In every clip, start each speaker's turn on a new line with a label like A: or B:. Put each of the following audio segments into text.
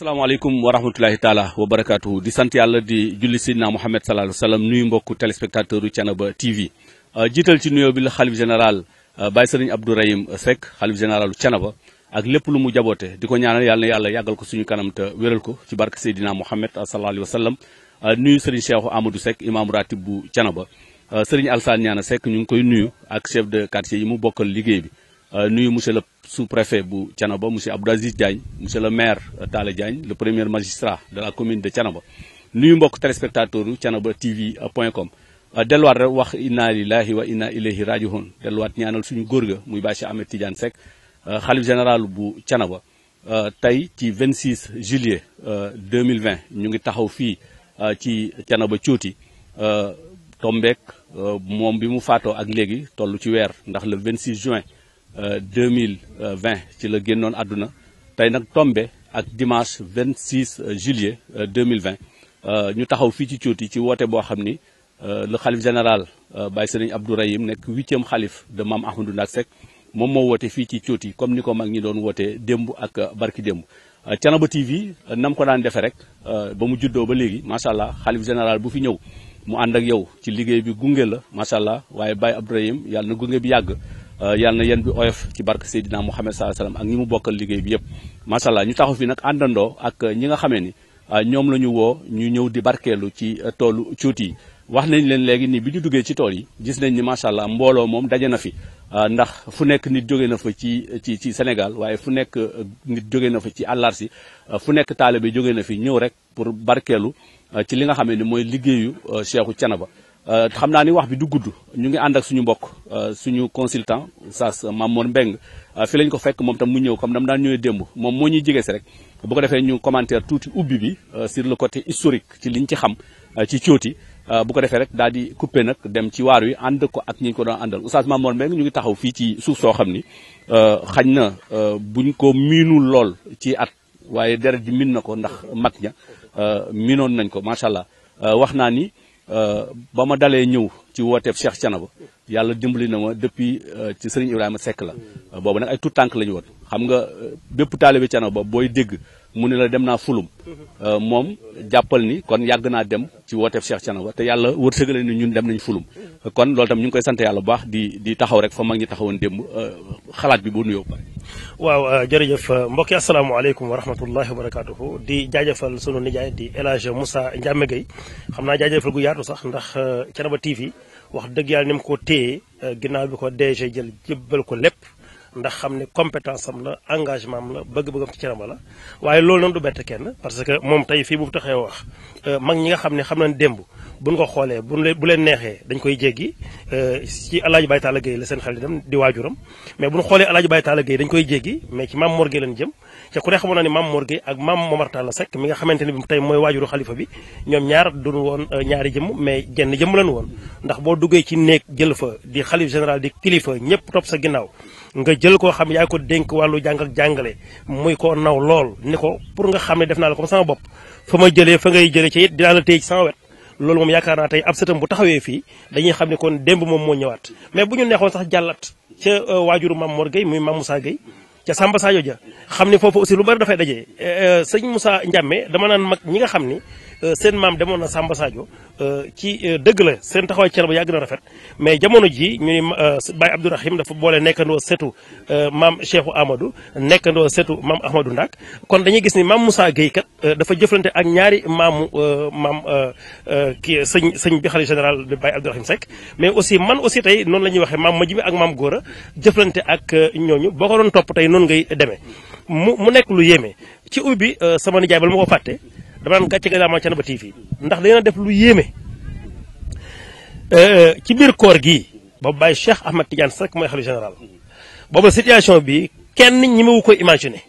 A: asalaamaaleykum wa rahmatulahi taala wa barakaatu di sant yàlla di julli sidna Muhammad sallallahu alayhi wa sallam nuyu mbokku téléspectateur u Thiénaba TV ah, jiital ci nuyoo bi la xalif général ah, Baye Sëriñ Abdou Rahim Seck xalif généralu ba ak lépp lu mu jaboote di ko ñaanal yàlla yàlla yàggal ko suñu kanam te wéral ko ci bark Seydina Muhammad sallallahu alayhi ah, nuyu Sëriñ Cheikh amadu Seck imam ratib bu ba Sëriñ Alsaan Ñaana sekk ñu ngi koy nuyu ak chef de quartier yi mu bokkal liggéey bi nuyu monsieur le sous-préfet bu Thiénaba monsieur Abdou Aziz Diagne monsieur le maire euh, Talla Diagne le premier magistrat de la commune de Thiénaba nuyu mbokk téléspectateur u Thiénaba TV euh, point com euh, delluwaat rek wax inna lillahi wa inna ilayhi rajiun delluwaat ñaanal suñu góor ga muy Baye Cheikh Ahmed Tidiane Seck xalif général bu Thiénaba tey ci 26 juillet 2020 ñu ngi taxaw fii ci Thiénaba Cooti tombeek moom bi mu faatoo ak léegi toll ci weer ndax le 26 juin 2020 ci la génnoon àdduna tey nag tombe ak dimanche 26 euh, juillet 2020 euh, euh, ñu taxaw fii ci Cooti ci woote boo xam ni la xalif général Baye Serigne Abdou Rahim nekk huitième xalif de am Ahmadou Ndak Seck moom moo woote fii ci Cooti comme ni ko mag ñi doon wootee démb ak barki démb Thiénaba TV nam ko daan defee rek ba mu juddoo ba léegi macha allah xalif général bu fi ñëw mu ànd ak yow ci liggéey bi gunge la macha allah waaye Baye Abdou Rahim yàlla na gunge bi yàgg Euh, yàlla na yéen bi oyof ci barke Seydina Muhammad sallallahu alayhi wasallam ak ñi mu bokkal liggéey bi yëpp macha ñu taxaw fi nag àndandoo ak ñi nga xamee ni euh, ñoom la ñu woo ñu ñëw di barkeelu ci euh, toolu cuut yi wax nañ leen léegi nii bi ñu duggee ci tool yi gis nañ ni macha mbooloo moom daje na fi ndax fu nekk nit jóge na fa ci ci ci Sénégal waaye fu nekk nit jóge na fa ci àllarsi fu nekk taalibe jóge na fi ñëw rek pour barkeelu ci li nga xamee ni mooy liggéeyu Seexu Canaba Euh, xam naa ni wax bi du gudd ñu ngi ànd ak suñu mbokk euh, suñu consultant Oustaz Mamour mbeng euh, fi lañ ko fekk moom tam mu ñëw comme dam daan ñëwee démb moom ñuy jege si rek bu ko defee ñu commentaire tuuti ubbi bi le côté historique ci liñ ci xam ci cooti bu ko defee rek daal di coupé nag dem ci waar wi ànd ko ak ñi ko doon àndal Oustaz Mamour Mbengue ñu ngi taxaw fii ci suuf soo xam ni xañ na buñ ko miinul lool ci at waaye deret ji miin na ko ndax mag ña miinoon nañ ko macha allah wax naa ni. Euh, ba ma dalee ñëw ci wooteef Cheikh Thiénaba yàlla dimbali na ma depuis euh, ci sëriñ Ibrahima Seck la euh, boobu nag ay tout tànk la ñu woon xam nga bépp taalibe Thiénaba booy dégg mu ne la dem naa fulum euh, moom jàppal ni kon yàgg naa dem ci wooteef Cheikh Thiénaba te yàlla wërsëgale ni ñun dem nañ fulum kon loolu tam ñu koy sant yàlla baax di di taxaw rek fa mag ñi taxawoon démb euh, xalaat bi boo nuyoo
B: waaw euh, jërëjëf mbokki asalaamaaleykum wa rahmatullahi wa di jaajëfal sunu nijaay di El Hadj Moussa Ndiame xam naa jaajëfal gu yaatu sax ndax Thiénaba TV wax dëgg yàlla ni mu ko téye ginnaaw bi ko DG jël jébbal ko lépp ndax xam ne compétence am la engagement am la bëgg-bëggam ci Thiénaba la waaye loolu nag du bett kenn parce que moom tey fii bu taxee wax euh, mag ñi nga xam ne xam nañ démb buñ ko xoolee buñ leen bu leen neexee dañ koy jéggi euh, ci El Hadj Baye Talla la seen xel di di waajuram mais buñ xoolee El Hadj Baye dañ koy jéggi mais ci Mame Mor Gueye jëm te ku ne xamoon na ni Mame Mor Gueye ak Mame Momar Talla Seck mi nga xamante ne bi tey mooy waajuru xalifa bi ñoom ñaar duñu woon euh, ñaari jëmm mais jenn jëmm lañu woon ndax boo duggee ci néeg jël fa di xalif général di kilifa ñëpp topp sa ginnaaw nga jël koo xam yaa ko dénk wàllu jàngal jàngale muy ko naw lool ni ko pour nga xam ne def naa la comme sama bopp fa ma jëlee fa ngay jëlee ci it dinaa la téye ci sama yaakaar naa tey ab sëtam bu taxawee fii dañuy xam ne kon démb moom moo ñëwaat mais bu ñu neexoon sax jàllat ca euh, waajuru Mame Mor Gueye muy Mame Moussa Gueye ca sàmba Sadio ja xam ne foofu aussi lu bari dafay daje euh, euh, sëñ Moussa Ndiame dama naan mag ñi nga xam ni Euh, seen maam demoon na Samba Sadio euh, ci euh, dëgg la seen taxawaay Thiénaba yàgg na rafet mais jamono ji ñu ni Baye Abdourahim dafa boole nekkandoo setu maam Cheikhou Amadou nekkandoo setu maam Ahmadou Ndak kon dañuy gis ni maam Moussa Gueye kat dafa jëflante ak ñaari maamu maam kii sëñ sëñ bi xalifa général de Baye Abdourahim Seck mais aussi man aussi tey noonu la ñuy waxee maam Majib ak maam Gora jëflante ak ñooñu boo ko doon topp tey noonu ngay demee mu mu nekk lu yéeme ci ubbi sama nijaay bala ma fàtte dama naan gàcce gàllaama Thiénaba TV ndax dina def lu yéeme euh, euh, ci biir koor gi ba bàyyi Cheikh Ahmad Tidiane Seck mooy xalifa général boobu situation bi kenn ñi ma wu ko imaginer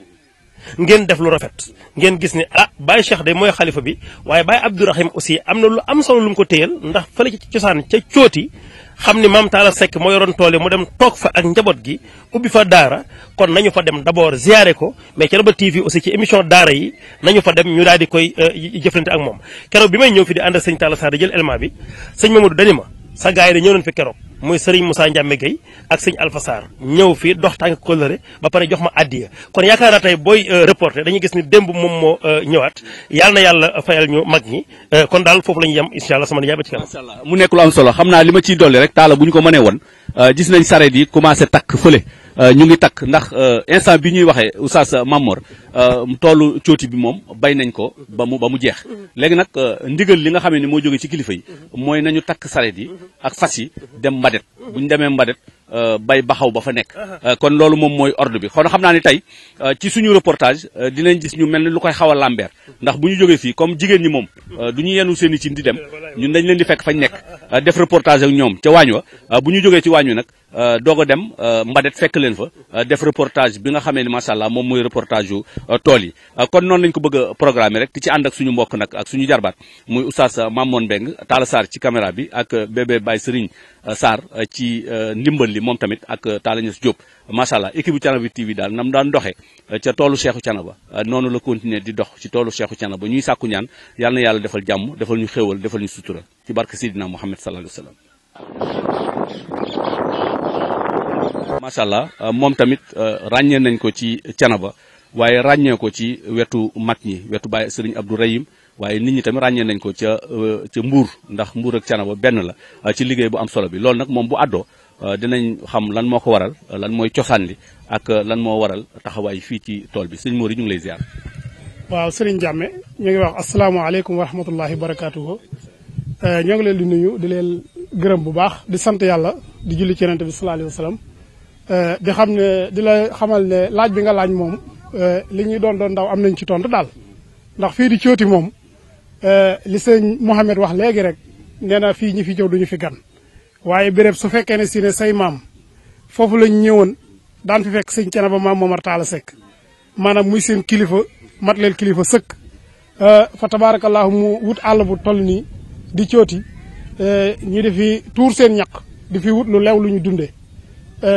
B: ngeen def lu rafet ngeen gis ni ah Baye Cheikh de mooy xalifa bi waaye Baye Abdourahim aussi am na lu am solo lu mu ko téyal ndax fële ci cosaan ca cooti xam ni maam Talla sekk moo yoroon tool yi mu dem toog fa ak njaboot gi ubbi fa daara kon nañu fa dem d'abord ziare ko mais Thiénaba TV aussi ci émission daara yi nañu fa dem ñu daal di koy euh, jëflante ak moom keroog bi may ñëw fi di ànd ak sëñ Talla Sarr di jël élément bi sëñ Mamadou dani ma sa gars yi de ñëw nañ fi keroog muy Serigne Moussa Ndiamé Guèye ak sëñ Alpha Sarr ñëw fii dox tànk kóllëre ba pare jox ma addiya kon yaakaar naa tey booy euh, reporté dañuy gis ni démb moom moo euh, ñëwaat yàlla na yàlla fayal ñu mag ñi euh, kon daal foofu la ñuy yem allah sama nijaay ba ci kanam. mu
A: nekk lu am solo xam naa li ma ciy dolli rek taala bu ñu ko mënee won gis nañ sareet yi commencé takk fële Euh, ñu ngi takk ndax euh, instant bi ñuy waxee oustaz Mamor euh, toolu cooti bi moom bay nañ ko ba mu ba mu jeex léegi nag ndigal li nga xamee ni moo joge ci kilifa yi mooy nañu takk saret yi ak fas yi dem mbadet bu ñu demee mbadet Euh, bay baxaw ba fa nekk. Uh-huh. Euh, kon loolu moom mooy ordre bi kon xam naa ni tey euh, ci suñu reportage dinañ gis ñu mel ni lu koy xaw a làmbeer ndax bu ñu jógee fii comme jigéen ñi moom du ñu yenu seen i cin di dem ñun dañ leen di fekk fañ nekk def reportage ak ñoom ca waañ wa bu ñu jógee ci waañ wi nag. doog a dem Mbadet fekk leen fa def reportage bi nga xamee ni macha allah moom mooy reportage yu tool yi kon noonu lañ ko bëgg programme rek di ci ànd ak suñu mbokk nag ak suñu jarbaat muy oustaz Mamoun Mbeng Talla ci caméra bi ak bébé Baye Euh, Sarr euh, ci euh, ndimbal li moom tamit ak Talla Niass Diop macha allah équipe bu Thiénaba TV daal nam daan doxee ca toolu Cheikhou Thiénaba noonu la continuer di dox ci toolu Cheikhou Thiénaba ñuy sàkku ñaan yal yàlla defal jàmm defal ñu xéewal defal ñu sutura ci barke Seydina Muhammad sallallahu alayhi wa sallam. macha allah moom tamit ràññee nañ ko ci Thiénaba waaye ràññee ko ci wetu mag ñi wetu Baye Serigne Abdou Rahim waaye nit ñi tamit ràññee nañ ko ca euh, ca mbuur ndax mbuur ak canaba benn la euh, ci liggéey bu am solo bi loolu nag moom bu àddoo euh, dinañ xam lan moo ko waral lan mooy cosaan li ak lan moo waral taxawaay fii ci tool bi sëñ Mori ñu ngi lay ziar.
C: waaw sëriñ Jàmme ñu ngi wax asalaamaaleykum wa rahmatullahi wa barakaatuhu ñoo ngi leen di nuyu di leen gërëm bu baax di sant yàlla di julli ci yonente bi sallallahu alayhi di xam ne di la xamal ne laaj bi nga laaj moom li ñuy doon doon ndaw am nañ ci tontu daal ndax fii di cooti moom Eh, li sëñ Mouhamed wax léegi rek nee na fii ñi fi ñëw duñu fi gan waaye béréb su fekkee ne si say maam foofu lañ ñëwoon daan fi fekk sëñ Thiénaba maam Momar Talla sekk maanaam muy seen kilifa mat leen kilifa sëkk eh, fa tabaarakallaahu mu wut àll bu toll nii di cooti eh, ñu di fi tuur seen ñaq di fi wut lu lew lu ñu dundee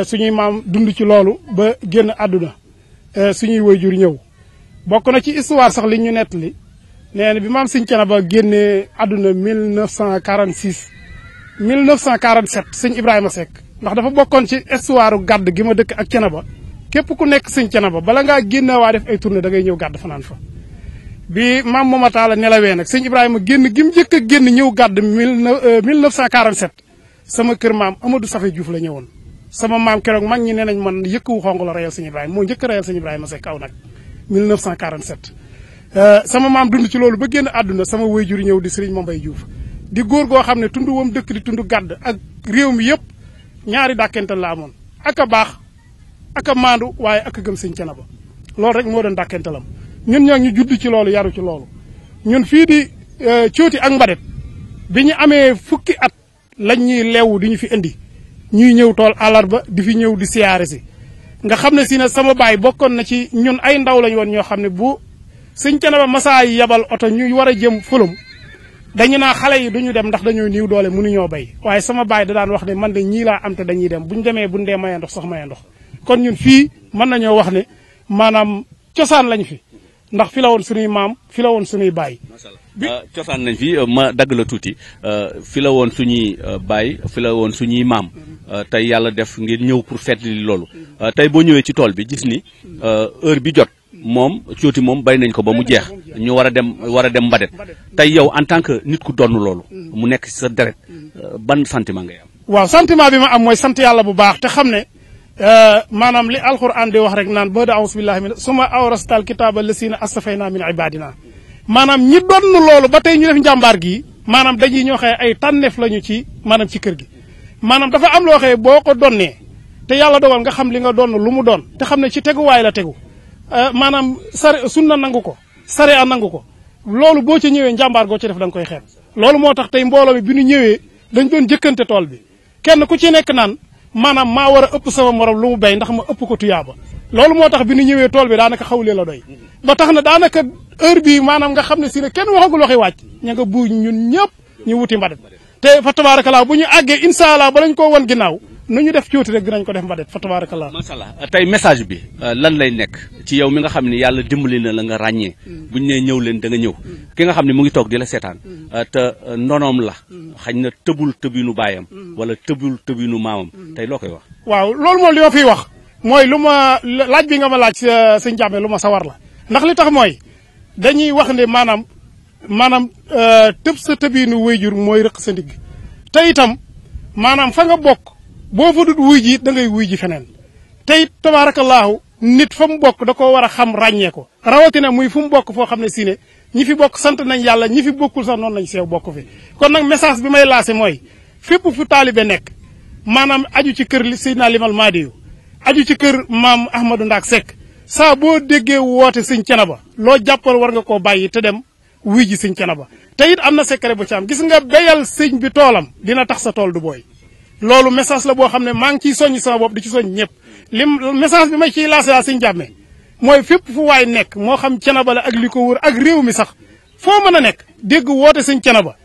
C: suñuy maam dund ci loolu ba génn àdduna suñuy waajur ñëw bokk na ci histoire sax li ñu nettali nee na bi maam sëñ Thiénaba génnee àdduna 1946 1947 sëñ Ibrahima Seck ndax dafa bokkoon ci histoire gàdd gi ma dëkk ak Thiénaba képp ku nekk sëñ Thiénaba bala ngaa génne waa def ay tournée da ngay ñëw gàdd fanaan fa. bi maam Momar a nelawee nag sëñ Ibrahima génn gi mu a génn ñëw gàdd euh, mille neuf cent quarante-sept sama kër maam Amadou Safé Diouf la ñëwoon sama maam keroog mag ñi nee nañ man yëkk wu xong la reyal sëñ Ibrahima moo njëkk a reyal sëñ Ibrahima Seck aw nag 1947 Euh, sama maam dund ci loolu ba génn àdduna sama wayjur ñëw di Serigne Mambay Diouf di góor goo xam ne tund wam dëkk di tund gàdd ak réew mi yëpp ñaari dàkkental la amoon ak a baax ak a maandu waaye ak a gëm sëñ Thiénaba loolu rek moo doon dàkkentalam ñun ñoo ñu judd ci loolu yaru ci loolu ñun fii di euh, cooti ak mbadet bi ñu amee fukki at lañ ñuy leewu di ñu fi indi ñuy ñëw tool ba di fi ñëw di siyaare si nga xam ne si ne sama baay bokkoon na ci ñun ay ndaw lañ ñoo xam ne bu sëñ Thiénaba masaa yi yebal oto ñu war a jëm fulum dañu naa xale yi duñu dem ndax dañoo niiw doole mënuñoo bay waaye sama baay da daan wax ne man de ñii laa am te dañuy dem buñu demee bu dee mayee ndox sax mayee ndox kon ñun fii mën nañoo wax ne maanaam cosaan lañu fi ndax fi la woon suñuy maam fi la woon suñuy baay.
A: bi euh, cosaan nañ fi ma dagg la tuuti euh, fi la woon suñuy euh, baay fi la woon suñuy maam tey yàlla def ngir ñëw pour seetli loolu tey boo ñëwee ci tool bi gis ni heure bi jot. moom cooti moom bay nañ ko ba mu jeex ñu war a dem war a dem mbadet tey yow en tant que nit ku donn loolu mu nekk ci sa deret ban sentiment ngay am.
C: waaw sentiment bi ma am mooy sant yàlla bu baax te xam ne Euh, maanaam li alquran di wax rek naan boo da aus billahi min suma awrastal kitaaba lasina astafayna min ibadina maanaam ñi donn loolu ba tey ñu def njàmbaar gi maanaam dañuy ñoo xëye ay tànneef lañu ci maanaam ci kër gi maanaam dafa am loo xëye boo ko donnee te yàlla dogal nga xam li nga donn lu mu doon te xam ne ci teguwaay la tegu euh, maanaam sare sunna nangu ko sare a nangu ko loolu boo ci ñëwee njàmbaar goo ci def da nga koy xeeb loolu moo tax tey mbooloo mi bi nu ñëwee dañ doon jëkkante tool bi kenn ku ci nekk naan maanaam maa war a ëpp sama morom lu mu ndax ma ëpp ko tuyaaba loolu moo tax bi nu ñëwee tool bi daanaka xawlee la doy ba tax na daanaka heure bii maanaam nga xam ne si ne kenn waxagul waxi wàcc ña nga buuñ ñun ñëpp ñu wuti mbadat te fa tabaarakalaa bu ñu àggee incha allah ba lañ koo won ginnaaw nu ñu def tuuti rek dinañ ko def mbadet fa tabaarakallaa macha allah
A: tey message bi euh, lan lay nekk ci yow mi nga xam ni yàlla dimbali na la nga ràññee mm. bu ñu nee ñëw leen da ñëw mm. ki nga xam ne mu ngi toog di la seetaan mm. euh, te euh, ndonoom la xañ na tëbul tëbinu baayam wala tëbul tëbiinu maamam tey loo koy wax
C: waaw loolu moom li ma fiy wax mooy lu ma laaj bi nga ma laaj sëñ jàmme lu ma sawar la ndax li tax mooy dañuy wax ne maanaam maanaam tëb sa tëbiinu wéyjur mooy rëq sa ndigg te itam maanaam fa bokk boo fa dut wuy ji da ngay wuy ji feneen te it nit fa mu bokk da koo war a xam ràññee ko rawatina muy fu mu bokk foo xam ne si ne ñi fi bokk sant nañ yàlla ñi fi bokkul sax noonu lañ seew bokk fi kon nag message bi may laase mooy fépp fu taalibe nekk maanaam aju ci kër si naa Limaal Mahdiyu aju ci kër maam Ahmadou Ndaak Seck saa boo déggee woote sëñ Thiénaba loo jàppal war nga koo bàyyi te dem wuy ji sëñ Thiénaba te it am na secret bu ci am gis nga béyal sëñ bi toolam dina tax sa tool du booy loolu message la boo xam ne maa ngi ciy soññ sama bopp di ci soññ ñëpp lim message bi may ciy lancé laa sëñ jàmme mooy fépp fu waay nekk moo xam Thiénaba la ak li ko wër ak réew mi sax foo mën a nekk dégg woote sëñ Thiénaba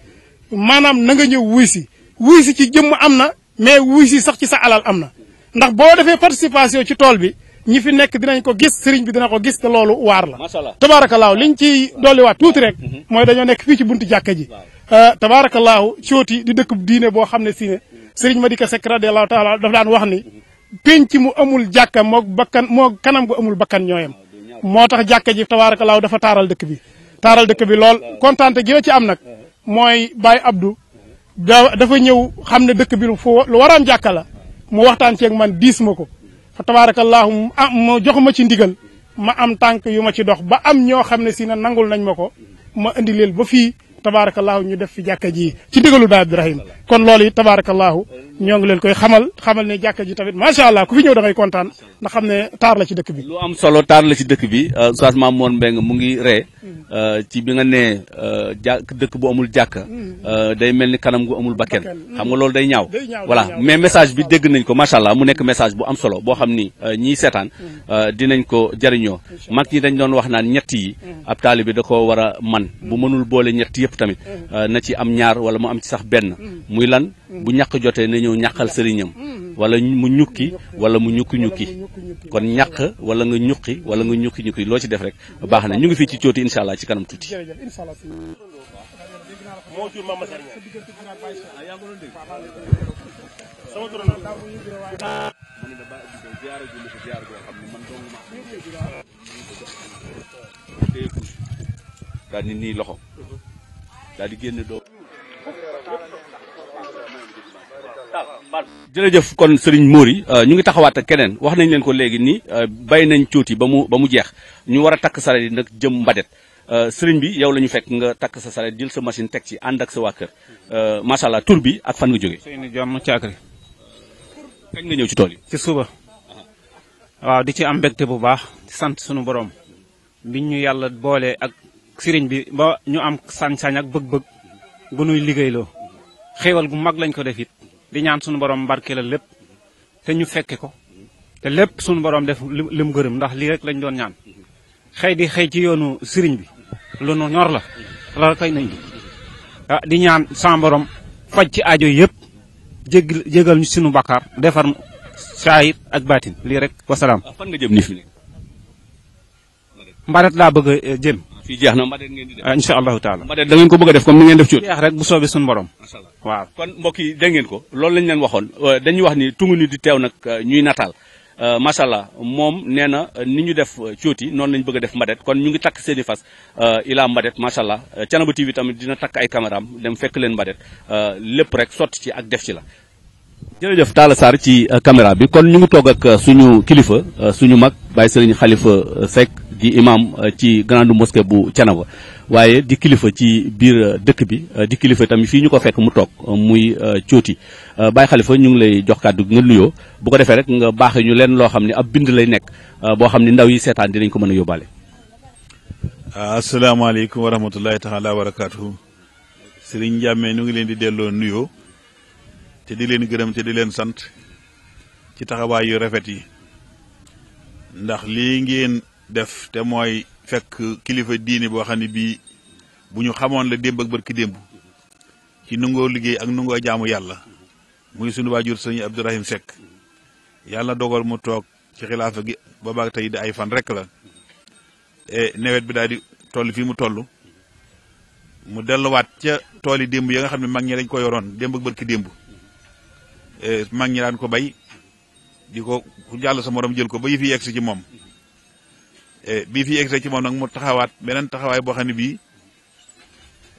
C: maanaam na nga ñëw wuy si wuy si ci jëmm am na mais wuy si sax ci sa alal am na ndax boo defee participation ci tool bi ñi fi nekk dinañ ko gis sëriñ bi dina ko gis te loolu waar la tabaarakallaahu liñ ciy dolliwaat tuuti rek mhm. mooy dañoo nekk fii ci buntu jàkka ji euh, tabaarakallaahu cooti di dëkk diine boo xam ne si sëriñ ma Seck radiyallahu taala dafa daan wax ni penc mu amul jàkka moo bakkan moo kanam gu amul bakkan ñooyam moo tax jàkka ji tabaarakalaaw dafa taaral dëkk bi taaral dëkk bi lool kontaante gi la ci am nag mooy Baye Abdou da dafa ñëw xam ne dëkk bi lu foo lu war a am jàkka la mu waxtaan ceeg man diis ma ko fa tabaarakalaahu ah, mu jox ma ci ndigal ma am tànk yu ma ci dox ba am ñoo xam ne si na nangul nañ ma ko ma indi leel ba fii tabaarakallaahu ñu def fi jàkka ji ci digalu Baay Abdourahim kon loolu it tabaarakallaahu ñoo ngi leen koy xamal xamal ne jàkka ji tamit macha allah ku fi ñëw da kontaan ndax xam ne taar la ci dëkk bi. lu am
A: solo taar la ci dëkk bi euh, Oustaz Mamoune Mbengue mu ngi ree mm. euh, ci bi nga nee euh, jàkk dëkk bu amul jàkka mm. day mel ni kanam gu amul bakken mm. xam nga loolu day ñaaw. voilà mais message bi dégg nañ ko macha allah mu nekk message bu am solo boo xam ni ñii seetaan dinañ ko jariñoo mag ñi dañ doon wax naan ñett yi ab taalibe da koo war a man bu mënul boole ñett yëpp tamit na ci am ñaar wala mu am ci sax benn muy lan bu ñàkk jotee na ñëw ñàqal sëriñam wala mu ñukki wala mu ñukki ñukki kon ñàq wala nga ñukki wala nga ñukki ñukki loo ci def rek baax na ñu ngi fi ci cooti incha allah ci kanam tuuti. daal di jërëjëf kon Serigne Mori euh, ñu ngi taxawaat ak keneen wax nañ leen ko léegi ni euh, bay nañ cuuti ba mu ba mu jeex ñu war a takk saret yi nag jëm mbadet euh, Serigne bi yow la ñu fekk nga takk sa saret jël sa machine teg ci ànd ak sa waa kër macha allah tur bi ak fan nga jógee.
D: Seyni Jom Caakri. kañ nga ñëw ci tool yi. ci suba. waaw di ci am mbégte bu baax sant sunu borom biñ ñu yàlla boole ak sëriñ bi ba ñu am sañ-sañ ak bëgg-bëgg bu nuy liggéeyloo xéewal gu mag lañ ko def di ñaan suñu borom barkeelal lépp te ñu fekke ko te lépp suñu borom def li gërëm ndax lii rek lañu doon ñaan xëy di xëy ci yoonu sëriñ bi lu nu ñor la la kay nañ ah di ñaan sama borom faj ci aajo yëpp jéggal jégal ñu sunu bakar defar saayir ak baatin lii rek wasalaam. Ah, fan nga jëm ni fi laa bëgg a eh, jëm. fii jeex na Mbadet ngeen di def. incha allahu taala Mbadet da ko bëgg a def comme ni ngeen def ci. jeex rek bu soobee suñu borom.
A: waaw kon mbokk yi ko loolu lañ leen waxoon euh, dañuy wax ni tungu ni di teew nag euh, ñuy nataal. Euh, macha allah moom nee na ni ñu def cooti noonu lañu bëgg a def mbadet kon ñu ngi takk seen i fas ilaa mbadet macha allah Thiénaba TV tamit dina takk ay caméraam dem fekk leen mbadet lépp rek sotti ci ak def ci la. jërëjëf Talla Sarr ci caméra bi kon ñu ngi toog ak suñu kilifa suñu mag Baye Serigne Khalifa Seck. di imam euh, ci grande mosquée bu Thiénaba waaye di kilifa ci biir euh, dëkk bi euh, di kilifa tamit fii ñu ko fekk mu toog muy cooti Baye Khalifa ñu ngi lay jox kàddu nga nuyoo bu ko defee rek nga baaxee ñu leen loo xam ne ab bind lay nekk boo xam ne ndaw yi seetaan dinañ ko mën a yóbbaale.
E: Ah, asalaamaaleykum wa rahmatulahi taala wa barakaatu Serigne Ndiame ñu ngi leen di delloo nuyoo di leen gërëm te leen sant ci taxawaay yu rafet yi. ndax lii ngeen def te mooy fekk kilifa diini boo xam ne bi bu ñu xamoon la démb ak barki démb ci nungoo liggéey ak nungoo jaamu yàlla muy sunu waajur sëñ Abdourahim Seck yàlla dogal mu toog ci xilaafa gi boobaag tey di ay fan rek la e nawet bi daal di toll fii mu toll mu delluwaat ca tool yi démb ya nga xam ne mag ñi dañ ko yoroon démba ak démb e mag ñi daan ko bay di ko ku jàll sa morom jël ko ba yëf yi ci moom Eh, bii fi egg ci moom nag mu taxawaat beneen taxawaay boo xam ne bii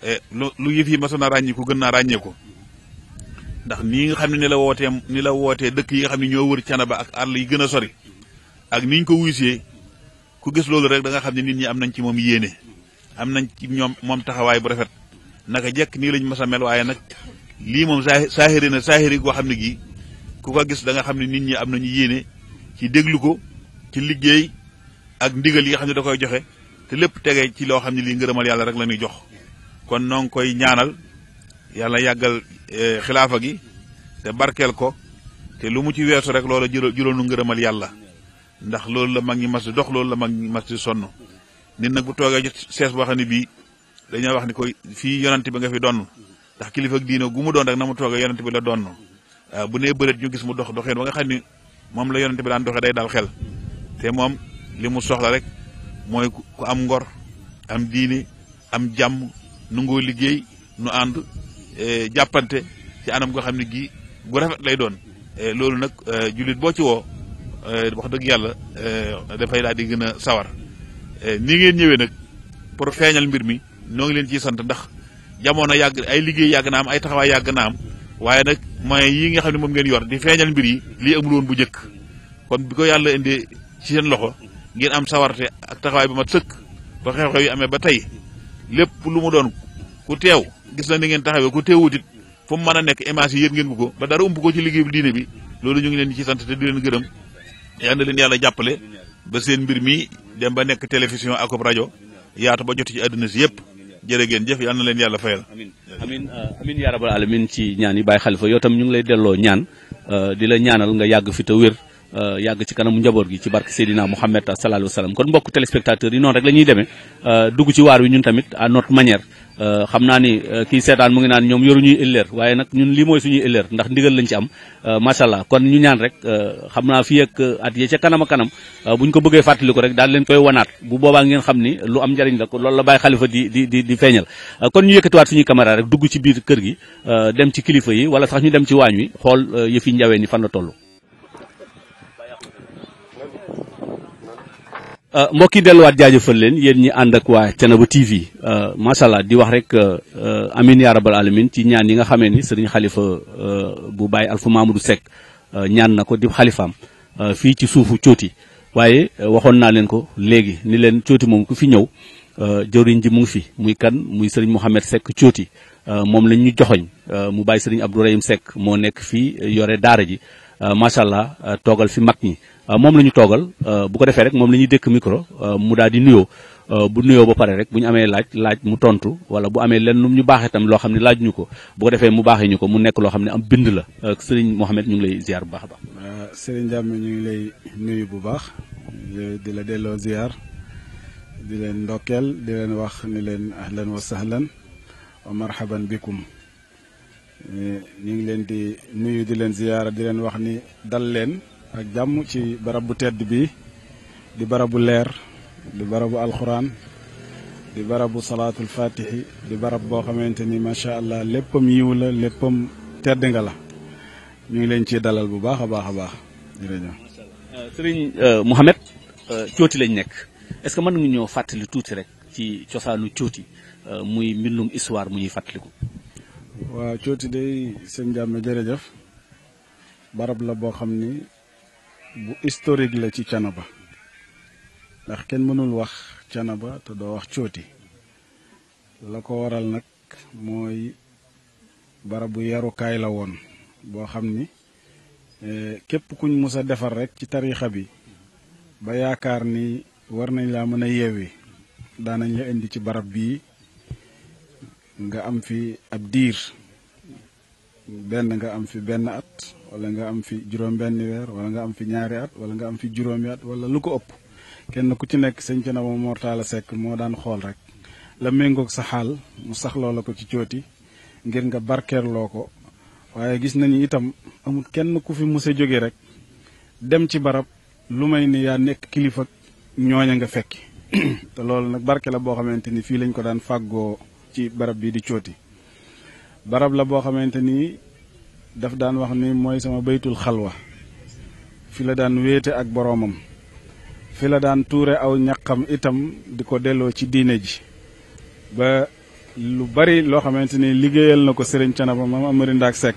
E: eh, lu lu yëf yi masoon a ràññeeku gën naa ràññeeku ndax nii nga xam ne ni la wootee ni la wootee dëkk yi nga xam ne ñoo wër canaba ak àll yi gën a sori ak niñ ko wuysee ku gis loolu rek da xam ne nit ñi am nañ ci moom yéene am nañ ci ñoom moom taxawaay bu rafet naka jekk nii lañ mës a mel waaye nag lii moom saahiri na saahiri goo xam ne gii ku ko gis da xam ne nit ñi am nañu yéene ci déglu ko ci liggéey ak ndigal yi xam ne da koy joxe te lépp tege ci loo xam ne lii ngërëmal yàlla rek la ñuy jox kon noo ngi koy ñaanal yàlla yàggal eh, xilaafa gi te barkeel ko te lu mu ci weesu rek loola juróonu ngërëmal yàlla ndax loolu la mag ñi mas di dox loolu la mag ñi mas di sonn nit nag bu toogee jot sees boo xam ne bii dañoo wax ni koy fii yonent bi nga fi donn ndax kilifa ak diina gu mu doon rek na mu toogee yonent bi la donn ah, bu nee bëreet ñu gis mu dox doxeen ba nga xam ni moom la yonent bi daan doxee day dal xel li mu soxla rek mooy ku am ngor am diine am jàmm nu liggéey nu ànd e, jàppante ci anam goo xam ne gi gu rafet lay doon e, loolu nag e, julit boo ci woo wax dëgg yàlla dafay daal di gën a sawar ni ngeen ñëwee nag pour feeñal mbir mi noo ngi leen ciy sant ndax jamono yàgg ay liggéey yàgg na am ay taxawaay yàgg na am waaye nag moyens yi nga xam ne moom ngeen yor di feeñal mbir yi lii amul bu njëkk kon bi ko yàlla indee ci seen loxo ngir am sawarte ak taxawaay bu mat sëkk ba xew-xew yi amee ba tey lépp lu mu doon ku teew gis na ni ngeen taxawee ku teewut it fu mu mën a nekk image yi yëpp ngeen ko ba dara ump ko ci liggéey bi diine bi loolu ñu ngi leen ci sant te di leen gërëm yal na jàppale ba mbir mi dem ba nekk télévision ak rajo yaatu ba jot ci àdduna si yëpp jërë ngeen jëf yal na leen yàlla fayal. amiin amiin uh, amiin yaa rabbal
A: aalamiin ci ñaan yi Baye xalifa yoo tam ñu ngi lay delloo ñaan uh, di la ñaanal nga yàgg fi te wér. Euh, yàgg ci kanamu njaboot gi ci barke Seydina Mouhamed sallallahu alayhi wa sallam kon mbokk téléspectateurs yi noonu rek la ñuy demee euh, dugg ci waar wi ñun tamit à notre manière euh, xam naa ni ki seetaan mu ngi naan ñoom yoru yoruñuy ëllëer waaye nag ñun lii mooy suñuy ëllëer ndax ndigal lañ ci am macha allah kon ñu ñaan rek xam naa fi ak at yee ca kanam kanam bu ñu ko bëggee fàttali ko rek daal leen koy wanaat bu boobaa ngeen xam ni lu am njariñ la ko loolu la bàyyi xalifa di di di di feeñal kon ñu yëkkatiwaat suñuy caméra rek dugg ci biir kër gi dem ci kilifa yi wala sax ñu dem ci waañ wi xool yëfi njaween yi fan la toll Euh, mbokk yi delluwaat jaajëfal leen yéen ñi ànd ak waa Thiénaba TV euh, macha allah di wax rek euh, amin yaa rabal alamin ci ñaan yi nga xamee ni sëriñ xalifa bu bàyyi Alfa Mamadou sekk ñaan na ko di xalifaam fii ci suufu cooti waaye waxoon naa leen ko léegi ni leen cooti moom ku fi ñëw jëriñ ji mu ngi fi muy kan muy sëriñ Mouhamed Seck cooti moom lañ ñu joxoñ mu bàyyi sëriñ Abdourahim sekk moo nekk fii yore daara ji macha allah toogal fi mag ñi. Euh, moom la ñu toogal euh, bu ko defee rek moom la ñuy dékk micro euh, mu daal di nuyoo bu nuyoo ba pare rek bu ñu amee laaj laaj mu tontu wala bu amee lenn ñu baaxee tam loo xam ne laaj ñu ko bu ko defee mu baaxee ñu ko mu nekk loo xam ne am bind la Serigne Mohamed ñu ngi lay ziar bu baax ba
F: baax. Serigne Diame ñu ngi lay nuyu bu baax di la delloo ziar di leen ndokkeel di leen wax ni leen ahlan wa sahlan wa bikum ñu ngi leen di nuyu di leen ziar di leen wax ni dal leen. ak jàmm ci barab bu tedd bi di barabu leer di barabu alxuraan di barabu salaatul fatihi di barab boo xamante ni macha allah léppam yiw la léppam tedd nga la ñu ngi leen ciy dalal bu baax a baax a baax jërëjëf.
A: sëriñ euh, euh, Mouhamed euh, cooti lañ nekk est-ce que mën nga ñoo fàttali tuuti rek ci cosaanu cooti muy mbindum histoire mu ñuy fàttaliku.
F: waaw cooti day sëñ Jàmme jërëjëf barab la boo xam ni. bu historique la ci cana ba ndax kenn mënul wax cana Thiénaba te doo wax cooti la ko waral nag mooy barabu yarukaay la woon boo xam ni eh, képp kuñ mus a defar rekk ci tariixa bi ba yaakaar ni war nañ laa mën a yeewi daanañ la indi ci barab bii nga am fi ab diir benn nga am fi benn at wala nga am fi juróom-benni weer wala nga am fi ñaari at wala nga am fi juróomi at wala lu ko ëpp kenn ku ci nekk sëñ Thiénaba Mor Talla Seck moo daan xool rek la méngoog sa xaal mu saxloo la ko ci cooti ngir nga barkeerloo ko waaye gis nañu itam amul kenn ku fi mës a rek dem ci barab lu may ni yaa nekk kilifa ñooñ a nga fekki te loolu nag barke la boo xamante ni fii lañ ko daan fàggoo ci barab bii di cooti barab la boo xamante ni daf daan wax ni mooy sama baytul xalwa fi la daan wéete ak boroomam fi la daan tuure aw ñaqam itam di ko delloo ci diine ji ba lu bari loo xamante ni liggéeyal na ko sëriñ Canaba Maam Amari Ndaak Seck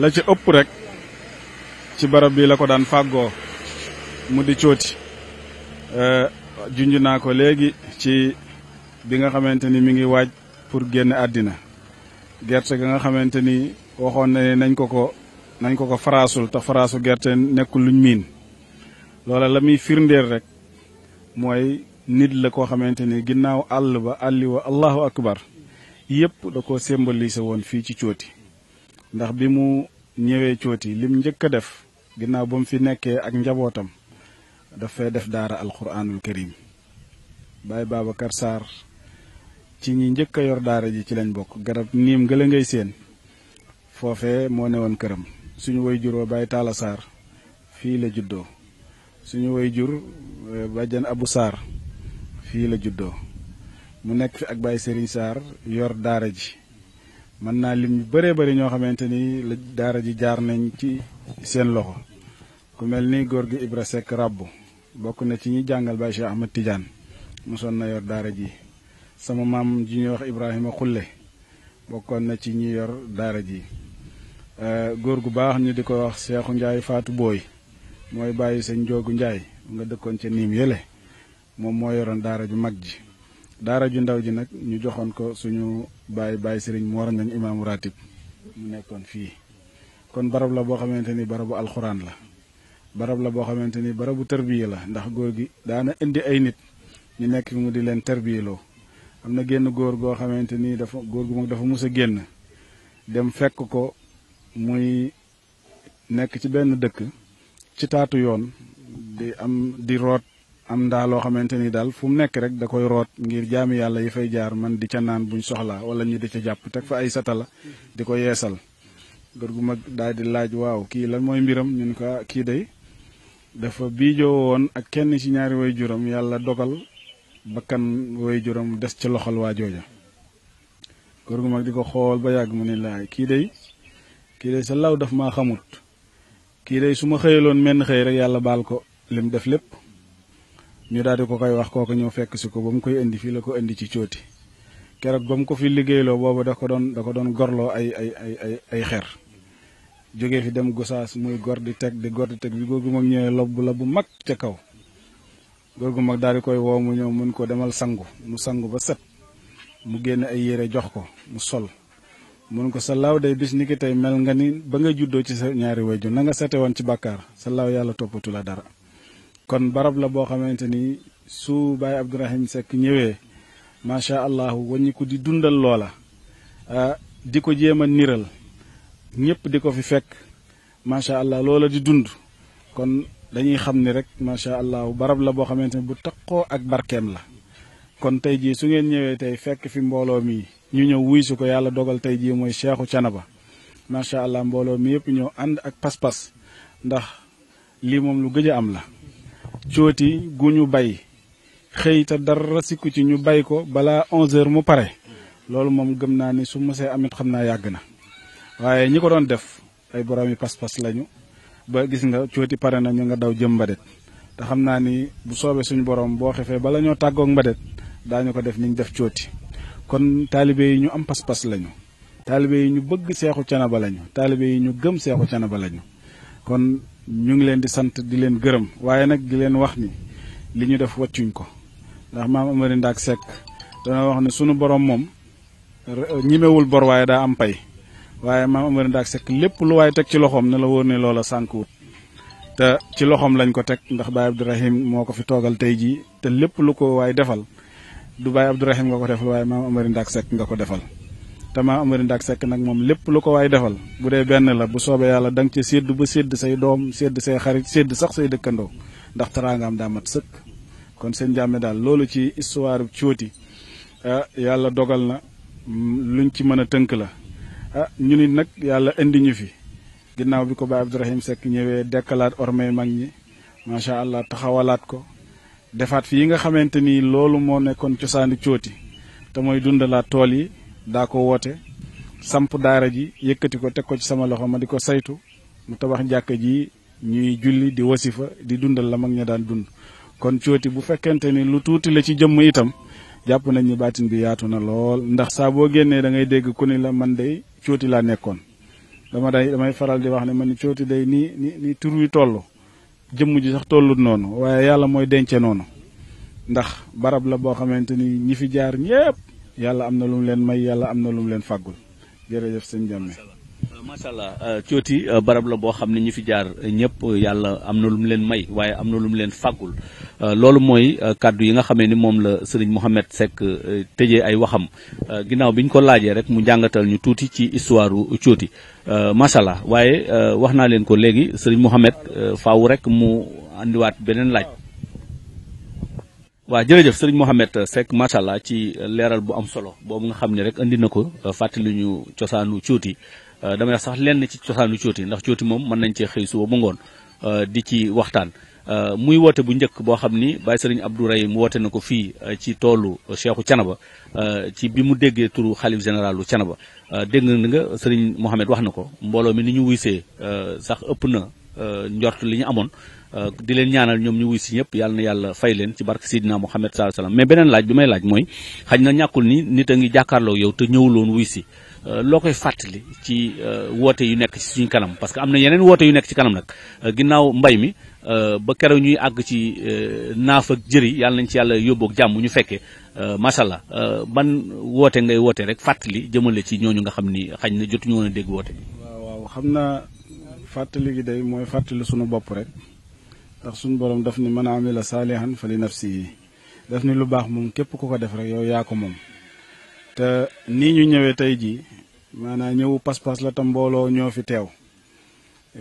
F: la ci ëpp rek ci barab bi la ko daan fàggoo mu di cooti junj naa ko léegi ci bi nga xamante ni mi ngi waaj pour génn àddina gerte ga nga xamante ni waxoon na nañ ko ko nañ ko ko faraasul te faraasu gerte nekkul luñ miin loola la muy firndeel rek mooy nit la koo xamante ni ginnaaw àll ba àlli wa allahu akbar yëpp da ko symbolisé woon fii ci cooti ndax bi mu ñëwee cooti lim njëkk a def ginnaaw ba mu fi nekkee ak njabootam dafay def daara alquranul karim Baye Babacar Sarr ci ñi njëkk a yor daara ji ci lañ bokk garab niim gëla ngay séen foofe moo woon këram suñu way juroo Baye Talla Sarr fii la juddoo suñu woy jur eh, bàjjan abu Sarr fii la juddoo mu nekk fi ak Baye Serigne Sarr yor daara ji mën naa lim yu bëree bëri ñoo xamante ni daara ji jaar nañ ci seen loxo ku mel ni góor gi Ibra Seck Rabbu bokk na ci ñi jàngal Baye Cheikh Ahmed Tidiane mosoon na yor daara ji sama maam ji ñuy wax Ibrahima Xulle bokkoon na ci ñi yor daara ji Euh, góor gu baax ñu di ko wax Seexu Njaay Faatu Booy mooy bàyyi sëñ Njoogu Njaay nga dëkkoon ca niim yële moom moo yoroon daara ju mag ji daara ju ndaw ji nag ñu joxoon ko suñu bàyyi bàyyi sëriñ Mor Ñaŋ imaamu ratib mu nekkoon fii kon barab la boo xamante ni barabu alxuraan la barab la boo xamante ni barabu tërbiye la ndax góor gi daana indi ay nit ñu nekk mu di leen tërbiyeloo am na génn góor goo xamante ni dafa góor gu mag dafa mus a génn fekk ko muy nekk ci benn dëkk ci taatu yoon di am di root am ndaa loo xamante ni daal fu mu nekk rek da koy root ngir jaami yàlla yi fay jaar man di ca naan buñ soxlaa wala ñu di ca jàpp teg fa ay satala di ko yeesal gër gu mag daal di laaj waaw kii lan mooy mbiram ñun ko ah, kii day dafa biijoo ak kenn ci ñaari way yàlla dogal bakkan way des ci loxol waa jooja gër gu di ko xool ba yàgg mu ne laay kii day kii day sa law daf ma xamut kii day su ma xëyaloon menn xëy rek yàlla baal ko lim def lépp ñu daal ko koy wax kooku ñëw fekk si ko ba mu koy indi fii la ko indi ci cooti keroog ba mu ko fi liggéeyloo boobu da ko doon da doon gorloo ay ay ay ay ay xeer fi dem gosaas muy gor di bi googu mag ñëwee lobb la bu mag ca kaw gor gu mag daal di koy woo mu ñëw mun ko demal sangu mu sangu ba set mu génn ay yére jox ko mu sol mun ko sa laaw day bis ni tey mel nga ni ba nga juddoo ci sa ñaari wayju na nga sete woon ci bàkkaar sa laaw yàlla toppatu la dara kon barab la boo xamante ni su Baye Abdourahim Seck ñëwee macha allah waññi ko di dundal loola ah, di ko jéem a niral ñëpp di ko fi fekk macha allah loola di dund kon dañuy xam ni rek macha allah barab la boo xamante ni bu taqoo ak barkeem la kon tey jii su ngeen ñëwee tey fekk fi mbooloo mii ñu ñëw wuy ko yàlla dogal tey jii mooy Cheikhou Thiénaba macha allah mbooloo mi yëpp ñëw ànd ak pas-pas ndax lii moom lu gëj a am la cooti gu ñu bay xëy te dara sikku ci ñu bay ko balaa 11h mu pare loolu moom gëm naa ni su mësee amit xam naa yàgg na waaye ñi ko doon def ay boroomi pas-pas lañu ba gis nga cooti pare na ñu nga daw jëm mbadet te xam naa ni bu soobee suñu borom boo xefee bala ñoo tàggoog mbadet daañu ko def niñ def cooti kon taalibe yi ñu am pas-pas lañu taalibe yi ñu bëgg seexu canaba lañu taalibe yi ñu gëm seexu canaba lañu kon ñu ngi leen di sant di leen gërëm waaye nag di leen wax ni li ñu def wàccuñ ko ndax maam Amari Ndaak Seck dana wax ne sunu borom moom ñimewul bor waaye daa am pay waaye maam Amari Ndaak Seck lépp lu waaye teg ci loxoom ne la wóor ne loola sànkuwut te ci loxoom lañ ko teg ndax Baye Abdourahim moo ko fi toogal tey jii te lépp lu ko waaye defal du Baye Abdourahim nga ko defal waaye maam Amary Ndack sekk nga ko defal te maam Amary Ndack Seck nag moom lépp lu ko waay defal bu dee benn la bu soobee yàlla da nga ci ba sedd say doom sédd say xarit sédd sax say dëkkandoo ndax taraangam daa mat sëkk kon seen jàmme daal loolu ci histoire cooti ah, yàlla dogal na mm, luñ ci mën a tënk la ah ñu nit nag yàlla indi ñu fi ginnaaw bi ko Baye Abdourahim sekk ñëwee dekkalaat ormay mag ñi macha allah taxawalaat ko defaat fii nga xamante ni loolu moo nekkoon cosaan cooti te mooy dundalaat tool yi daa ko woote samp daara ji yëkkati ko teg ko ci sama loxo ma di ko saytu mu tabax jàkk ji ñuy julli di wasifa di dundal la mag ña daan dund kon cooti bu fekkente ni lu tuuti la ci jëmm itam jàpp nañ ni baatin bi yaatu na lool ndax saa boo génnee da ngay dégg ku ni la man day cooti laa nekkoon dama day damay faral di wax ne man cooti day ni ni tur wi toll jëmm ji sax tollut noonu waaye yàlla mooy dence noonu ndax barab la boo xamante ni ñi fi jaar ñépp yàlla am na lu mu leen may yàlla am na lu mu leen fàggul jërëjëf sëñ Jàmme
A: Euh, macha allah euh, cooti euh, barab la boo xam ne ñu fi jaar ñëpp yàlla am na lu mu leen may waaye am na lu mu leen fàggul loolu mooy kàddu yi nga xamee ni moom la sëriñ Mouhamed Seck tëje ay waxam ginnaaw bi ñu ko laajee rek mu jàngatal ñu tuuti ci histoire cooti macha allah waaye wax naa leen ko léegi sëriñ Mouhamed faaw rek mu andiwaat beneen laaj. waaw jërëjëf sëriñ mohamed Seck macha ci leeral bu am solo boobu nga xam ne rek indi na ko fàttali ñu cosaanu cooti. Euh, damay wax sax lenn ci cosaanu cooti ndax cooti moom mën nañ cee xëy suba ba ngoon euh, di ci waxtaan euh, muy woote bu njëkk boo xam ni Baye Serigne Abdou Rahim woote na ko fii ci toolu Cheikhu Canaba ci bi mu déggee turu xalif généralu Canaba dégg na nga sëriñ Mohamed wax na ko mbooloo mi ni ñu wuysee sax ëpp na njort li ñu amoon di leen ñaanal ñoom ñu wuy si ñëpp yàlla na yàlla fay leen ci barke Seydina Mohamed sallallahu alayhi wasallam mais beneen laaj bi may laaj mooy xaj na ñàkkul ni nit a ngi jàkkaarloo yow te ñëwuloon wuy si Euh, loo koy fàttali ci euh, woote yu nekk ci suñu kanam parce que am na yeneen woote yu nekk ci kanam nag euh, ginnaaw mbay mi ba keroog ñuy àgg ci naaf ak jëri yàlla nañ ci yàlla yóbbook jàmm ñu fekkee macha allah ban woote ngay woote rek fàttali jëmale ci ñooñu nga xam ni xañ na jotuñu woon a dégg woote
F: xam na fàttali gi day mooy fàttali suñu bopp rek ndax suñu borom daf ni man amila saalihan fa li nafsihi daf ni lu baax moom képp ku ko def rek yaa ko moom. te nii ñu ñëwee tey jii maanaam ñëw pas-pas la tam mbooloo ñoo fi teew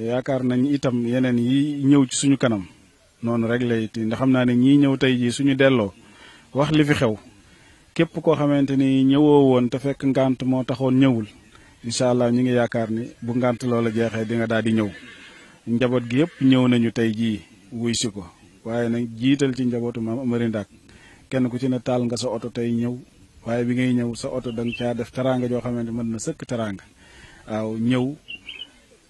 F: yaakaar nañ itam yeneen yi ñëw ci suñu kanam noonu rek lay it ndax xam naa ne ñii ñëw tey jii suñu delloo wax li fi xew képp koo xamante ni ñëwoo woon te fekk ngant moo taxoon ñëwul incha allah ñu ngi yaakaar ni bu ngant loola jeexee di nga daal di ñëw njaboot gi yëpp ñëw nañu tey jii wuy si ko waaye nag jiital ci njabootu maam Amary Ndack kenn ku ci ne taal nga sa oto tey ñëw. waaye bi ngay ñëw sa oto da nga def teraanga joo xamante mën na sëkk teraanga waaw ñëw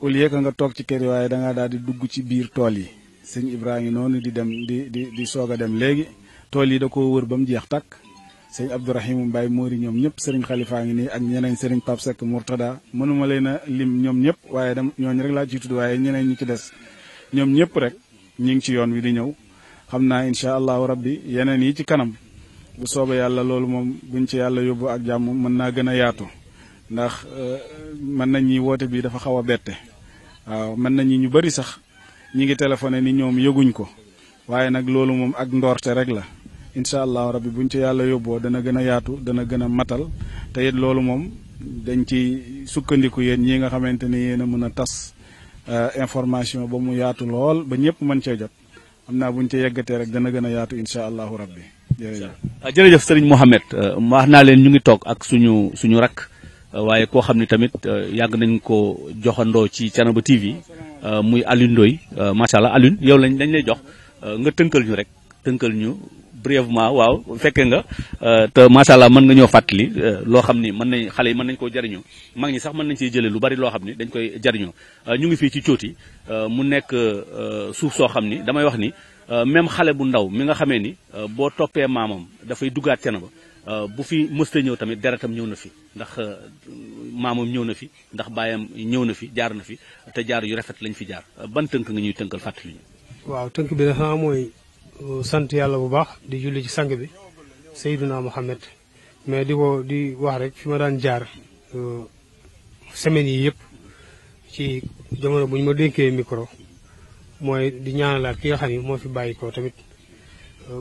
F: au lieu nga toog ci kër yi waaye da daal di dugg ci biir tool yi sëñ Ibrahima noonu di dem di di di soog a dem léegi tool yi da koo wër ba mu jeex takk sëñ Abdourahim Mbaye Mori ñoom ñëpp sëriñ Xalifaa ngi nii ak ñeneen sëriñ Pape Seck Mourtada mënuma leen a lim ñoom ñëpp waaye dem ñooñu rek laa ciy tudd waaye ñeneen ñi ci des ñoom ñëpp rek ñu ngi ci yoon wi di ñëw xam naa incha allahu rabbi yeneen yi ci kanam bu soobee yàlla loolu moom buñ ci yàlla yóbbu ak jàmm mën naa gën a yaatu ndax euh, mën nañ ñi woote bii dafa xaw a bette waaw mën nañ ñi ñu bari sax ñi ngi téléphoné ni ñoom yëguñ ko waaye nag loolu moom ak ndoorte rek la incha allahu rabbi buñ ci yàlla yóbboo dana gën a yaatu dana gën a matal te it loolu moom dañ ci sukkandiku yéen ñi nga xamante ni yéen a mën a tas euh, information ba mu yaatu lool ba ñëpp mën cee jot am naa buñ ci yeggatee rek dana gën a yaatu incha allahu rabbi
A: Ah, jërëjëf Serigne Mohamed ah, wax naa leen ñu ngi toog ak suñu suñu rakk ah, waaye koo xam ni tamit yàgg nañ ko joxandoo ci Thiénaba TV muy Alioune Ndoye macha allah Alioune yow lañ dañ lay jox nga tënkal ñu rek tënkal ñu brièvement waaw fekkee nga te macha mën nga ñoo fàttali loo xam ni mën nañ xale yi mën nañ koo jariñoo mag ñi sax mën nañ ciy jëlee lu bari loo xam ni dañ koy jariñoo ñu ngi fii ci Cooti mu nekk suuf soo xam ni damay wax ni Euh, même xale bu ndaw mi nga xamee ni euh, boo toppee maamam dafay duggaat cana ba euh, bu fi mësta ñëw tamit deretam ñëw na fi ndax maamam ñëw na fi ndax baayam ñëw na fi jaar na fi te jaar yu rafet lañ fi jaar ban tënk nga ñuy tënkal fàttali ñu.
G: waaw tënk bi dafa mooy sant yàlla bu baax di julli ci sang bi Seydina Mohamed mais di ko di wax rek fi ma daan jaar semaines yi yëpp ci jamono bu ñu ma dénkee micro. mooy di ñaanalaat ki nga xam ni moo fi bàyyi ko tamit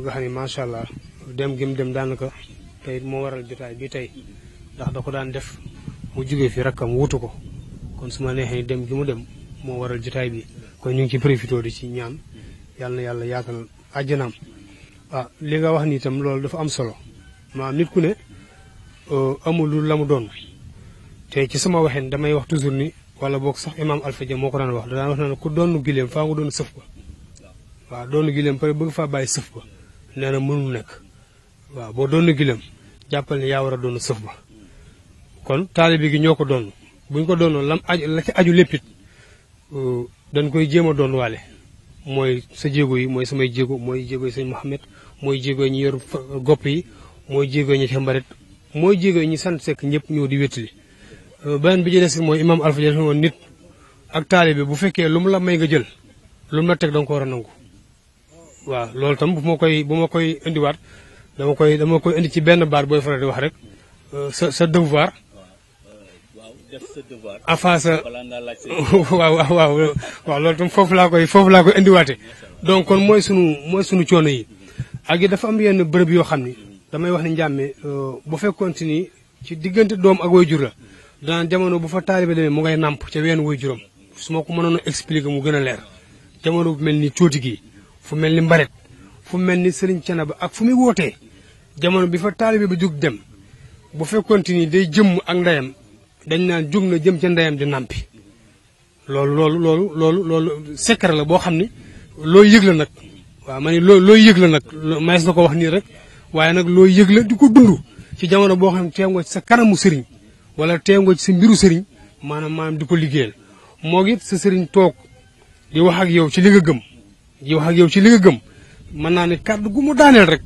G: nga xam macha allah dem gim dem daanaka tey moo waral jotaay bi tey ndax da ko daan def mu jugee fi rakkam wutu ko kon su ma neexee dem gi mu dem moo waral jotaay bi kon ñu ngi ci profité di ci ñaan yàlla na yàlla yaatal àjjanaam. ah li nga wax ni itam loolu dafa am solo maanaam nit ku ne euh, amul lu la mu doon te ci sama waxin damay wax toujours ni. wala boog sax imaam Alfayda moo ko daan wax daan wax na ku doon gileem faa nga doon sëf ba waaw doon gileem pare bëgg faa bàyyi sëf ba nee na mënul nekk waaw boo doon gileem jàppale ne yaa war a doon sëf ba kon taalibe gi ñoo ko doon bu ko doonoon lam aju aju lépp it euh, dañ koy jéem a doon waale mooy sa jéego yi mooy samay jéego mooy jéego yi sëñ Mouhamed mooy jéego yi ñu yor gopp yi mooy jéego yi ñu ca mbaret mooy jéego yi ñu sant sekk ñëpp ñëw di wettili beneen bi ci des mooy imaam Alfayda dafa woon nit ak taalibe bu fekkee lu mu la may nga jël lu mu la teg da war a nangu. waaw loolu tam bu koy bu ma koy indiwaat dama koy dama koy indi ci benn baat booy faral di wax rek euh, sa sa devoir. afasa foofu laa koy foofu laa koy indiwaate donc kon mooy sunu mooy sunu coono yi ak yi dafa am yenn bërëb yoo xam ni damay wax ni njàmme euh, bu fekkoon si ni ci diggante doom ak way jur la danaan jamono bu fa taalibe demee mu ngay nàmp ca ween wuy juróom su ma ko mënoon a expliquer mu gën a leer jamono bu mel ni cooti gi fu mel ni mbaret fu mel ni sëriñ ba ak fu muy wootee jamono bi fa taalibe ba jug dem bu fekkonte ni day jëmm ak dañ naan jug na jëm ca ndeyam di loolu loolu loolu loolu la boo xam ne loo yëg la nag waaw ma ne loo loo yëg nag maes na ko wax nii rek waaye nag loo yëg la di ko dund ci jamono boo xam ne teew nga sa kanamu sëriñ wala teew nga ci sa mbiru sëriñ maanaam maanaam di ko liggéeyal moo it si sëriñ toog di wax ak yow ci li nga gëm di wax ak yow ci li nga gëm mën naa ne kàddu gu mu daaneel rek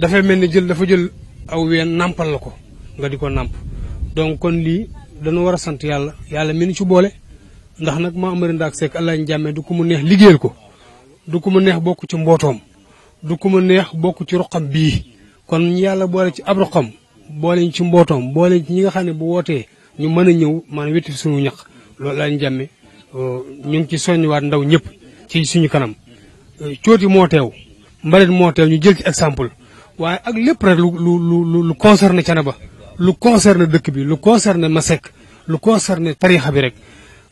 G: dafay mel ni jël dafa jël aw ween nàmpal la ko nga di ko nàmp donc kon lii dañu war a sant yàlla yàlla mënu ci boole ndax nag Mame Amary Ndack Seck Alaaji Njàmme du ko mu neex liggéeyal ko du ko mu neex bokk ci mbootoom du ko mu neex bokk ci roqam bii kon yàlla boole ci ab boole ci mbootoom boole ci ñi nga xam ne bu wootee ñu mën a ñëw maanaam wetu suñu ñax loolu lañ jàmme euh, ñu ngi ci soññiwaat ndaw ñëpp ci suñu kanam euh, cooti moo teew mbalit moo teew ñu jël ci exemple waaye ak lépp rek lu lu lu lu concerné Thiénaba lu concerné dëkk bi lu concerné Masek lu concerné tariixa bi rek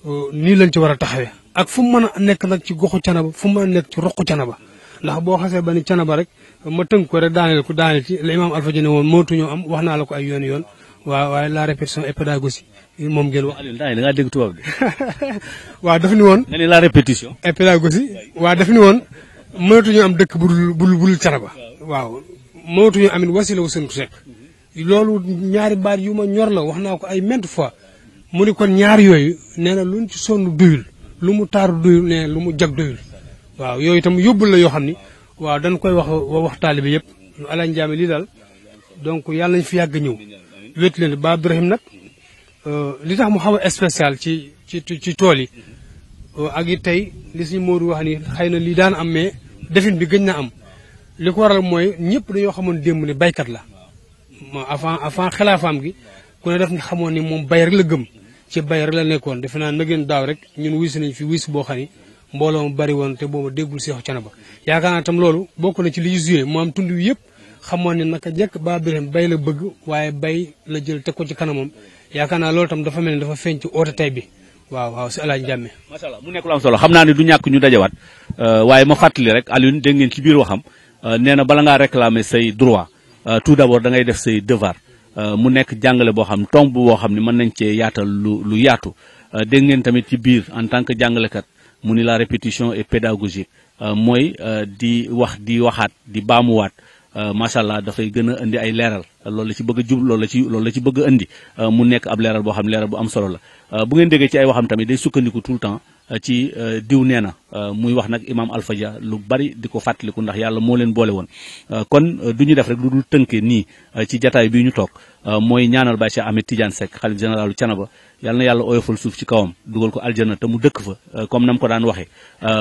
G: euh, nii lañ ci war a taxawee. ak fu mu mën a nekk nag ci goxu Thiénaba fu mu mën a nekk ci roqu Thiénaba ndax boo xasee ba ni canaba rek ma tënk ko rek daaneel ko daaneel ci la imaam Alfa Dieng woon mootuñoo am wax naa la ko ay yoon yoon waaw waaye la répétition est pédagogique moom ngeen wax. Alioune
A: da ngaa dégg tubaab bi.
G: waaw daf ni woon.
A: nga ni la répétition.
G: est pédagogique waaw daf ni woon mënatuñoo am dëkk bu dul bu dul canaba. waaw mënatuñoo amit wasila wu seen sekk. loolu ñaari baat yu ma ñor la wax naa ko ay maintes fois mu ni kon ñaar yooyu nee na luñ ci sonn duyul lu mu taar duyul nee lu mu jag duyul. waaw yooyu itam yóbbul la yoo xam ni waaw dañ koy wax wax taalibe yëpp Alaaji Njaame lii daal donc yàlla nañ fi yàgg ñëw wéet leen ba Abdourahim nag euh, li tax mu xaw a spécial ci ci ci tool yi euh, ak it tey li suñu wax ni xëy na lii daan am mais defin bi gëj na am li ko waral mooy ñëpp dañoo xamoon démb ne baykat la avant avant xilaafaam gi ku ne def nga xamoon ni moom bay rek la gëm ci bay rek la nekkoon defe naa na ngeen daaw rek ñun wis nañ fi wis boo xam mbooloo mu bari woon te boobu déggul Seexu Canaba yaakaar naa tam loolu bokk na ci liy joué mu am tund wi yëpp xamoon ne naka jekk Ba Birahim bay la bëgg waaye bay la jël teg ko ci kanamam yaakaar naa loolu tam dafa mel ni dafa feeñ ci oote bi waaw waaw si Alaaji Jàmme
A: nekk lu solo xam naa ne du ñàkk ñu dajawaat euh, waaye ma fàttali rek Alioune dégg ngeen ci biir waxam euh, nee na bala ngaa réclamer say droit euh, tout d'abord da ngay def say devoir mu nekk jàngale boo xam tomb boo xam ne mën nañ cee yaatal lu lu yaatu dégg ngeen tamit ci biir en tant que jàngalekat mu ni la répétition est pédagogique euh, mooy euh, di wax di waxaat di baamuwaat euh, macha allah dafay gën a indi ay leeral loolu la ci bëgg a jub loolu la ci loolu la ci bëgg indi mu nekk ab leeral boo xam leeral bu am solo la bu ngeen déggee ci ay waxam tamit day sukkandiku tout le temps Euh, ci euh, diw nee na euh, muy wax nag imaam Alpha Dia lu bari di ko fàttaliku ndax yàlla moo leen boole woon kon du ñu def rek lu dul tënke nii ci jataay bi ñu toog mooy ñaanal Baye Cheikh Ahmed Tidiane Seck xalif généralu Thiénaba yàlla na yàlla oyofal suuf ci kawam dugal ko aljana te mu dëkk fa comme na mu ko daan waxee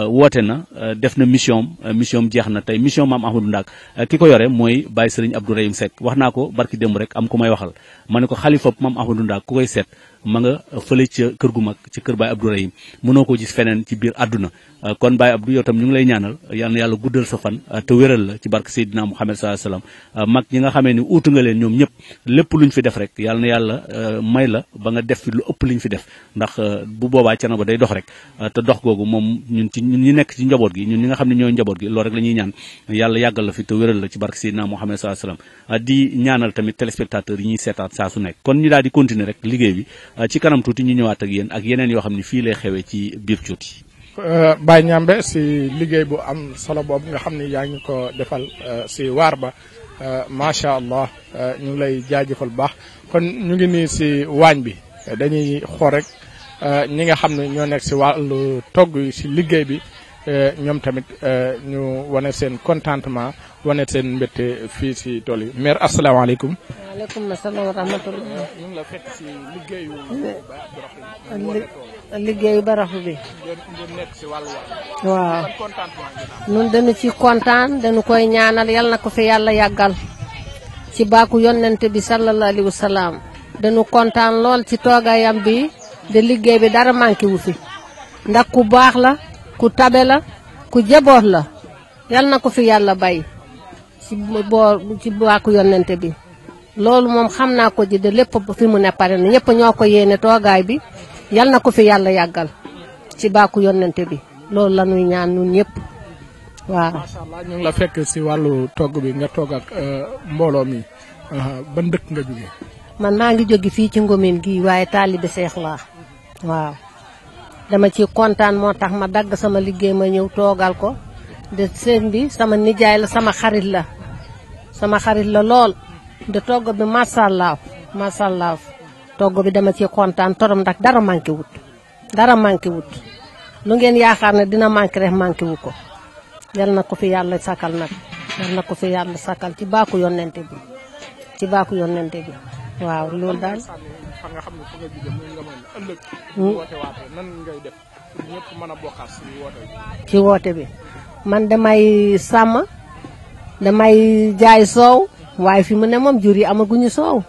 A: woote na def na mission mission jeex na tey mission maam Ahmadou Ndaak ki ko yore mooy Baye Serigne Abdourahim sekk wax naa ko barki démb rek am ku may waxal ma ne ko xalifa maam Ahmadou Ndaak ku koy seet ma nga fële ca kër gu mag ci kër Baye Abdou Rahim mënoo ko ci feneen ci biir àdduna euh, kon Baye Abdou yow tam ñu ngi lay ñaanal yal na yàlla guddal sa fan euh, te wéral la ci barke Seydina Muhammad sallallahu alayhi wasallam euh, mag ñi nga xamee ni uutu nga leen ñoom ñëpp lépp luñ fi def rek yal na yàlla may la ba nga def fi lu ëpp liñ fi def ndax bu boobaa Thiénaba day dox rek te dox googu moom ñun ci ñun nekk ci njaboot gi ñun ñi nga xam ne ñooy njaboot gi loolu ñuy ñaan yàlla yàggal la fi te wéral la ci barke Seydina Muhammad sallallahu ñaanal tamit téléspectateurs yi ñuy seetaat saa su nekk kon ñu daal di continuer rek liggéey bi Euh, ci kanam tuuti ñu ñëwaat ak yéen ak yeneen yoo xam ne fii lay xewee ci biir Cuuti.
H: Euh, Baye Ñambe si liggéey bu am solo boobu nga xam ne yaa ngi ko defal euh, si waar ba macha allah ñu ngi lay jaajëfal bu baax kon ñu ngi nii si waañ bi dañuy xool rek ñi nga xam ne ñoo nekk si wàllu togg yi si liggéey bi. Eh, ñoom tamit eh, ñu wane seen contentement wane seen mbette fii si tool yi maire asalaamaaleykum.
I: waaleykum salaam wa rahmatulah. la si liggéeyu. liggéeyu baraxu bi. waaw. ñun dañu ci kontaan dañu koy ñaanal yal na ko fi yàlla yàggal. ci baaku yonent bi sallallahu alayhi salaam. dañu kontaan lool ci toogaayam bi de liggéey bi dara manqué wu fi. ndax ku baax la. ku tabe la ku jaboot la yal na ko fi yàlla bay ci boor baaku yonente bi loolu moom xam naa ko ji de lépp fi mu ne pare na ñëpp ñoo ko yéene toogaay bi yal na ko fi yàlla yàggal ci baaku yonente bi loolu la ñuy ñaan ñun ñëpp waaw. macha allah ñu la
H: fekk si wàllu togg bi nga togg euh, mbooloo mi ban dëkk nga jógee.
I: man maa ngi jóge fii ci ngomin gi waaye taalibe seex laa waaw. dama ci kontaan moo tax ma dagg sama liggéey ma ñëw toogal ko de sëñ bi sama nijaay la sama xarit la sama xarit la lool de togg bi masallaaw masallaaw togg bi dama ci kontaan torom ndax dara manqué wut dara manqué wut lu ngeen yaakaar ne dina manqué rek manqué wu ko yal na ko fi yàlla sakal nag yal na ko fi yàlla sakal ci baaku yonente bi ci baaku yonente bi waaw loolu daal
H: fan hmm. woote a bokkaat si woote bi.
I: ci woote bi man damay sàmm damay jaay soow waaye fi mu ne moom jur yi amaguñu soow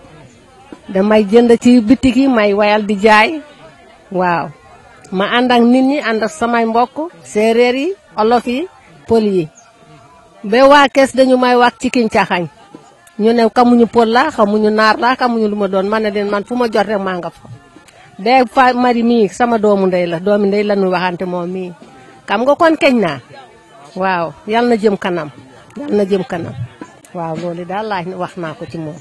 I: may jënd ci bitik yi may wayal di jaay waaw ma ànd ak nit ñi ànd ak samay mbokk séeréer yi olof yi pël yi ba waa kees dañu may wax ci kiñ ñu ne xamuñu pël la xamuñu naar la xamuñu lu ma doon mane den leen man fu ma jot rek maa nga fa. mari mii sama doomu ndey la doomu ndey la ñu waxante moom mii xam nga kon keñ naa waaw yal na jëm kanam yal na jëm kanam waaw loolu daal laaj wax naa ko ci moom.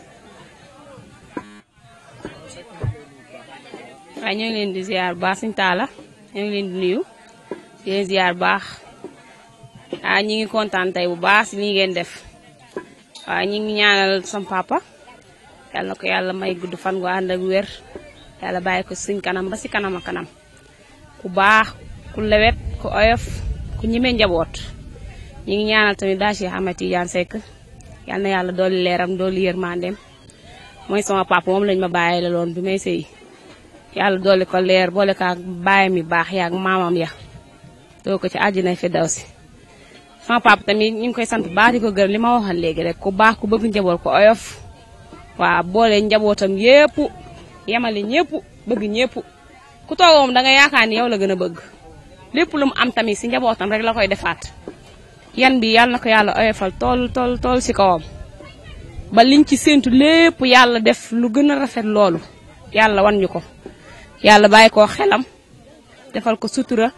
J: waaw ñu leen di ziar baax suñu taala ngi leen di nuyu di baax ah ñu ngi kontaan bu baax si li ngeen def. waaye ñu ngi ñaanal sam papa yàlla na ko yàlla may gudd fan gu ànd ak wér yàlla bàyyi ko suñ kanam ba si kanam a kanam ku baax ku lewet ku oyof ku ñime njaboot ñu ngi ñaanal tamit daa am a Tidiane Seck yàlla yàlla dooli leeram dooli yërmandeem mooy sama papa moom lañ ma bàyyi la loon bi may sëy yàlla dooli ko leer boole ko ak baayam baax yaak maamam ya doo ko ci àjjana fi daw si sama papa tamit ñu ngi koy sant baax di ko gërëm li ma waxoon léegi rek ku baax ku bëgg njaboot ko oyof waaw boole njabootam yépp yemale ñépp bëgg ñépp ku toogoom da nga yaakaar ni yow la gën a bëgg lépp lu mu am tamit si njabootam rek la koy defaat yan bi yàlla na ko yàlla oyofal tool tool tool si kawam ba liñ ci séentu lépp yàlla def lu gën a rafet loolu yàlla wan ñu ko yàlla bàyyi ko xelam defal ko sutura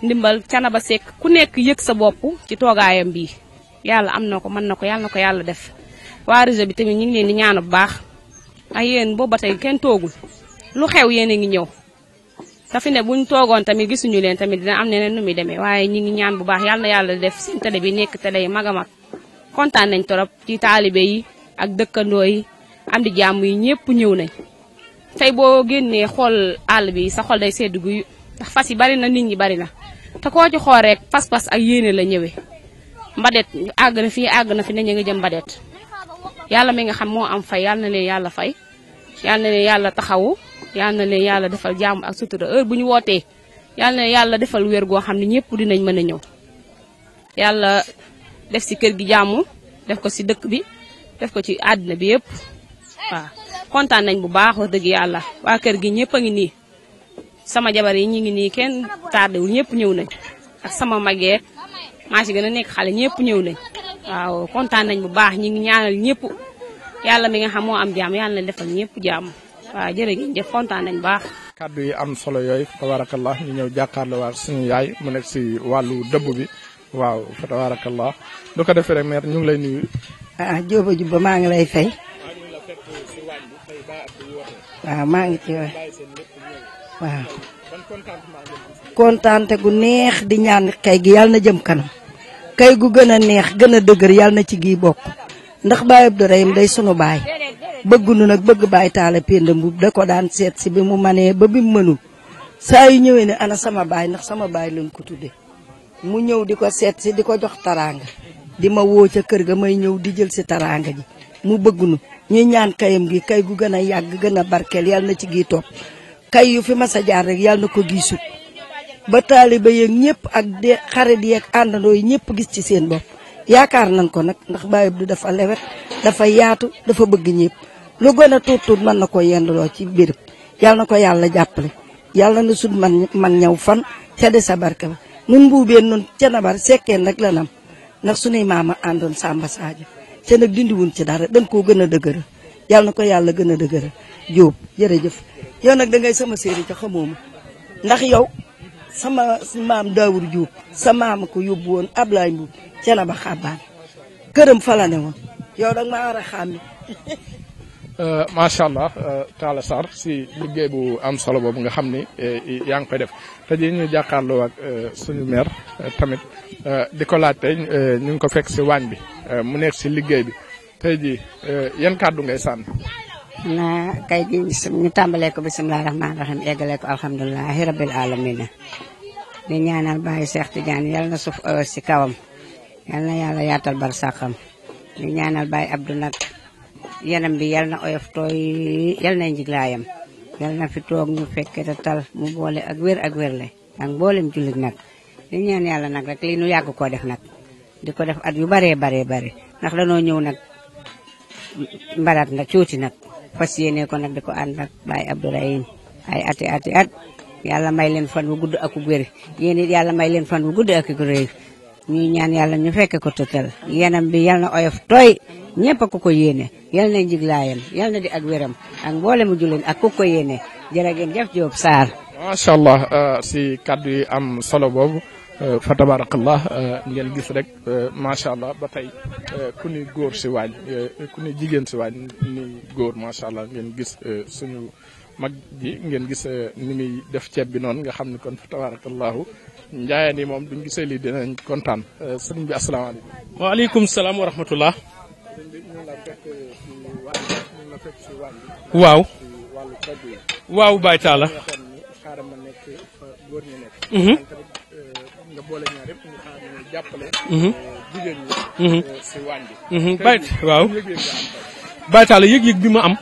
J: ndimbal ba sekk ku nekk yëg sa bopp ci toogaayam bi yàlla am na ko mën na ko yàlla ko yàlla def waa réseau bi tamit ñu ngi leen di ñaanu bu baax ay yéen booba tey kenn toogul lu xew yéen a ngi ñëw safine fi ne buñ toogoon tamit gisuñu leen tamit dina am neneen nu muy demee waaye ñu ngi ñaan bu baax yàlla yàlla def seen télé bi nekk télé yi mag a mag kontaan nañ torop ci taalibe yi ak dëkkandoo yi am di jàmm yi ñëpp ñëw nañ tey boo génnee xool àll bi sa xol day sedd guy yi bari na nit ñi bari na te koo ci xool rek pas-pas ak yéene la ñëwee mbadet àgg na fii àgg na fi ne ñu ngi jëm mbadet yàlla mi nga xam moo am fay yàlla na leen yàlla fay yàlla na leen yàlla taxawu yàlla na leen yàlla defal jàmm ak sutura heure bu ñu wootee yàlla yàlla defal wér goo xam ne ñëpp dinañ mën a ñëw. yàlla def si kër gi jàmm def ko si dëkk bi def ko ci àddina bi yëpp waaw kontaan nañ bu baax wax dëgg yàlla waa kër gi ñëpp ngi nii. sama jabar yi ñu ngi nii kenn tardewul ñëpp ñëw nañ ak sama mageek maa si gën a nekk xale ñëpp ñëw nañ waaw kontaan nañ bu baax ñu ngi ñaanal ñëpp yàlla mi nga xam moo am jàmm yàlla na defal ñëpp jàmm waaw jërë ngeen kontaan nañ baax
H: kàddu yi am solo yooyu tabarakallah ñu ñëw jàkkaarloo waa suñu yaay mu nekk si wàllu dëbb bi waaw fa tabarakallah lu ko defee rek mère ñu
K: ngi lay nuyu ah jóoba jubba maa ngi lay fay
H: waaw maa ngi ci
K: waaw kontaante gu neex di ñaan kay gi yàlla na jëm kanam kay gu gën a neex gën a dëgër yàlla na ci gii bokk ndax Baye Abdourahim day sunu baay bëggunu nag bëgg Baye taale Penda Mboup da ko daan seet si bi mu manee ba bi mu mënul saa yu ñëwee ne ana sama baay ndax sama baay lañ ko tuddee mu ñëw di ko seet si di ko jox taraanga di ma woo ca kër ga may ñëw di jël si taraanga ji mu bëggunu ñuy ñaan kayam gi kay gu gën a yàgg gën a barkeel yàlla na ci gii kay yu fi masa jaar rek yàlla na ko giisu ba taaliba yeeg ñëpp ak de xarit yeeg àndandoo yi ñëpp gis ci seen bopp yaakaar nañ ko nag ndax Baye Abdou dafa lewet dafa yaatu dafa bëgg ñëpp lu gën a tuut tuut mën na ko yendaloo ci béréb yàlla na ko yàlla jàppale yàlla na sut man ñaw fan ca de sa barke ba nun mbuubeen nun ca nabar sekkee nag la nam ndax sunuy maama àndoon Samba Sadio ca nag dindiwun ci dara dañ koo gën a dëgëral yàlla na ko yàlla gën a dëgëral Jóob jërëjëf yow nag dangay sama séeréer ca xamoo ma ndax yow sama maam Daawur Jóob sa maam ko yóbbu woon Ablaay Mbuub ca na ba xàbbaan këram fa ne woon yow dag maa war a xàmmi
H: euh, macha allah euh, Talla si liggéey bu am solo boobu nga xam ni euh, yaa ngi koy def te ji ñu jàkkaarloo ak suñu maire tamit di ko laaj tey ñu ngi ko fekk si waañ bi mu nekk si liggéey bi tey ji yan kàddu ngay sànni
L: xanaa kay gi ñu tàmbalee ko bisimilah rahmaani rahim eggalee ko alhamdulilahi rabil alamina di ñaanal Baye Cheikh Tidiane yal na suuf oyof uh, si kawam yal na yàlla yaatal bar sàqam di ñaanal Baye abdu nag yanam bi yal na oyof tooy yal na njiglaayam yal na fi toog ñu fekke te tal mu boole ak wér ak wér le ak mboolem jullit nag di ñaan yàlla nag rek lii nu yàgg koo def nag di ko def at yu baree baree bare ndax danoo ñëw nag mbaraat na cuuti nag fas yéene ko nag di ko ànd ak Baye Abdourahim ay ati ati at yàlla may leen fan wu gudd ak gu wér yéen it yàlla may leen fan wu gudd ak gu rëy ñuy ñaan yàlla ñu fekke ko tëtal yenam bi yal na oyof tooy ñëpp ku ko yéene yal na njiglaayam yal na di ak wéram ak mboole mu julleen ak ku ko yéene jërë ngeen jëf Diop Sarr.
H: macha allah ah, si kaddu yi am solo boobu. Euh, fa tabarakallah euh, ngeen gis rek euh, macha allah ba tey ku ni góor si waañ ku ni jigéen si waañ ni góor macha allah ngeen gis suñu mag ji ngeen gis ni muy def ceeb bi noonu nga xam ne kon fa tabarakallahu njaayeen yi moom duñ gisee lii dinañ kontaan suñu bi asalaamaaleykum.
M: waaleykum salaam
H: wa rahmatullah. waaw.
C: waaw Baye Talla.
H: boole ñaar yëpp ñu mhm. euh, mhm. euh,
G: bi. Mhm. yëg-yëg bi ma am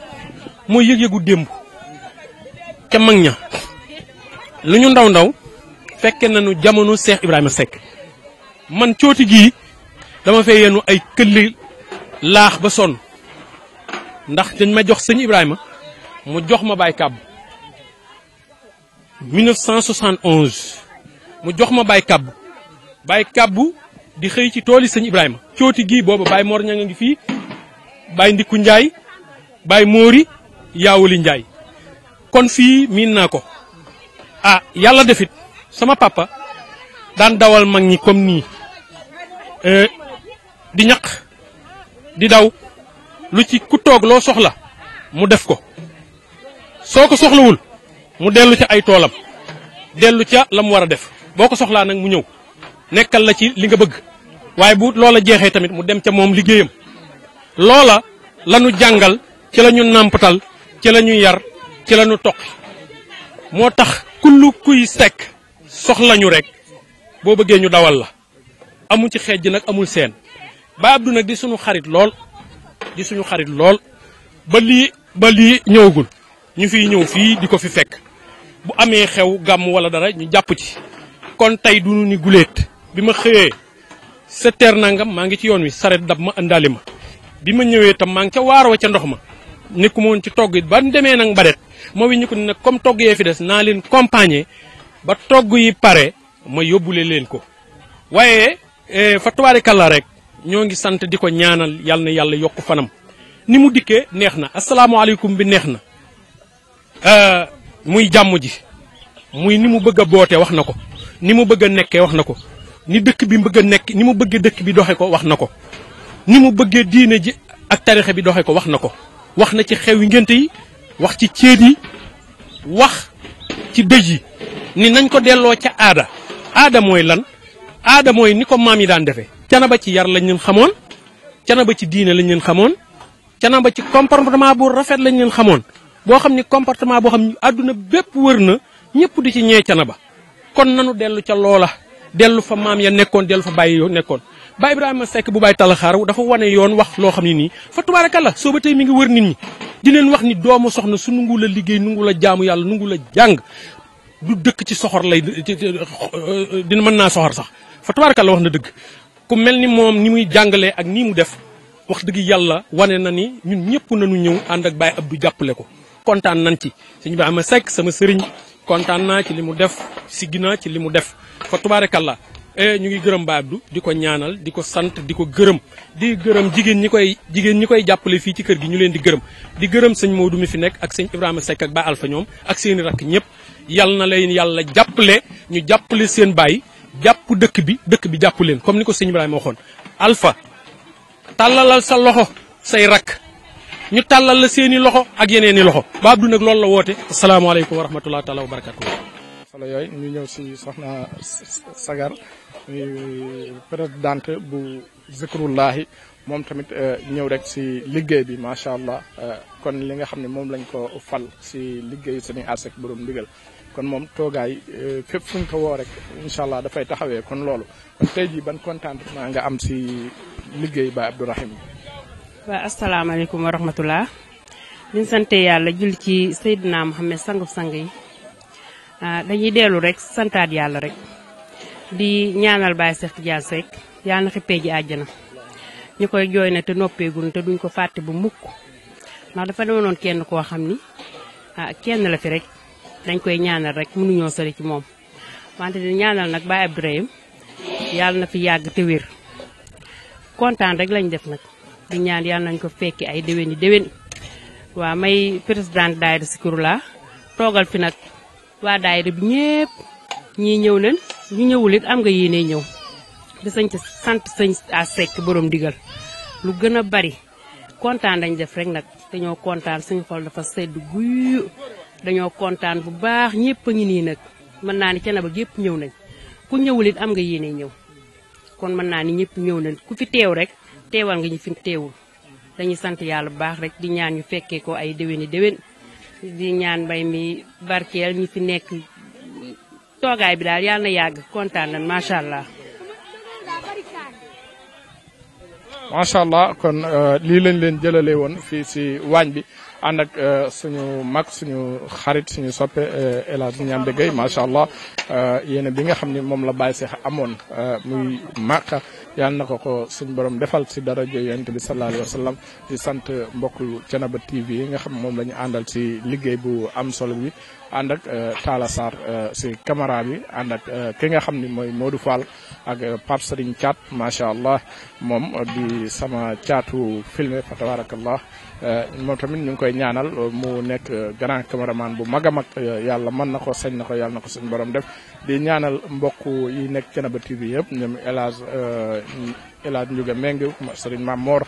G: mooy yëg-yëgu démb ca mag ña lu ñu ndaw ndaw fekke nañu jamono Cheikh Ibrahima Seck man cooti gii dama fee yenu ay këlli laax ba sonn ndax dañ ma jox seen Ibrahima mu jox ma Baye Kab mu jox ma Baye Kab Baye kàbbu di xëy ci tooli sëñ Ibrahima cooti gii booba Baye Mor ña ngi fii Baye Ndikku Njaay Baye moori Yaawuli Njaay kon fii miin naa ko ah yàlla defit sama papa daan dawal mag ñi comme nii e, di ñaq di daw lu ci ku toog loo soxla mu def ko soo ko soxlawul mu dellu ca ay toolam dellu ca la mu war a def boo ko soxlaa nag mu ñëw nekkal la ci li nga bëgg waaye bu loola jeexee tamit mu dem ca moom liggéeyam loola lanu jàngal ci lañu ñu nàmpatal ci la yar ci lañu toq moo tax kullu kuy sekk soxlañu rekk boo bëggee ñu dawal la amu ci xeej nag amul seen ba Abdou nag di suñu xarit lool di xarit lool ba lii ba lii ñëwagul ñu fiy ñëw fii di ko fi fekk bu amee xew gàmm wala dara ñu jàpp ci kon tey du ñu ni guléet bi ma xëyee sept nangam maa ngi ci yoon wi saret daf ma àndaale ma bi ma ñëwee tam maa ngi ca waaroo ca ndox ma nekku ma woon ci togg ba demee nag ba det ma wi ñu ko nag comme togg yee fi des naa leen compagner ba togg yi pare ma yóbbule leen ko waaye eh, fa tubaarikàlla rek ñoo ngi sant di ko ñaanal yàlla na yàlla yokk fanam ni mu dikkee neex na asalaamaaleykum bi neex na eh, muy jàmm ji muy ni mu bëgg a boote wax na ko ni mu bëgg a nekkee wax na ko ni dëkk bi bëgg a nekk ni mu bëggee dëkk bi doxe ko wax na ko ni mu bëggee diine ji ak tarixe bi doxe ko wax na ko wax na ci xew yi ngénte yi wax ci céet yi wax ci dëj yi ni nañ ko delloo ca aada aada mooy lan aada mooy ni ko maam yi daan defee canaba ci yar lañ leen xamoon canaba ci diine lañ leen xamoon canaba ci comportement bu rafet lañ leen xamoon boo xam ni comportement boo xam ni àdduna bépp wër na ñëpp di ci ñee canaba kon nanu dellu ca loola dellu fa maam ya nekkoon dellu fa bàyyi yoo nekkoon Baay a Seck bu Baay Talaxaar dafa wane yoon wax loo xam ne nii fa tubaarakalla soo ba tey mi ngi wër nit ñi di leen wax ni doomu soxna su nungu la liggéey nungu la jaamu yàlla nungu la jàng du dëkk ci soxor lay dina mën naa soxor sax fa tubaarakalla wax na dëgg ku mel ni moom ni muy jàngalee ak nii mu def wax dëgg yàlla wane na ni ñun ñëpp nañu ñëw ànd ak ab Abdou jàppale ko kontaan nañ ci sëñ Ibrahima Seck sama sëriñ kontaan naa ci li mu def siggi ci li mu def fa tubaarakalla e, ñu ngi gërëm Baye Abdou di ko ñaanal di ko sant di ko gërëm di gërëm jigéen ñi koy jigéen ñi koy jàppale fii ci kër gi ñu leen di gërëm di gërëm sëñ Maodo mu fi nekk ak sëñ Ibrahima Seck ak Baye Alpha ñoom ak seen i rakk ñëpp yal na leen yàlla jàppale ñu jàppale seen baay jàpp dëkk bi dëkk bi jàpp leen comme ni ko sëñ Ibrahima waxoon. alfa tàllalal sa loxo say rakk ñu tàllal la seen loxo ak yeneen i loxo Baye Abdou nag loolu la woote asalaamaaleykum wa rahmatulah taalaa
H: xale yooyu ñu ñëw si soxna Sagar muy présidente bu Zikrullahi moom tamit euh, ñëw rek si liggéey bi macha allah euh, kon li nga xam ne moom lañ ko fal si liggéey sëñ Asec borom ndigal kon moom toogaay euh, fépp fu ko woo rek incha allah dafay taxawee kon loolu kon tey jii ban contentement nga am si liggéey ba Abdourahim
N: waa asalaamaaleykum wa rahmatullah liñ sante yàlla jul ci Seydina Mohamed sangu sang yi Ah, dañuy dellu rek santaat yàlla rek di ñaanal Baye Cheikh Tidiane Seck yàlla na xippee ji àjjana ñu koy jooy na te noppeegul te duñ ko fàtte bu mukk ndax dafa doonoon kenn koo xam ni ah kenn la fi rek dañ koy ñaanal rek mënuñoo sori ci moom wante di ñaanal nag Baye Abdourahim yàlla na fi yàgg te wér kontaan rek lañ def nag di ñaan yàlla nañ ko fekki ay déwén yi déwén waa may président daayira Zikroulah toogal fi nag waa daayira bi ñëpp ñii ñëw nañ ñu ñëwul it am nga yéene ñëw di sañ sant sëñ a sekk borom digal lu gën a bari kontaan dañ def rek nag dañoo kontaan suñu xol dafa sedd guyu dañoo kontaan bu baax ñëpp a ngi nii nag mën naa ni Thiénaba yëpp ñëw nañ ku ñëwul it am nga yéene ñëw kon mën naa ni ñëpp ñëw nañ ku fi teew rek teewal nga ñu fi teewul dañuy sant yàlla bu baax rek di ñaan ñu fekkee ko ay déwéni déwén di ñaan mbay mi barkeel ñi fi nekk toogaay bi daal yàlla na yàgg kontaan nañ macha allah.
H: macha allah kon euh, lii lañ leen jëlale woon fii si waañ bi ànd ak euh, suñu mag suñu xarit suñu soppe euh, El Hadj Ndiambé Guèye allah yéen bi nga xam ni moom la bàyyi seex amoon muy màq. yal na ko ko suñ borom defal si dara yonent bi sallallahu alayhi wa sallam di sant mbokk Thiénaba TV yi nga xam moom la ñu àndal si liggéey bu am solo bi ànd ak euh, Talla Sarr si euh, caméra bi ànd ak euh, ki nga xam ni mooy Modou Fall ak Pape Serigne Thiat macha allah moom di sama caatu filmé fa tabarakallah Euh, moom tamit ñu ngi koy ñaanal euh, mu nekk euh, grand caméraman bu mag a mag yàlla mën na ko sañ na ko yàlla na ko suñu borom def di ñaanal mbokk yi nekk Thiénaba TV yëpp ñoom El Hadj El Hadj Ndiouga Meng Serigne Mamor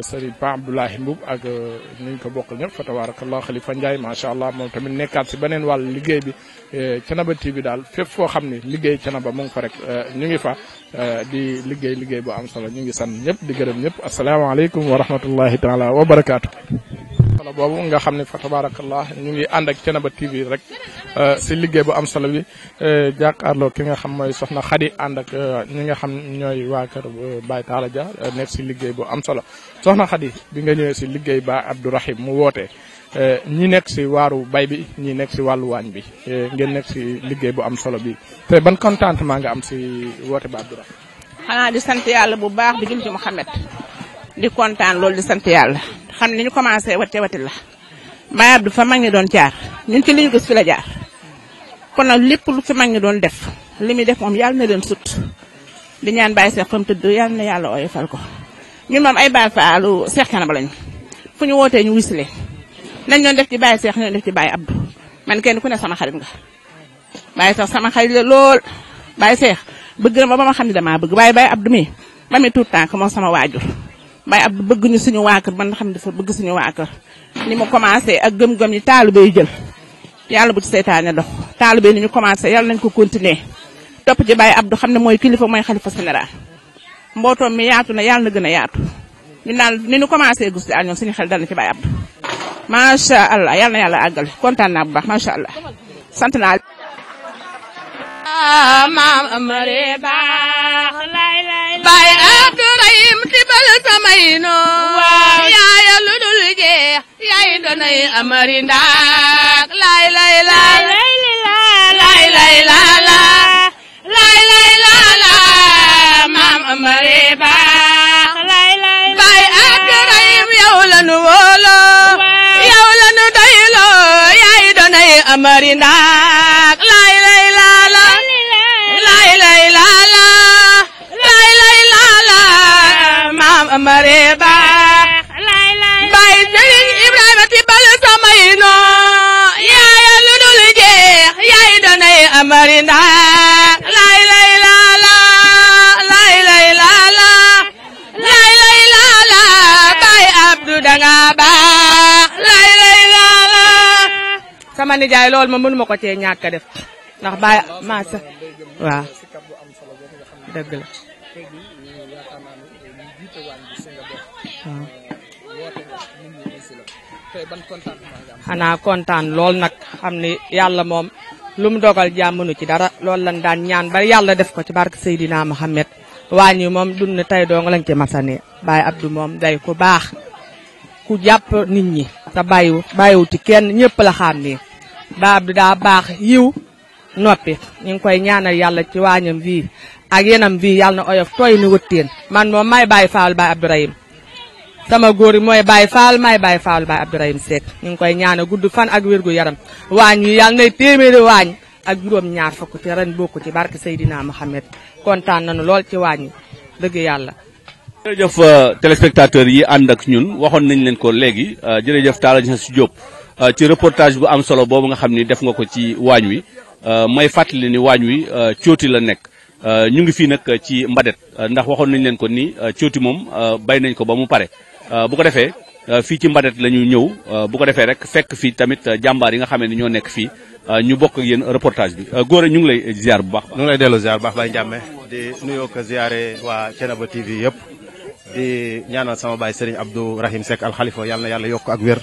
H: Serigne Pa Abdoulahi Mboub ak ñu ñu ko bokkal ñëpp fa tabarakallah Khalifa Ndiaye macha allah moom tamit nekkaat si beneen wàllu liggéey bi Thiénaba TV daal fépp foo xam ne liggéey Thiénaba mu ngi fa rek ñu ngi fa. Euh, di liggéey liggéey bu am solo ñu ngi sant ñëpp di gërëm ñëpp asalaamaaleykum wa rahmatullahi taala wa barakaatu. solo boobu nga xam ne fa tabarakallah ñu ngi ànd ak Thiénaba TV rek euh, si liggéey bu am solo bi euh, jàkkaarloo ki nga xam mooy soxna Xadi ànd euh, ñi nga xam ñooy waa kër Baye Talla Dia nekk si liggéey bu am solo soxna Xadi bi nga ñëwee si liggéey ba Abdourahim mu woote ñi nekk si waaru bay bi ñi nekk si wàllu waañ bi ngeen nekk si liggéey bu am solo bi te ban maa nga am si woote ba Abdourahim
O: xanaa di sant yàlla bu baax di jëm ci di kontaan loolu di sant yàlla xam ne ñu commencé wate wati la Baye Abdou fa mag ñi doon jaar ñun ci li ñu gis fi la jaar kon nag lépp lu fi mag ñi doon def li muy def moom yàlla na leen sut di ñaan Baye Cheikh fa mu tëdd yàlla na yàlla oyofal ko ñun moom ay Baye Fallou Cheikh ba lañu fu ñu wootee ñu wis leen nañ doon def ci Baye seex ñoo def ci Baye Abdou man kenn ku ne sama xarit nga Baye Cheikh sama xarit lool Baye seex bëgg na ma ba ma xam ne damaa bëgg waaye Baye Abdou mi ba mi tout temps que moom sama waajur Baye Abdou bëgg ñu suñu waa kër man xam dafa bëgg suñu waa kër ni mu commencé ak gëm-gëm yi taalibe yu jël yàlla bu ci seytaane dox taalibe ni ñu commencé yàlla nañ ko continuer topp ci Baye Abdou xam ne mooy kilifa mooy a général mbootoom mi yaatu na yàlla na gën a yaatu ni ñu commencé gis daal ñoom suñu xel dal na ci Baye Abdou macha allah yàlla na yàlla àggale kontaan naa bu baax macha allah
P: sant naa.
J: maam amare
O: baax lay lay Baye Abdou Rahim tamayino yaaya lu dul jeex yaay donay amari
J: ndaak lay lay lay lay lay lay lay
O: lay la maam amari baax lay lay bay ak rayim yow lanu woolo yow lanu doylo yaay donay amari ndaak amari ndax lay lay laa baay Abdu danga baax
J: laay lay laa
P: laa
O: sama nijaay loolu ma mënuma ko cee ñàkk def ndax baay maa sa waaw xanaa kontaan lool nag xam ni yàlla moom lu mu dogal jàmmanu ci dara loolu lañ daan ñaan ba yàlla def ko ci barke Seydina Mohamed waañu moom dun na tey dong lañ ci masane Baye Abdou moom day ku baax ku jàpp nit ñi te bàyyiwu bàyyiwu ci kenn ñëpp la xam ni Baye Abdou daa baax yiw noppi ñu ngi koy ñaanal yàlla ci waañam bii ak yenam bii yàlla na oyof tooy ni wëttéen man moom may Baye Fall Baye Abdourahim sama góor yi mooy Baye Fall maay Baye Fall Baye Abdourahim Seck ñu ngi koy ñaana gudd fan ak wér yaram waañ yi yàlla nay téeméeri waañ ak juróom ñaar fukk ci ren bokku ci barke Seydina Mohamed kontaan nañu lool ci waañ yi dëgg yàlla
A: jërëjëf euh, téléspectateurs yi ànd ak ñun waxoon nañ leen ko léegi euh, jërëjëf Talla Diagne Diop euh, ci reportage bu am solo boobu nga xam ni def nga ko ci waañ wi may fàttali ni waañ wi cooti la nekk ñu ngi fii nag ci mbadet ndax waxoon nañ leen ko ni cooti moom bay nañ ko ba mu pare Euh, bu ko defee euh, fii ci Mbadet la ñu ñëw euh, bu ko defee rek fekk fii tamit jàmbaar yi nga xamee ni ñoo nekk fii ñu bokk ak yéen reportage bi Gora ñu ngi lay ziar bu baax. ñu ngi lay delloo ziar bu baax Baye Ndiame
Q: di nuyoo ko ziare waa Thiénaba TV yëpp di ñaanal sama baay Serigne Abdou Rahim sekk al Khalifa yàlla na yàlla yokk ak wér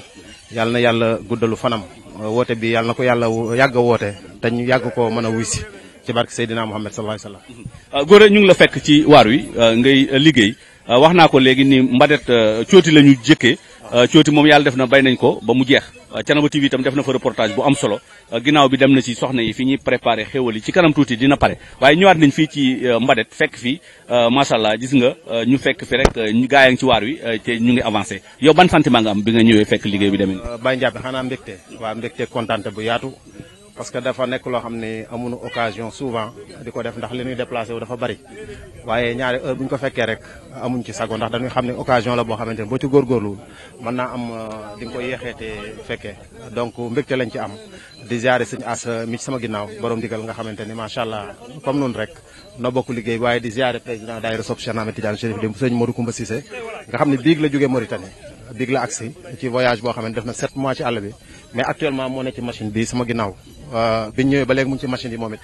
Q: yàlla na yàlla guddalu fanam woote bi yàlla na ko yàlla yàgg woote te ñu yàgg koo mën a wuy si ci barke Seydina Muhammad sallallahu alayhi
A: wa sallam. ñu ngi la ci waar wi ngay liggéey. Euh, wax naa ko léegi ni mbadet euh, cooti la ñu jëkkee euh, cooti moom yàlla def na bay nañ ko ba mu jeex Thiénaba TV itam def na fa reportage bu am solo ginnaaw bi dem na si soxna yi fi ñuy préparé xéwal yi ci kanam tuuti dina pare waaye ñëwaat nañ fii ci mbadet fekk fi macha allah gis nga ñu fekk fi rek ñu gaa ngi ci waar wi te ñu ngi avancé yow ban sentiment nga am bi nga ñëwee fekk liggéey bi demee. Baye Ndiaye xanaa mbégte
Q: waa mbégte kontaan bu yaatu. parce que dafa nekk loo xam ne amuñu occasion souvent di ko def ndax li ñuy déplacé wu dafa bari waaye ñaari heure bu ko fekkee rek amuñ ci sago ndax dañuy xam ne occasion la boo xamante ne boo ci góorgóorluwul mën naa am euh, di nga ko yeexeete fekkee donc mbégte lañ ci am di ziare sëñ as mi ci sama ni macha allah comme noonu rek noo bokk liggéey waaye di ziare président daayira sopp Cheikh Ahmed Tidiane Chérif di sëñ Modou Koumba Cissé nga xam ne biig la jógee Mauritanie biig la agsi ci voyage boo xam ne def na 7 mois ci àll bi mais actuellement moo ne ci machine bi sama ginnaaw Euh, biñ ñëwee ba léegi mu ci machine yi moom it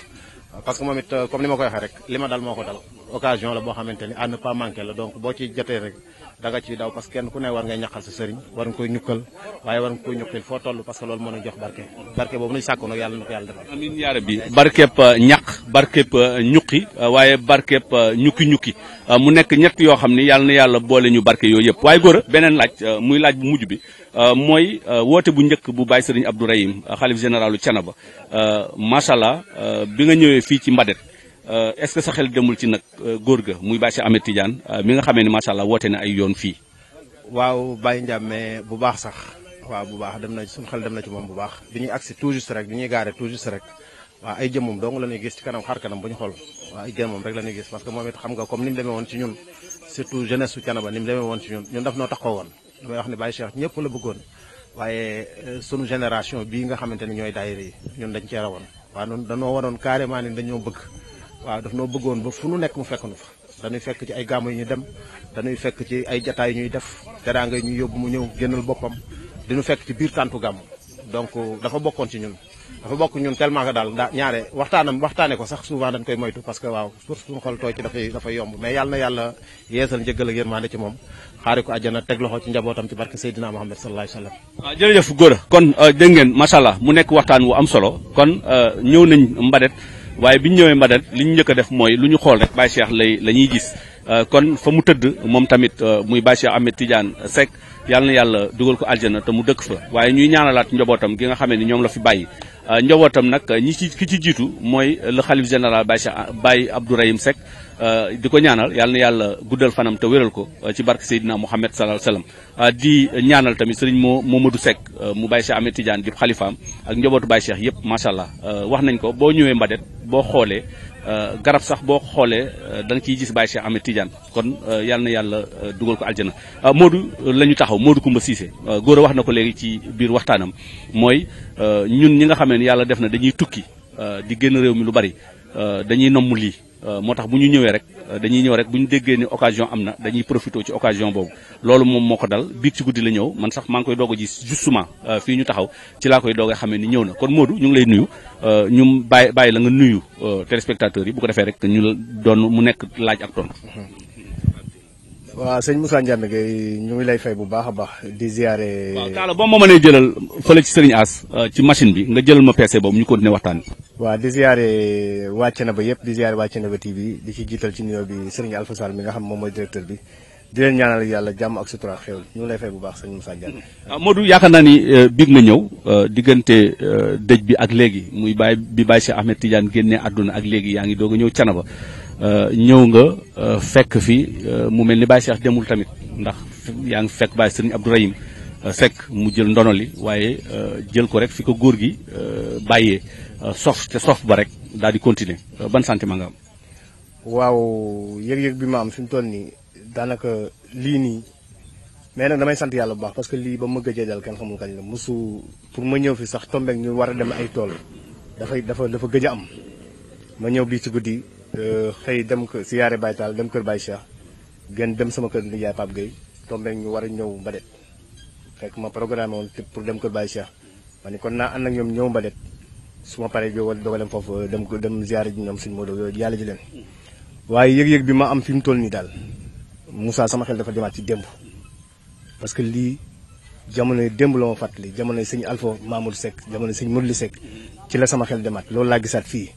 Q: euh, parce que moom it euh, comme ni ma koy waxee rek li ma dal moo ko dal occasion la boo xamante ni à ne pas manquer la donc boo ci jotee rek danga ciy daw parce que ku ne war ngay ñaqal sa sëriñ war nga koy ñukkal waaye war nga koy ñukkal foo toll parce que loolu mën a jox barke barke boobu nuy sàkkoon nag yàlla na ko yàlla defal amiin yaa
A: rabbi barkeb euh, ñaq barkeb euh, euh, waaye barkeb ñukki-ñukki mu nekk ñett yoo xam ne yàlla na yàlla boole ñu barke yooyu yëpp waaye góor a beneen laaj muy laaj bu mujj bi mooy woote bu njëkk bu Baye Sëriñ Abdou Rahim xalif généralu Thiénaba macha allah bi nga ñëwee fii ci Mbadet Euh, est-ce que sa xel demul ci nag euh, góor ga muy Baye Cheikh Ahmed Tidiane euh, mi nga xamee ni macha allah woote na ay yoon fii.
Q: waaw Baye Ndiame bu baax sax. waaw bu baax dem na suñu xel dem na ci moom bu baax bi ñuy agsi toujours rek bi ñuy gaare toujours rek waaw ay jëmmum dong la ñuy gis ci kanam xar kanam bu ñu xool waaw ay jëmmum rek la ñuy gis parce que moom it xam nga comme ni mu demee woon ci ñun surtout jeunesse su Thiénaba ni mu demee woon ci ñun ñun daf noo taxaw ñooy daayira yi ñun dañ cee rawoon waaw noonu waaw daf noo bëggoon ba fu nu nekk mu fekk nu fa dañuy fekk ci ay gàmmu yi ñu dem dañuy fekk ci ay jataay ñuy def teraanga yi ñuy yóbbu mu ñëw génnal boppam diñu fekk ci biir tàntu gàmmu donc dafa bokkoon ci ñun dafa bokk ñun tellement que daal daa ñaare waxtaanam waxtaane ko sax souvent dañ koy moytu parce que waaw pour suñu xol tooy ci dafay dafay yomb mais yàlla na yàlla yeesal njëggal ak yërmande ci moom xaari ko àjjana teg loxo ci njabootam ci barke Seydina Muhammad sallallahu alayhi wa
A: sallam. waaw euh, mu nekk waxtaan wu am solo kon euh, ñëw nañ Mbadet. waaye bi ñu ñëwee Mbadan li ñu njëkk a def mooy lu ñu xool rek Baye Cheikh lay la ñuy gis euh, kon fa mu tëdd moom tamit euh, muy Baye Cheikh Ahmed Tidiane Seck yàlla na yàlla dugal ko aljana te mu dëkk fa waaye ñuy ñaanalaat njobootam gi nga xamee ni ñoom la fi bay euh, njobootam nag ñi ci ki ci jiitu mooy le xalif général Baye Cheikh Baye Abdourahim Seck Euh, di ko ñaanal yàlla yàlla guddal fanam te wéral ko euh, ci barke Seydina Mouhamed sallallahu alayhi wasallam euh, di ñaanal tamit sëriñ moo Momadou Seck mu bàyyi Cheikh Ahmed Tidiane di xalifaam ak njabootu Baye Cheikh yëpp macha allah wax nañ ko boo ñëwee Mbadet boo xoolee garab sax boo xoolee danga nga ciy gis Baye Cheikh Ahmed Tidiane kon yàlla na yàlla dugal ko aljana Modou lañu taxaw Modou Koumba Cissé góor a wax na ko léegi ci biir waxtaanam mooy ñun ñi nga xamee ne yàlla def na dañuy tukki di génn réew mi lu bari dañuy nomm lii Euh, moo tax bu ñu ñëwee rek euh, dañuy ñëw rek bu ñu déggee ni occasion am na dañuy profité ci occasion boobu loolu moom moo ko dal biig ci guddi la ñëw man sax maa ngi koy doog a ji justement euh, fii ñu taxaw ci laa koy doog a xamee ni ñëw na kon Modou ñu ngi lay nuyu ñu bàyyi bàyyi la nga nuyu téléspectateurs yi bu ko defee rek ñu doon mu nekk laaj ak tontu. Mhm.
R: waaw sëñ Moussa Ndiané Gueye ñu ngi lay fay bu baax a baax di ziare. waaw Kaala boo ma mënee
A: jëlal fële ci Serigne As euh, ci machine bi nga jëlal ma PC boobu ñu continuer waxtaan bi.
R: waaw di ziare wàcc na ba yëpp di ziare wàcc na ba TV di ci jiital ci nuyoo bi Serigne Alpha Sall mi nga xam moom mooy directeur bi di leen ñaanal yàlla jàmm ak sutura xéwal ñu ngi lay fay bu baax sëñ Moussa Ndiané.
A: Ah, Modou yaakaar naa ni euh, biig ma ñëw euh, diggante dëj bi ak léegi muy bàyyi bi bàyyi si Ahmed Tidiane génnee ak léegi yaa ngi doog a ñëw canaba. Euh, ñëw nga euh, fekk fi euh, mu mel ni Baye Cheikh demul tamit ndax yaa ngi fekk Baye Serigne Abdourahim Seck mu jël ndono li waaye jël ko rek fi ko góor gi bàyyee sof te sof ba rek daal di continuer ban santi ma nga am.
R: waaw yëg-yëg bi ma am fi mu toll nii daanaka lii nii mais nag damay sant yàlla bu baax parce que lii ba ma gëjee dal kenn xamul kañ la mosu pour ma ñëw fi sax tombeek ñu war a dem ay tool dafay dafa dafa gëj a am ma ñëw bii ci guddi. xëy dem ko siyaare Baye Tall dem kër Baye Cheikh gën dem sama kër nijaay Pape Gueye tombé ñu war a ñëw Mbadet fekk ma programme woon pour dem kër Baye Cheikh ma ne kon naa ànd ak ñoom ñëw Mbadet su ma paree jógal dogalem foofu dem ko dem ziare ji ñoom suñu Modou yooyu yàlla ji leen. waaye yëg-yëg bi ma am fi mu toll nii daal Moussa sama xel dafa demaat ci démb parce que lii jamonoy démb la ma fàttali jamonoy sëñ Alpha Mamour Seck jamonoy sëñ Modou Seck ci la sama xel demaat loolu laa gisaat fii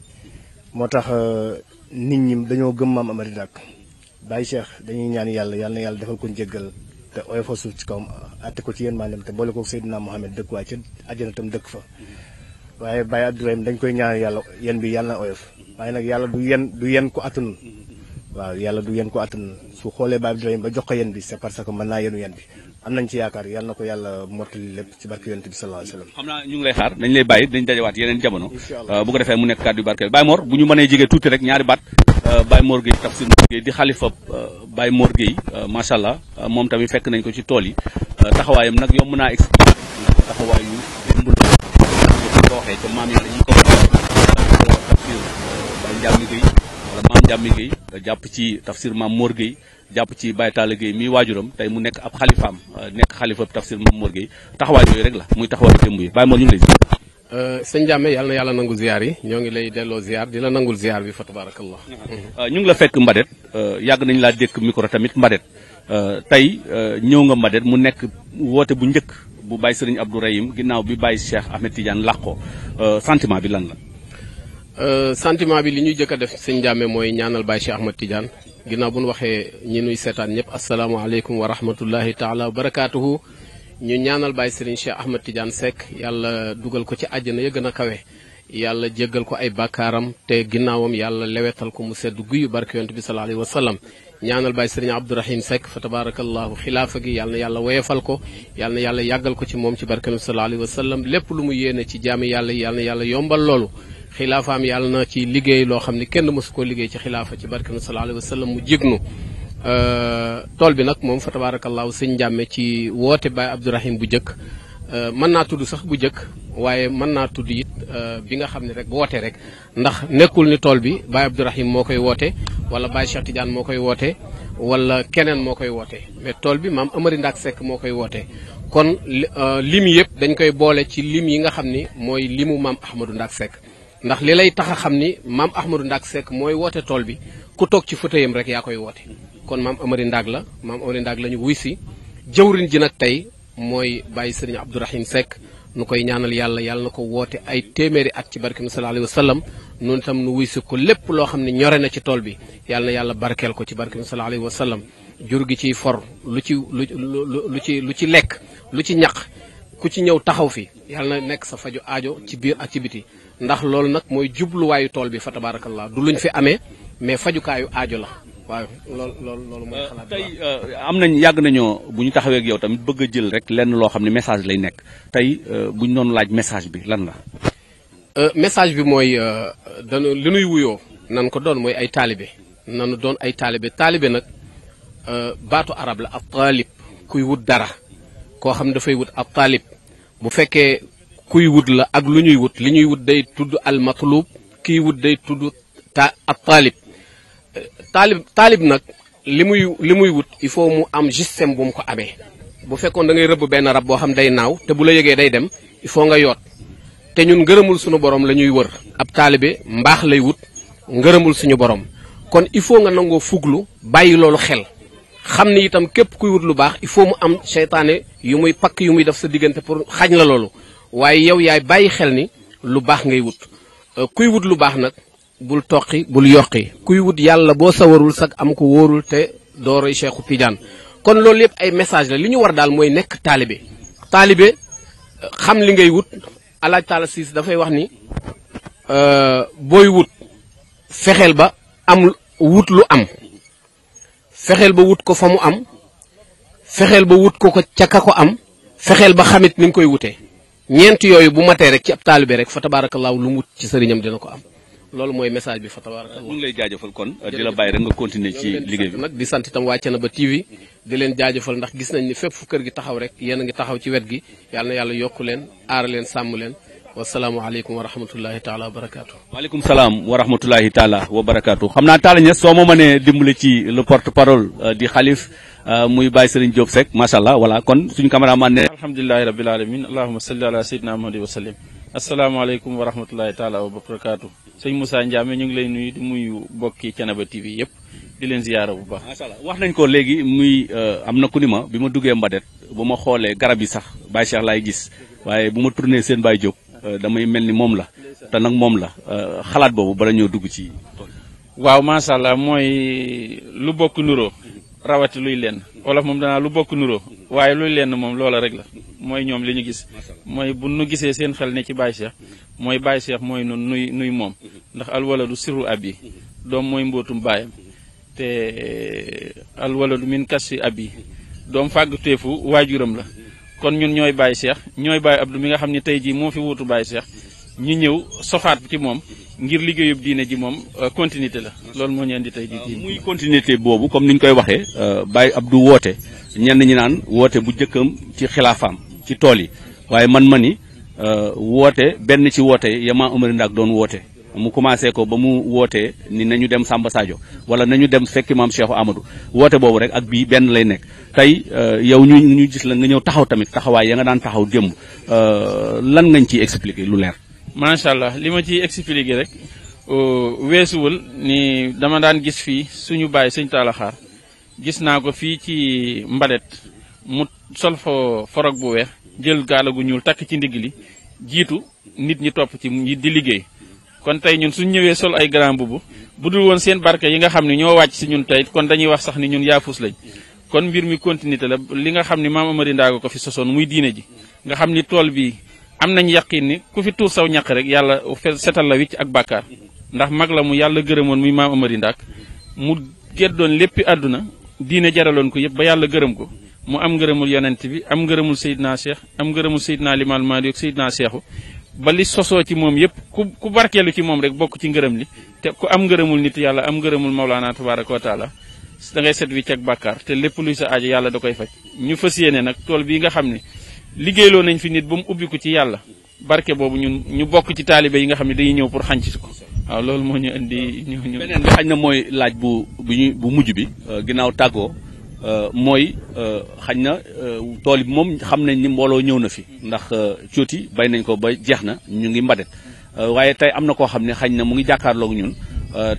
R: moo tax. Euh, nit ñi dañoo gëm maam Amary Dak Baye Cheikh dañuy ñaan yàlla yàlla na yàlla defal ko njëggal te oyofa suuf ci kawam atte ko ci yéen maanaam te boole ko Seydina Mohamed dëkk waaye ca àjjana tam dëkk fa waaye Baye Abdourahim dañ koy ñaan yàlla yéen bi yàlla na oyof waaye nag yàlla du yen du yen ko attan waaw yàlla du yen ko attan su xoolee Baye Abdourahim ba jox ko yéen bi c'est parce que mën naa yenu yéen bi am nañ ci yaakaar yàlla na ko yàlla mottali lépp ci barke yonent bi sallallahu alayhi wasallam
A: xam naa ñu ngi lay xaar dañ lay bàyyi dañ dajawaat euh, bu ko defee mu nekk kàddu yu barkeel Baye Mor bu ñu mënee jege tuuti rek ñaari baat euh, Baye Mor Gueye di xalifa euh, Baye Mor Gueye macha allah moom tamit fekk nañ ko ci tool yi taxawaayam nag yomb naa expliqué ndax taxawaayu démb la ko waxee maam yàlla yi jàpp ci Tafsir maam Mor Gueye jàpp ci Baye Talla Gueye mii waajuram tey mu nekk ab xalifaam euh, nekk xalifa tafsir Mor Gueye taxawaay yooyu rek la muy taxawaayu démb yi Baye Mor ñu ngi lay
S: euh, yàlla yàlla nangu ziar yi ñoo ngi lay delloo ziar di la nangul ziar bi fa tabarakallah
A: euh, ñu ngi la fekk Mbadet yàgg nañ laa dékk micro tamit Mbadet tey ñëw nga Mbadet mu nekk woote bu njëkk bu Baye Serigne Abdou Rahim ginnaaw bi Baye Cheikh Ahmed Tidiane làqoo sentiment bi lan
S: la. sentiment bi li ñuy jëkk def sëñ Diame mooy ñaanal Baye Cheikh ginnaaw bu nu waxee ñi nuy seetaan ñëpp asalaamaaleykum wa rahmatullahi taala barakaatu barakaatuhu ñu ñaanal Baye Serigne Cheikh Ahmed Tidiane Seck yàlla dugal ko ci àjjana ya gën a kawe. yàlla jéggal ko ay bakkaaram te ginnaawam yàlla lewetal ko mu sedd guyu barke yonent bi sallallahu alayhi wa sallam ñaanal Baye Serigne Abdourahim Seck fa tabarakallahu xilaafa gi yàlla na yàlla woyefal ko yàlla yàlla yàggal ko ci moom ci barke yonent bi sallallahu alayhi wa lépp lu mu yéene ci jaami yàlla yàlla yàlla yombal xilaafaam yàlla na ci liggéey loo xam ni kenn mësu koo liggéey ci xilaafa ci barke na sallallahu alayhi wa sallam mu jégnu euh, tool bi nag moom fa tabaarakallaahu sëñ njàmme ci woote Baye Abdourahim bu njëkk euh, mën naa tudd sax bu njëkk waaye mën naa tudd it euh, bi nga xam ne rek wootee rek ndax nekkul ni tool bi Baye Abdourahim moo koy wootee wala Baye Cheikh Tidiane moo koy wootee wala keneen moo koy woote mais tool bi maam Amari Ndaak sekk moo koy wootee kon lim yëpp dañ koy boole ci lim yi nga xam ni mooy limu maam Ahmadou Ndaak ndax li lay tax a xam ni maam ahmadu Ndack Seck mooy woote tool bi ku toog ci fauteuilam rek yaa koy woote kon maam Amari Ndack la maam Amari Ndack la ñu wuy si jëwrin ji nag tey mooy bàyyi sëriñ Abdourahim Seck nu koy ñaanal yàlla yàlla na ko woote ay téeméeri at ci barke sallallahu alayhi sallam noonu tam nu wuy si ko lépp loo xam ne ñore na ci tool bi yàlla yàlla barkeel ko ci barke sallallahu alayhi wa jur gi ciy for lu ci lu lu ci lu ci lekk lu ci ñaq ku ci ñëw taxaw fi yàlla na nekk sa faju aajo ci biir ak ci ndax loolu nag mooy jubluwaayu tool bi fa tabaarakallaa du luñ fi amee mais fajukaayu aajo la
T: waaw loolu loolu mooy xalaat euh, tey euh, am nañ yàgg nañoo
A: bu ñu taxaweek yow tamit bëgg a jël rek lenn loo xam ne message lay nekk tey euh, bu ñu doon laaj message bi lan la. message
S: bi mooy danu li nuy wuyoo
A: nan ko doon mooy
S: ay taalibe nanu doon ay taalibe taalibe nag baatu arab la ab kuy wut dara koo xam ne dafay wut ab taalib bu fekkee kuy wut la ak lu ñuy wut li ñuy wut day tudd al matlub kiy wut day tudd ta ab taalib taalib taalib nag li muy li muy wut il faut mu am système bu mu ko amee bu fekkoon da ngay rëbb benn rab boo xam day naaw te bu la yëgee day dem il faut nga yoot te ñun ngërëmul suñu borom la ñuy wër ab taalibe mbaax lay wut ngërëmul suñu borom kon il faut nga nangoo fuglu bàyyi loolu xel xam ni itam képp kuy wut lu baax il faut mu am seytaane yu muy pakk yu muy def sa diggante pour xañ la loolu waaye yow yaay bàyyi xel ni lu baax ngay wut euh, kuy wut lu baax nag bul toqi bul yoqi kuy wut yàlla boo sawarul sax am ko wóorul te dooroy Cheikhu Tidiane kon loolu yëpp ay message la li ñu war daal mooy nekk taalibe taalibe euh, xam li ngay wut alaaj taala siis dafay wax ni euh, booy wut fexeel ba am wut lu am fexeel ba wut ko fa mu am fexeel ba wut ko ko ca ka ko am fexeel ba xamit ni nga koy wutee ñeent yooyu bu matee rek ci ab taalibe rek fa tabaarakallaahu lu mu wut ci sëriñam dina ko am loolu mooy message bi fa tabaarakallaahu. ñu ngi lay jaajëfal
A: kon di la bàyyi rek nga continuer ci liggéey bi nag
S: di sant itam waa Thiénaba TV di leen jaajëfal ndax gis nañ ni fépp fu kër gi taxaw rek yéen a ngi taxaw ci wet gi yàlla na yàlla yokku leen aar leen sàmm leen wasalaamaaleykum wa rahmatulahi taala wa barakaatu. waaleykum salaam
A: wa rahmatulahi taala wa barakaatu xam naa Talla Niass soo ma mënee dimbali ci le porte parole euh, di xalif Euh, muy Baye Serigne Diop Seck macha allah voilà kon suñu cameraman ne
M: alhamdulilahi rabil alamin allahuma salli ala sayyidina muhammad wa sallim asalaamaaleykum wa rahmatulahi taala wa barakaatu sëñ Moussa Ndiame ñu ngi lay nuyu di muyu bokki Thiénaba TV yëpp di leen ziyaara bu baax macha allah
A: wax nañ léegi muy euh, am na ku ni ma bi ma duggee Mbadet bu ma xoolee garab yi sax Baye Cheikh gis waaye bu ma tourné seen Baye Diop
M: euh, damay mel ni moom la nag moom la xalaat boobu bala ñoo dugg ci waaw macha allah mooy lu bokk nuroo rawati luy lenn wolof moom danaa lu bokk nuroo waaye luy lenn moom loola rek la mooy ñoom li ñu gis mooy bu nu gisee seen xel ne ci Baye seex mooy baay Cheikh mooy nun nuy nuy moom ndax alwaladu sirru ab yi doom mooy mbootum baayam te eh, alwaladu min kasfi ab yi doom fàgguteefu waajuram la kon ñun ñooy Baye Cheikh ñooy Baye Abdou mi nga xam ne tey jii moo fi wuutu Baye Cheikh ñu ñëw sofaat ci moom ngir liggéeyub diine ji moom euh, continuité la loolu moo ñu indi tey di euh, muy
A: continuité boobu comme ni ñu koy waxee euh, Baye Abdou woote ñenn ñi naan woote bu jëkkam ci xilaafaam ci tool yi waaye man ma ni woote benn ci woote ma Omar Ndak doon woote mu commencé ko ba mu wootee ni nañu dem Samba Sadio wala nañu dem fekki maam Cheikh amadu woote boobu rek ak bii benn lay nekk tey yow ñu ñu gis la nga ñëw taxaw tamit taxawaay ya nga daan taxaw démb lan ngañ ciy expliquer lu leer
M: macha allah li ma ci expliqué rek weesuwul ni dama daan gis fii suñu baay sëñ Talla gis naa ko fii ci mbadet mu sol fa forog bu weex jël gaala gu ñuul takk ci ndigg li jiitu nit ñi topp ci di liggéey kon tey ñun suñ ñëwee sol ay grand bubu bu dul woon seen barke yi nga xam ne ñoo wàcc si ñun tey kon dañuy wax sax ni ñun yaafus lañ kon mbir mi continuité la li nga xam ne maam Amari Ndaago ko fi sosoon muy diine ji nga xam ni tool bii am nañ yaqin ni ku fi tuur saw ñaq rek yàlla setal la wicc ak bàkkaar ndax mag la mu yàlla gërëmoon muy maam Amari Ndak mu geddoon lépp àdduna diine jaraloon ko yëpp ba yàlla gërëm ko mu am ngërëmul yonent bi am ngërëmul Seydina Cheikh am ngërëmul Seydina Limaal Maalik ak na Cheikhu ba li sosoo ci moom yëpp ku ku barkeelu ci moom rek bokk ci ngërëm li te ku am ngërëmul nit yàlla am ngërëmul Mawlaana Tabaaraka wa Taala da ngay set wicc ak bàkkaar lépp luy sa aajo yàlla da koy faj ñu fas bii nga xam ne liggéeyloo nañ fi nit ba mu ubbi ko ci yàlla barke boobu ñun ñu bokk ci taalibe yi nga xam ne dañuy ñëw pour xànc si ko waaw loolu moo ñu indi ñu ñu. beneen xañ na mooy laaj bu bu ñu bu mujj bi euh, ginnaaw tàggoo euh, mooy euh, xañ
A: na tool bi moom xam nañ ni mbooloo ñëw na fi ndax cooti bay nañ ko ba jeex na ñu ngi mbadet waaye tey am na koo xam ne xañ na mu ngi jàkkaarloog ñun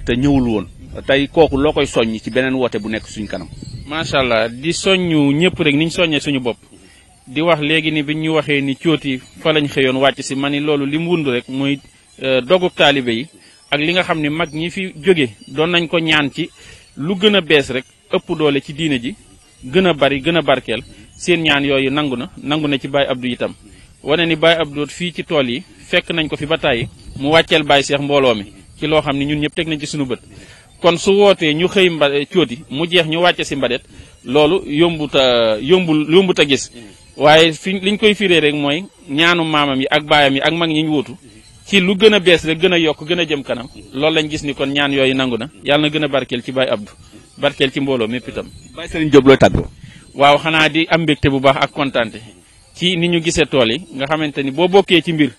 A: te ñëwul woon tey kooku loo koy soññ ci beneen woote bu nekk suñ kanam.
M: macha allah di soññu ñëpp rek ni ñu soññee suñu bopp. di wax léegi ni bi ñu waxee ni cóoti fa lañ xëyoon wàcc si ma ni loolu li mu wund rek mooy euh, dogub taalibe yi ak li nga xam ne mag ñi fi jóge doon nañ ko ñaan ci lu gën a bees rek ëpp doole ci diine ji gën a bari gën a barkeel seen ñaan yooyu nangu na nangu na ci Baye Abdou itam wane ni Baye fii ci tool yi fekk nañ ko fi ba tàyyi mu wàcceel Baye Cheikh mbooloo mi ci loo xam ne ñun ñëpp teg nañ ci suñu bët kon su wootee ñu xëy mba cóoti mu jeex ñu wàcce si mbadet loolu yombut a yombul yombut a gis waaye fi liñ koy firee rek mooy ñaanu maamam yi ak baayam yi ak mag ñi ñu wóotu ci lu gën a bees rek gën a yokk gën a jëm kanam loolu lañ gis ni kon ñaan yooyu nangu na yàlla na gën a barkeel ci Baye Abdou barkeel ci mbooloo mépp itam. Baye Serigne Diop looy waaw xanaa di am mbégte bu baax ak kontaante ci ni ñu gisee tool yi nga xamante ni boo bokkee ci mbir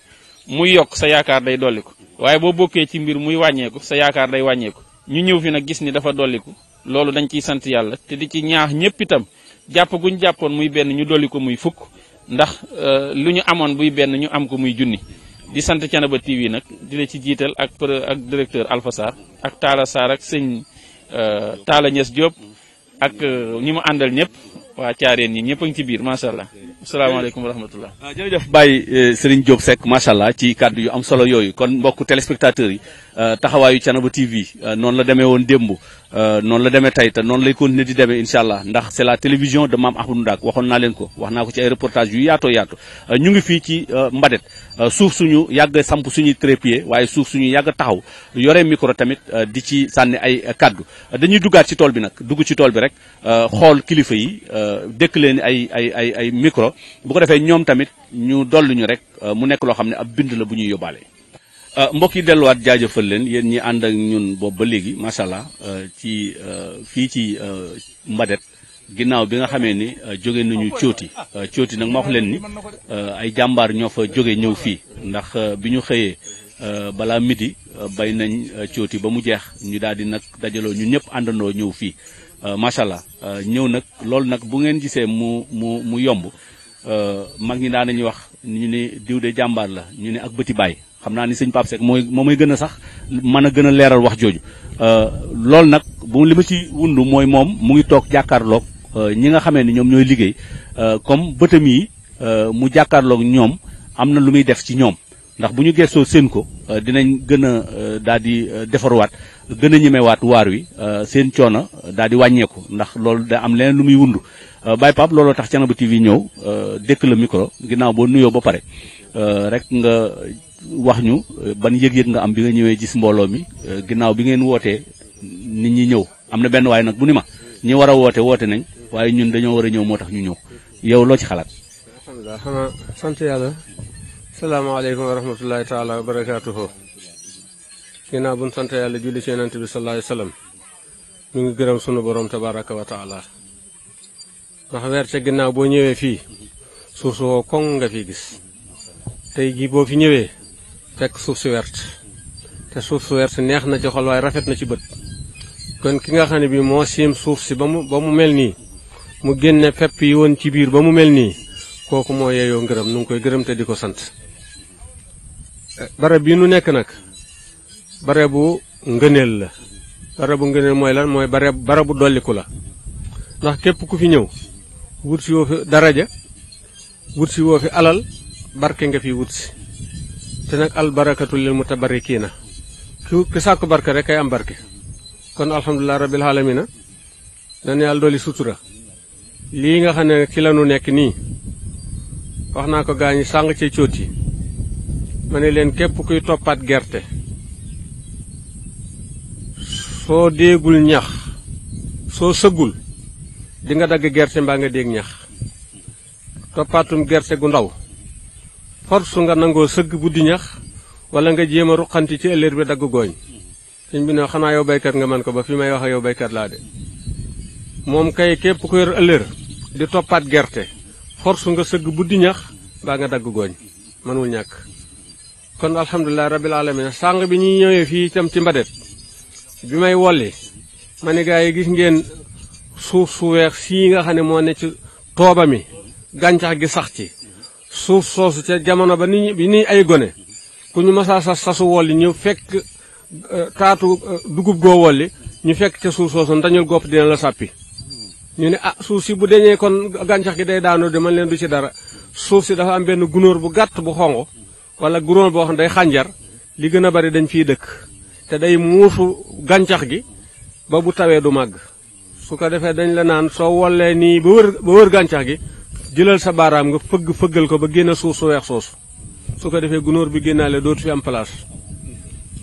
M: muy yokk sa yaakaar day dolliku waaye boo bokkee ci mbir muy wàññeeku sa yaakaar day wàññeeku ñu ñëw fi nag gis ni dafa dolliku loolu dañ ciy sant yàlla te di ci ñaax ñëpp itam jàpp gu ñu jàppoon muy benn ñu dolli ko muy fukk ndax euh, lu ñu amoon buy benn ñu am ko muy junni di sant Thiénaba TV nag di la ci jiital ak ak directeur Alpha ak Talla Sarr ak sëñ euh, Talla Niass Diop ak euh, ñi mu àndal ñëpp waa caareen ñi ñëpp a ci biir macha allah. asalaamaaleykum wa rahmatullah. Ah, jërëjëf
A: Baye Serigne Diop Seck macha allah ci kàddu yu am solo yooyu kon mbokk téléspectateurs yi taxawaayu Thiénaba TV noonu la demee woon démb. Euh, noonu la demee tey te noonu lay continuer di demee incha allah ndax c'est la télévision de Mame Ahmadou Ndack waxoon naa leen ko wax naa ko ci ay reportage yu yaatoo yaatu euh, ñu ngi fii ci euh, Mbadet suuf suñu yàgg samp suñuy trépied waaye suuf su ñu yàgg taxaw yore micro tamit di ci sànni ay kaddu dañuy duggaat ci tool bi nag dugg ci tool bi rek xool kilifa yi dëkk leen ay ay ay ay micro bu ko defee ñoom tamit ñu dollu ñu rek mu nekk loo xam ne ab bind la bu ñuy yóbbaale. Euh, mbokk yi delluwaat jaajëfal leen yéen ñi ànd ak ñun boobu ba léegi masallah allah euh, ci euh, fii ci Mbadet ginnaaw bi nga xamee ni jóge nañu cooti cooti nag ma wax leen ni ay jàmbaar ñoo fa jóge ñëw fii ndax bi ñu xëyee balaa midi bay nañ cooti ba mu jeex ñu daal di nag dajaloo ñu ñëpp àndandoo ñëw fii macha allah ñëw nag loolu nag bu ngeen gisee mu mu mu yomb mag ñi daan nañu wax ñu ni diw de jàmbaar la ñu ne ak bëti baay xam naa ni sëñ Pape Seck mooy moo mooy gën a sax mën a gën a leeral wax jooju euh, loolu nag bu li ma ci wundu mooy moom mu ngi toog jàkkaarloog euh, ñi nga xamee ni ñoom ñooy liggéey euh, comme bëtam yi mu jàkkaarloog ñoom am na lu muy def ci ñoom ndax bu ñu gestoo seen ko dinañ gën a daal di defarwaat gën a ñemewaat waar wi seen coono daal di wàññeeku ndax loolu da am leen lu muy wundu Baye looloo tax Thiénaba TV ñëw dëkk la micro ginnaaw boo nuyoo ba pare rek wax ñu euh, ban yëg-yëg nga am bi nga ñëwee gis mbooloo mi euh, ginnaaw bi ngeen wootee nit ñi ñëw am na benn waaye nag bu ni ma ñi war a woote woote nañ waaye ñun dañoo war a ñëw moo tax ñu ñëw yow loo ci xalaat.
T: alhamdulilah xanaa sant yàlla. salaamaaleykum wa rahmatullahi taala wa barakaatuhu. ginnaaw bu ñu sant yàlla julli ci yonent bi sallallahu alayhi wa ngi gërëm sunu borom tabaraka wa ndax weer ca ginnaaw boo ñëwee fii. suuf soo koŋ nga fi gis. tey jii boo fi ñëwee. fekk suuf su wert te suuf su wert neex na ci xol waaye rafet na ci bët kon ki nga xam ne bii moo siim suuf si ba mu ba mu mel nii mu génne pepp yi woon ci biir ba mu mel nii kooku moo yeeyoo ngërëm nu ngi koy gërëm te di ko sant eh, barab bii nu nekk nag barabu ngëneel la barabu ngëneel mooy lan mooy barab barabu dolliku la ndax képp ku fi ñëw wut si woo fi daraja wut si woo fi alal barke nga fi wut si te nag albarakatu lil mutabarrikiina ku sàkku barke rek kay am barke kon alhamdulilah rabbil alamina dañu yàlla dolli sutura lii nga xam ne ci la nekk nii wax naa ko gaañi sàng ci cóot yi ma ne leen képp kuy toppaat gerte soo déegul ñax soo sëggul di nga dagg gerte mbaa nga déeg ñax toppaatum gerte gu ndaw force nga nangoo sëgg buddi ñax wala nga jéem a ruqanti ci ëllëg bi dagg gooñ sëñ bi ne xanaa yow baykat nga man ko ba fi may wax yow baykat laa de moom kay képp ku yor di toppaat gerte force nga sëgg buddi ñax baa nga dagg gooñ mënul ñàkk kon alhamdulilah rabbil alamin sàng bi ñuy ñëwee fii itam ci mbadet bi may wolli ma ne gaa yi gis ngeen suuf su weex sii nga xam ne moo ne ci tooba mi gàncax gi sax ci suuf soosu ca jamono ba ni bi ni ay gone ku ñu masaa sas sasu wolli ñu fekk taatu euh, euh, dugub goo wolli ñu fekk ca suuf soosu ndañul gopp dina la sàppi ñu ne ah suuf si bu deñee kon gàncax gi day daanu de man leen du ci dara suuf si dafa am benn gunóor bu gàtt bu xonq wala gunóor boo xam ne day xànjar li gën a bari dañ fiy dëkk te day muusu gàncax gi ba bu tawee du màgg su ko defee dañ la naan soo wollee nii ba wër ba gàncax gi jëlal sa baaraam nga fëgg fëggal ko ba génn suuf su weex soosu su ko defee gunóor bi génnaale dootu fi am place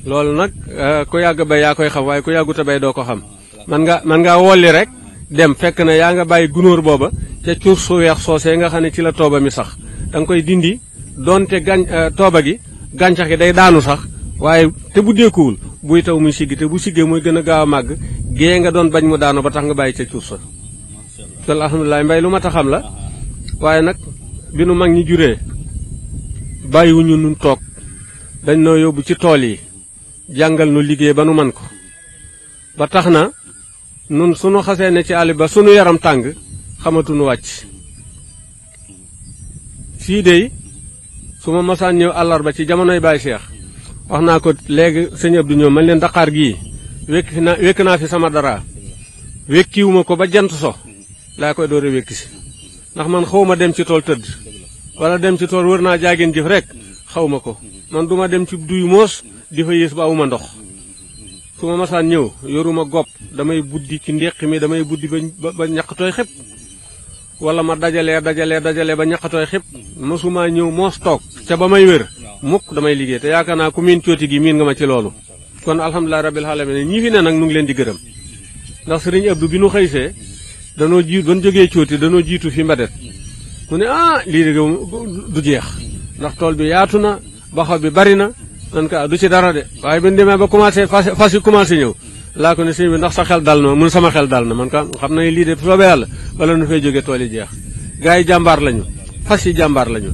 T: loolu nag euh, ku yàgg bay yaa koy xam waaye ku yàggut a bay doo ko xam man nga man ngaa wolli rek dem fekk na yaa nga bàyyi gunóor booba ca cuur su weex soosee nga xam ne ci la tooba mi sax da nga koy dindi donte gañ euh, tooba gi gàncax gi day daanu sax waaye te bu buy taw muy siggi te bu siggee muy gën a gaaw a màgg gée nga doon bañ mu daanu ba tax bàyyi ca cuur lu ma taxam la waaye nag bi nu mag ñi juree bàyyiwuñu nun toog dañ noo yóbbu ci tool yi jàngal nu liggéey ba nu man ko ba tax na nun sunu xasee ne ci àll ba sunu yaram tàng xamatuñu wàcc fii de su ma masaan ñëw àllarba ci jamonoy Baye Cheikh wax naa ko léegi sëñ Abdou ñoom man leen daqaar gii wékk fi naa naa fi sama dara wékkiwuma ko ba jant so laa koy door a ndax man xaw ma dem ci tool tëdd wala dem ci tool wër naa jaagin jëf rek xaw ma ko man duma dem ci duy moos di fa yées ba awuma ndox su ma masaan ñëw yoruma gopp damay buddi ci ndéq mi damay buddi ba ba tooy xëpp wala ma dajalee dajalee dajale ba ñaqatooy xëpp masumaa ñëw moos toog ca ba may wér mukk damay liggéey te yaakaar naa ku miin cooti gi miin nga ma ci loolu kon alhamdulilah rabbil alamin ñi fi ne nag nu ngi leen di gërëm ndax sëriñ Abdou danoo jiitu ban jógee cooti danoo jiitu fi mbadet mm. mu ne ah lii de du jeex ndax tool bi yaatu na xaw bi bari na man ka du ci dara de waaye ba demee ba commencé fas fas yi commencé ñëw laa ko ne sëñ bi ndax sa xel dal na mun sama xel dal na man ka xam nañ lii de soobee yàlla bala nu fay jógee tool yi jeex gars yi jàmbaar lañu fas yi jàmbaar lañu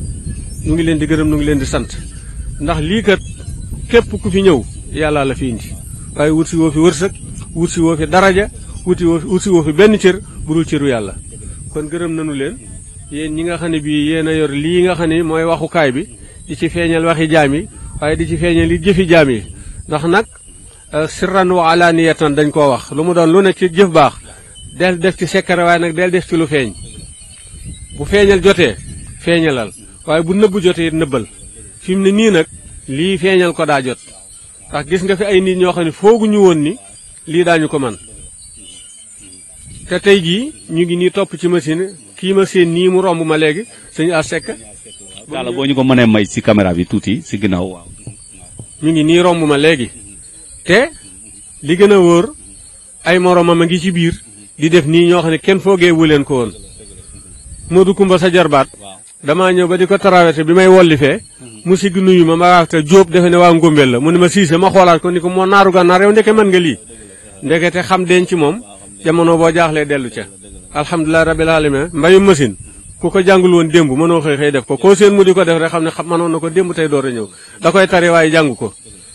T: ñu ngi leen di gërëm ñu ngi leen di sant ndax lii kat képp ku fi ñëw yàlla la fi indi waaye wut si woo fi wërsëg si woo fi daraja wuti woo fi woo fi benn cër budul ci ru yàlla kon gërëm nañu leen yéen ñi nga xam ne bii yéen a yor lii nga xam ne mooy waxukaay bi di ci feeñal waxi jaam yi waaye di ci feeñal it jëfi jaam yi ndax nag euh, sirran wa alaaniyatan dañ koo wax lu ma doon lu ne ci jëf baax del def ci sekkare waaye nag del def ci lu feeñ bu feeñal jotee feeñalal waaye bu nëbbu jotee it nëbbal fi mu ne nii nag lii feeñal ko daa jot ndax gis nga fi ay nit ñoo xam ne fooguñu woon ni lii daañu ko man te tey jii ñu ngi nii topp ci machine kii ma seen nii mu romb ma léegi sëñ As Seck. waaw
A: boo ñu ko mënee may ci caméra bi tuuti ci ginnaaw waaw.
T: ñu ngi nii romb ma léegi te li gën a wóor ay moromam a ngi ci biir di def nii ñoo xam ne kenn foogee wu leen ko woon. Modou Kumba sa jarbaat damaa ñëw ba di ko traversé bi may wolli fee mu sigg nuyu ma ma wax te Jóob defe ne waa Ngombel la mu ne ma siise ma xoolaat ko ni ko moo naaru gànnaar yow ndeke mën nga lii ndekete xam denc moom. jamono boo jaaxlee dellu ca alhamdulilah rabil alamin mbayum machine ku ko jàngul woon démb mënoo xëy xëy def ko koo séen mu di ko def rek xam ne xam mënoon na ko démb tey door a ñëw da koy tari waaye jàng ko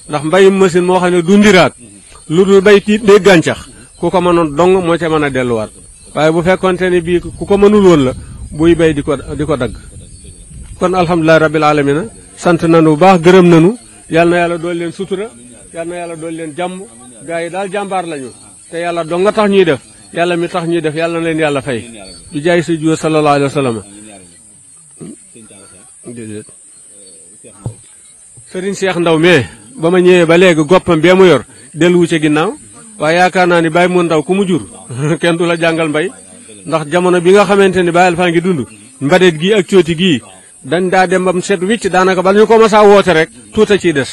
T: ndax mbayum machine moo xam ne du ndiraat lu dul bay tiit day gàncax ku ko mënoon dong moo ca mën a delluwaat waaye bu fekkonte ni bii ku ko mënul woon la buy bay di ko di ko dagg kon alhamdulilah rabil alamina sant nanu bu baax gërëm nanu yal na yàlla dool leen sutura yal yàlla dool leen jàmm gaa yi daal jàmbaar lañu te yàlla dong nga tax ñuy def yàlla mi tax ñuy def yàlla leen yàlla fay du jaay si jiw sallallahu alayhi wa sallam déedéet sëriñ Cheikh Ndaw mais ba ma ñëwee ba léegi goppam bee mu yor delluwu ci ginnaaw waaye yaakaar naa ni bàyyi mu ndaw ku mu jur kenn du la jàngal mbay ndax jamono bi nga xamante ni bàyyil faa ngi dund mbadeet gii ak cooti gii dañ daa dem bam set wicc daanaka bal ñu ko mas a woote rek tuuta ciy des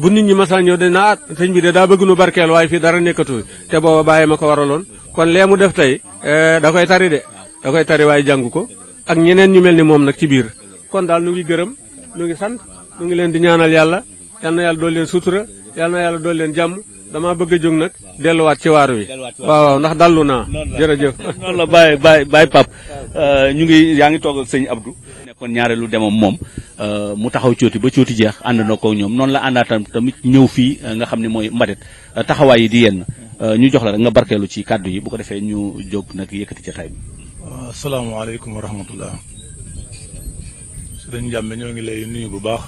T: bu nit ñi masaa ñëw dañ naat ah, sëñ bi de daa bëgg nu barkeel waaye fii dara nekkatu te booba bàyyi ma ko waraloon kon lee mu def tey eh, da koy tari de da koy tari waaye jàngu ko ak ñeneen ñu mel ni moom nag ci biir kon daal nu ngi gërëm nu ngi sant nu ngi leen di ñaanal yàlla yàlla dool leen sutura yàlla yàlla dool leen jàmm damaa bëgg a jóg nag delluwaat ci waar wi waaw waaw ndax dallu naa jërëjëf noonu la bàyyi bàyyi bàyyi eh, ñu ngi
A: yaa ngi toog ak sëñ Abdou kon ñaareelu demam moom euh, mu taxaw cooti ba cooti jeex ànd na ko ñoom noonu la àndaatam tamit ñëw fii euh, nga xam ne mooy mbadet euh, taxawaay yi di yenn ñu jox la rek nga barkeelu ci kàddu yi bu ko defee ñu jóg nag yëkkati jataay bi.
U: asalaamaaleykum wa rahmatullah. sëriñ Jàmme ñoo ngi lay nuyu bu baax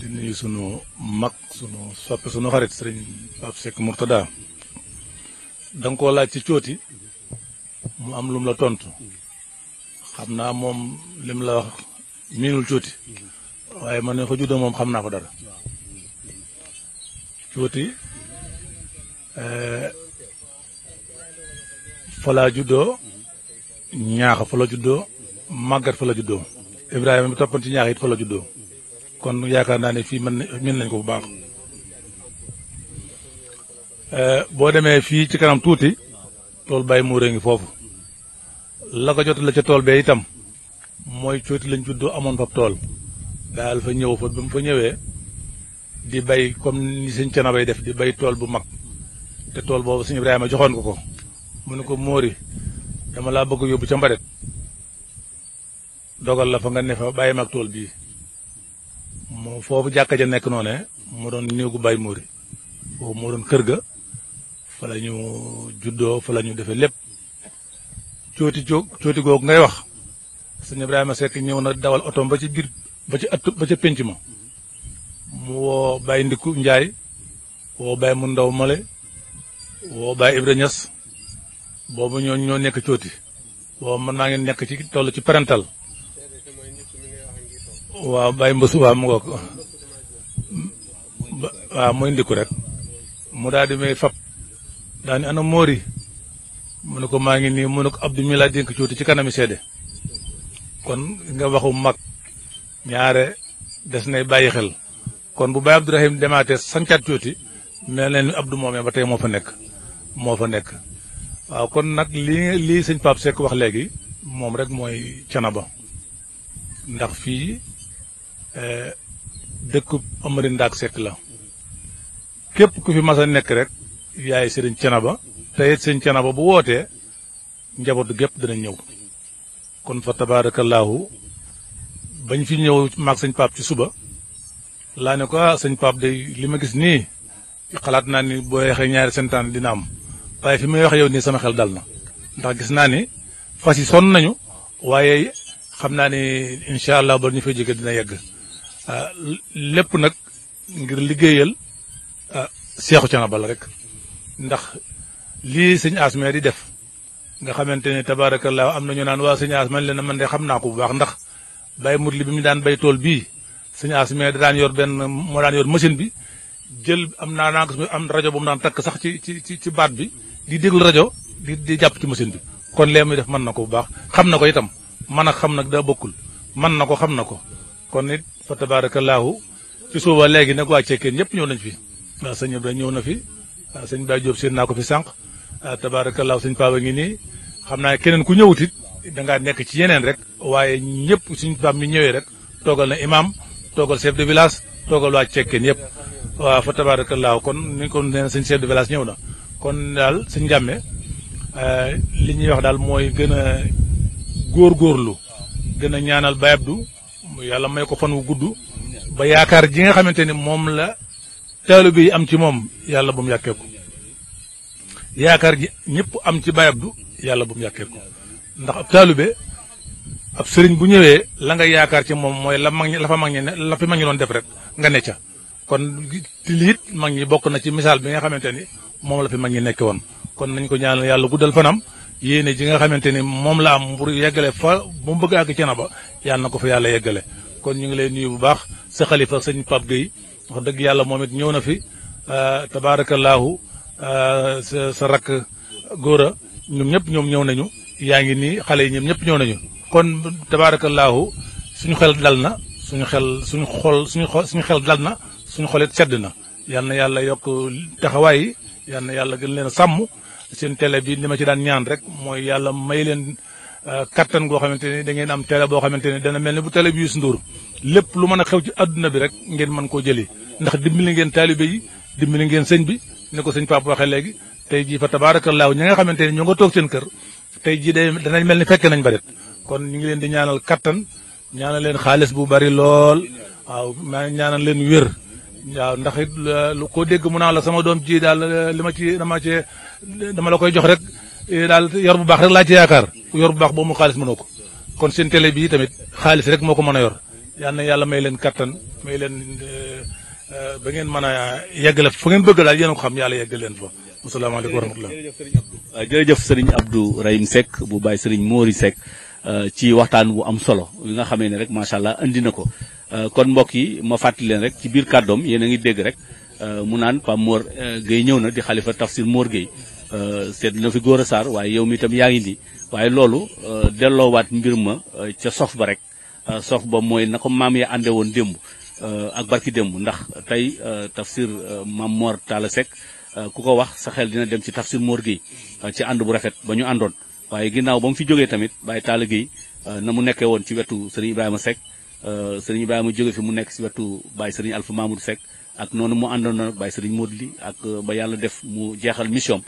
U: di nuyu sunu mag sunu soppe sunu xarit sëriñ Pape Seck Mourtada da nga koo laaj ci cooti mu am lum la tontu. xam naa moom lim la wax miinul cuuti waaye man ne ko judda moom xam naa ko dara cuuti eh, fa laa juddoo ñaaxa fa la juddoo màggat fa la juddoo Ibrahima bi toppan ci ñaax it fa la juddoo kon yaakaar naa ne fii mën mën nañ ko bu baax eh, boo demee fii ci kanam tuuti loolu bàyyi muuree ngi foofu la ko jot la ca tool bee itam mooy cooti lañ juddoo amoon fab tool daal fa ñëw fa ba mu fa ñëwee di bay comme ni sëñ cana bay def di bay tool bu mag te tool boobu sëñ Ibrahima joxoon ko ko mu ne ko Mori dama laa bëgg yóbbu ca mbaret dogal la fa nga ne bàyyi mag tool bii moo foofu jàkka ja nekk noone mu doon néegu bay Mori foofu moo doon kër ga fa la ñu juddoo fa la ñu defee lépp cooti joo cooti googu ngay wax sëñ Ibrahima Seck ñëw na dawal otoom ba ci biir ba ci at ba ca pénc ma mu woo Baye Ndiku Ndiaye woo Baye mu ndaw Male woo Baye Ibra Niass boobu ñoo ñoo nekk cooti boobu mën naa ngeen nekk ci toll ci parental waaw Baye Mbësu waaw mu ngoog waaw mooy Ndiku rek mu daal di may fab daani ana moori mu ne ko maa ngi nii mu ne ko Abdou mi dénk cuuti ci kanami seede kon nga waxu mag ñaare des nay bàyyi xel kon bu Baye Abdourahim demaatee sancaat cuuti mel na ni Abdou moomee ba tey moo fa nekk moo fa nekk waaw kon nag lii lii sëñ Pape Seck wax léegi moom rek mooy Canaba ndax fii eh, dëkku Amari Ndaak Seck la képp ku fi mas nekk rek yaay sëriñ Canaba te it sëñ Thiénaba bu wootee njabootu gépp dina ñëw kon fa tabaarakallaahu bañ fi ñëw maag sëñ Pape ci suba laa ne ko ah sëñ Pape day li ma gis nii xalaat naa ni boo waxee ñaari sentaan dina am waaye fi may wax yow nii sama xel dal na ndax gis naa ni fas yi son nañu waaye xam naa ni incha allah ba ñu fay jóge dina yegg ah, lépp nag ngir liggéeyal ah, seexu Thiénaba la rek ndax lii sëñ asme di def nga xamante ne tabaarakallaahu am na ñu naan waa sëñ asme leen man de xam naa ko bu baax ndax bay mut li bi mu daan bay tool bii sëñ asme da daan yor benn moo daan yor machine bi jël am naa naa ko am rajo bu mu daan takk sax ci ci ci baat bi di déglu rajo di di jàpp ci machine bi kon lee muy def man na ko bu baax xam na ko itam man a xam nag daa bokkul mën na ko xam na ko kon nit fa tabaarakallaahu ci suuba léegi nag waa cekkeen ñëpp ñëw nañ fi waaw sëñ Ibrahima ñëw na fi sëñ Baye Diop seen naa ko fi sànq Ah, tabaarakallaahu sëñ Pape a ngi nii xam naa keneen ku ñëwut it nekk ci yeneen rek waaye ñëpp suñu Pape mi ñëwee rek toogal na imam toogal chef de village toogal waa cekkeen yëpp waaw fa tabaarakallaahu kon kon nee na sëñ chef de village ñëw na kon daal sëñ Jàmme eh, li ñuy wax daal mooy gën a góorlu gën a ñaanal Baye Abdou yàlla may ko fan wu gudd ba yaakaar ji nga xamante ni moom la taalibe bi am ci moom yàlla bu mu yàkkee yaakaar ji ñëpp am ci Baye du yàlla bu mu yàqee ko ndax ab taalube ab sëriñ bu ñëwee la nga yaakaar ci moom mooy la mag ñi la fa mag ñi ne la doon def rek nga ne ca kon ci liit mag ñi bokk na ci misaal bi nga xamante ni moom la fi mag ñi nekk woon kon nañ ko ñaanal yàlla guddal fanam yéene ji nga xamante ni moom la am pour yeggale fa bu mu bëgg àgg cana ba yàlla na ko fa yàlla yeggale kon ñu ngi lay nuyu bu baax sa xalifa sëñ Pape Gueye wax dëgg yàlla moom it ñëw na fi euh, tabaarakallaahu Euh, sa sa rakk góora ñoom ñëpp ñoom ñëw nañu yaa ngi nii xale yi ñoom ñëpp ñëw nañu kon tabaarakallaahu suñu xel dal na suñu xel suñu xol suñu xol suñu xel dal na suñu xolit sedd na yal na yàlla yokk taxawaay yi na yàlla gën leen sàmm seen télé bi li ma ci daan ñaan rek mooy yàlla may leen euh, kattan goo xamante ni da ngeen am télé boo xamante ni dana mel ni bu tele bii Youssou Ndour lépp lu mën a xew ci àdduna bi rek ngeen mën koo jëlee ndax dimbali ngeen taalibe yi dimbali ngeen sëñ bi ni ko suñ papa waxee léegi tey jii fa tabaarakallaahu ñi nga xamante ni ñoo nga toog seen kër tey ji day danañ mel ni fekke nañ badet kon ñu ngi leen di ñaanal kattan ñaanal leen xaalis bu bari lool waaw maa ñaanal leen wér waaw ndax it lu ko dégg mu naa la sama doom ji daal li ma ci dama cee dama la koy jox rek eh, daal yor bu baax rek laa ci yaakaar yor bu baax boobu mu xaalis mënoo ko kon seen télé bii tamit xaalis rek moo ko mën a yor yal yàlla may leen kattan may leen eh, Euh, ba ngeen mën a yegg yeggale fa ngeen bëgg daal yéen ko xam yàlla yegg leen fa. asalaamaaleykum wa rahmatulah.
A: jërëjëf sëriñ euh, Abdou Rahim Seck bu bàyyi sëriñ Mori Seck euh, ci waxtaan bu am solo li nga xamee ne rek macha allah indi na ko kon mbokk yi ma fàttali leen rek ci biir kàddoom yéen a ngi dégg rek mu naan Pape Mor Gueye ñëw na di xalifa tafsir Mor Gueye seet na fi góor a saar waaye yow mi itam yaa ngi nii waaye loolu delloowaat mbir ma ca sof ba rek sof ba mooy na maam ya ànde woon démb Euh, ak barki démb ndax tey euh, tafsir euh, Mam Mor Talla Seck ku ko wax sa xel dina dem ci tafsir Mor Guèye ci ànd bu rafet ba ñu àndoon waaye ginnaaw ba mu fi jógee tamit Baye taal Guèye na mu nekkee woon ci wetu Serigne Ibrahima Seck Serigne Ibrahima jóge fi mu nekk ci wetu Baye Serigne Alpha Mamoud Seck ak noonu mu àndoon nag Baye Serigne Modou Ly ak ba yàlla def mu jeexal mission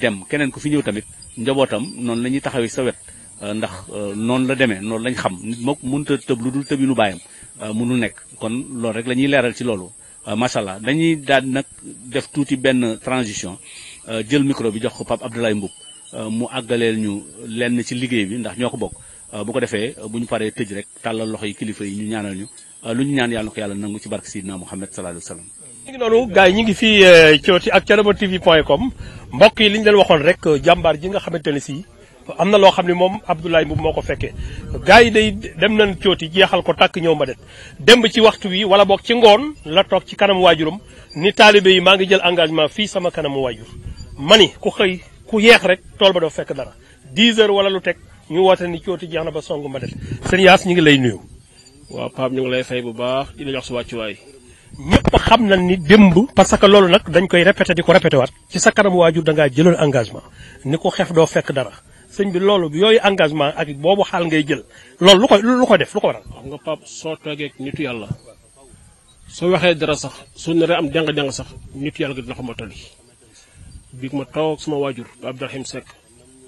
A: dem keneen ku fi ñëw tamit njabootam noonu la ñuy taxawee sa wet ndax noonu la demee noonu lañ xam nit mook mënut lu dul tëbinu baayam Euh, mënul nekk kon loolu rek la ñuy leeral ci loolu euh, macha allah dañuy daal nag def tuuti benn transition euh, jël micro bi jox ko Pape Abdoulaye Mboup mu àggaleel ñu lenn ci liggéey bi ndax ñoo ko bokk bu ko defee bu ñu paree tëj rek tàllal loxo yi kilifa yi ñu ñaanal ñu lu ñu ñaan yàlla na ko yàlla nangu ci barke Seydina Muhammad sallallahu alayhi wa sallam.
B: ñu ngi noonu gars yi ngi fii ci ak thiénaba tv point com mbokk yi li ñu leen waxoon rek jàmbaar ji nga xamante ne si. am na loo xam ne moom Abdoulaye Mboub moo ko fekkee gars yi day dem nañ cooti jeexal ko tàkk ñëw ma det dem ci waxtu wii wala boog ci ngoon la toog ci kanam waajuram ni taalibe yi maa ngi jël engagement fii sama kanamu waajur mani ku xëy ku yeex rek tool ba doo fekk dara 10 heures wala lu teg ñu woote ni cooti jeex na ba songu ma det
V: sëñ Yaas ñu ngi lay nuyu. waaw ñu ngi lay fay bu baax di la jox su wàccuwaay.
B: ñëpp xam nañ ni démb parce que loolu nag dañ koy répété di ko répété waat ci sa kanam waajur da ngaa engagement ni ko xef doo fekk dara sëñ bi loolu yooyu engagement ak boobu xaal ngay jël lool lu ko def lu ko waral.
V: xam nga Pape soo toogee nitu yàlla soo waxee dara sax su naree am deng-deng sax nitu yàlla gi dina ko bi ma toog sama waajur Pape Abdourahim Seck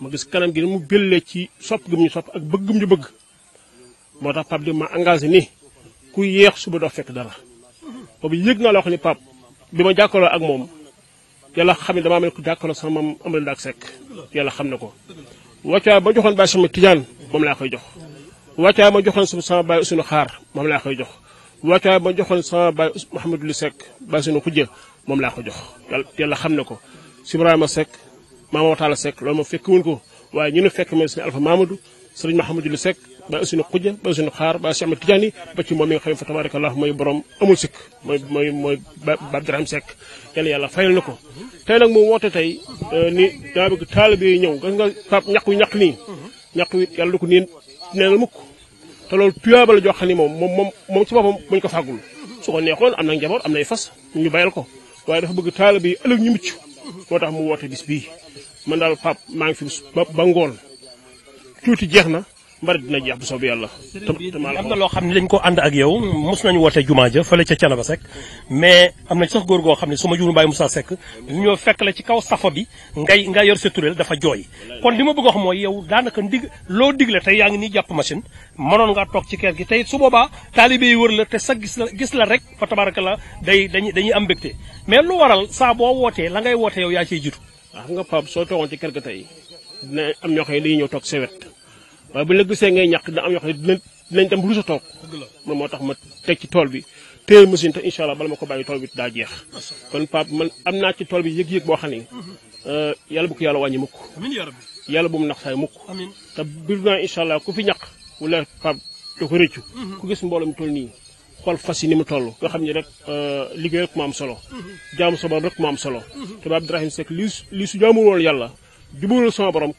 V: ma gis kanam gi mu bëllee ci sopp gum ñu ak bëggum bëgg moo tax Pape ma engagé nii yéex suba doo fekk dara boobu yëg naa xam ne ma jàkkaloo ak moom xam ne damaa mel ku jàkkaloo sama maam am na yàlla xam na ko. wàccuwaay ba joxoon bàyyi sama tijaan moom laa koy jox wàccuwaay ma joxoon sama bàyyi usunu xaar moom laa koy jox wàccuwaay ma joxoon sama bàyyi Mouhamadou Lu Seck bàyyi sunu xujja moom laa ko jox yàlla xam ne ko si Ibrahima Seck Mamadou Talla Seck loolu ma fekk wuñ ko waaye ñu ne fekk ma sëñ Alpha Mamadou sëriñ Mouhamadou Lu Seck ba Ousseynou Khoudia ba Ousseynou Xaar ba Cheikh Ahmed Tidiane ba ci moom mi nga xam ne fa tabarakallah mooy borom amul sikk mooy mooy mooy Baab Daraam Seck yàlla yàlla fayal na ko tey nag mu woote tey euh, ni daa bëgg taalibe yi ñëw gis nga pap ñaq yu ñaq nii ñaq wi yàlla du ko nii neenal mukk te loolu tuyaaba la joo xam ne moom moom moom moom ci boppam buñ ko fàggul su ko neexoon am na njaboot am nay fas ñu bayal ko waaye dafa bëgg taalibe yi ëllëg ñu mucc moo tax mu woote bis bii man daal pap maa ngi fi ba ngoon tuuti jeex na mbari dina jeex bu yàlla.
B: am na loo xam ne dañ ko ànd ak yow mos nañu woote jumaa ja fële ca Canaba mais am na sax góor goo xam ne su ma jurum Baye Moussa Seck ñoo fekk la ci kaw safo bi ngay nga yor sa turel dafa jooy kon li ma bëgg wax mooy yow daanaka ndig loo digle tey yaa ngi nii jàpp machine mënoon ngaa toog ci keer gi tey su boobaa taalibe yi wër la te sax gis la gis la rek fa tabaraka
V: la day dañuy dañuy am mbégte mais lu waral saa boo wootee la ngay wootee yow yaa ciy jiitu. Ah, xam nga Pape soo toogoon ci kër ga tey dina am ñoo xam ne dañuy ñëw waaye bu ñu la gisee ngay ñàkk dina am yoo xam ne dinañ dinañ dem sa toog man moo tax ma teg ci tool bi téye machine te incha allah bala ma ko bàyyi tool bi daa jeex kon pap man am naa ci tool bi yëg-yëg boo xam ne mhm. yàlla bu ko yàlla wàññi mukk yàlla bu mu nax saay mukk te bir naa incha allah ku fi ñàkk wala pap da ko rëccu mhm. ku gis mbooloo mi toll nii xool fas yi ni mu toll nga xam ne rek euh, liggéey rek mu am solo mhm. jaamu sa borom rek mu am solo te ba Abdourahim Seck lii su jaamu yàlla jubalul sama borom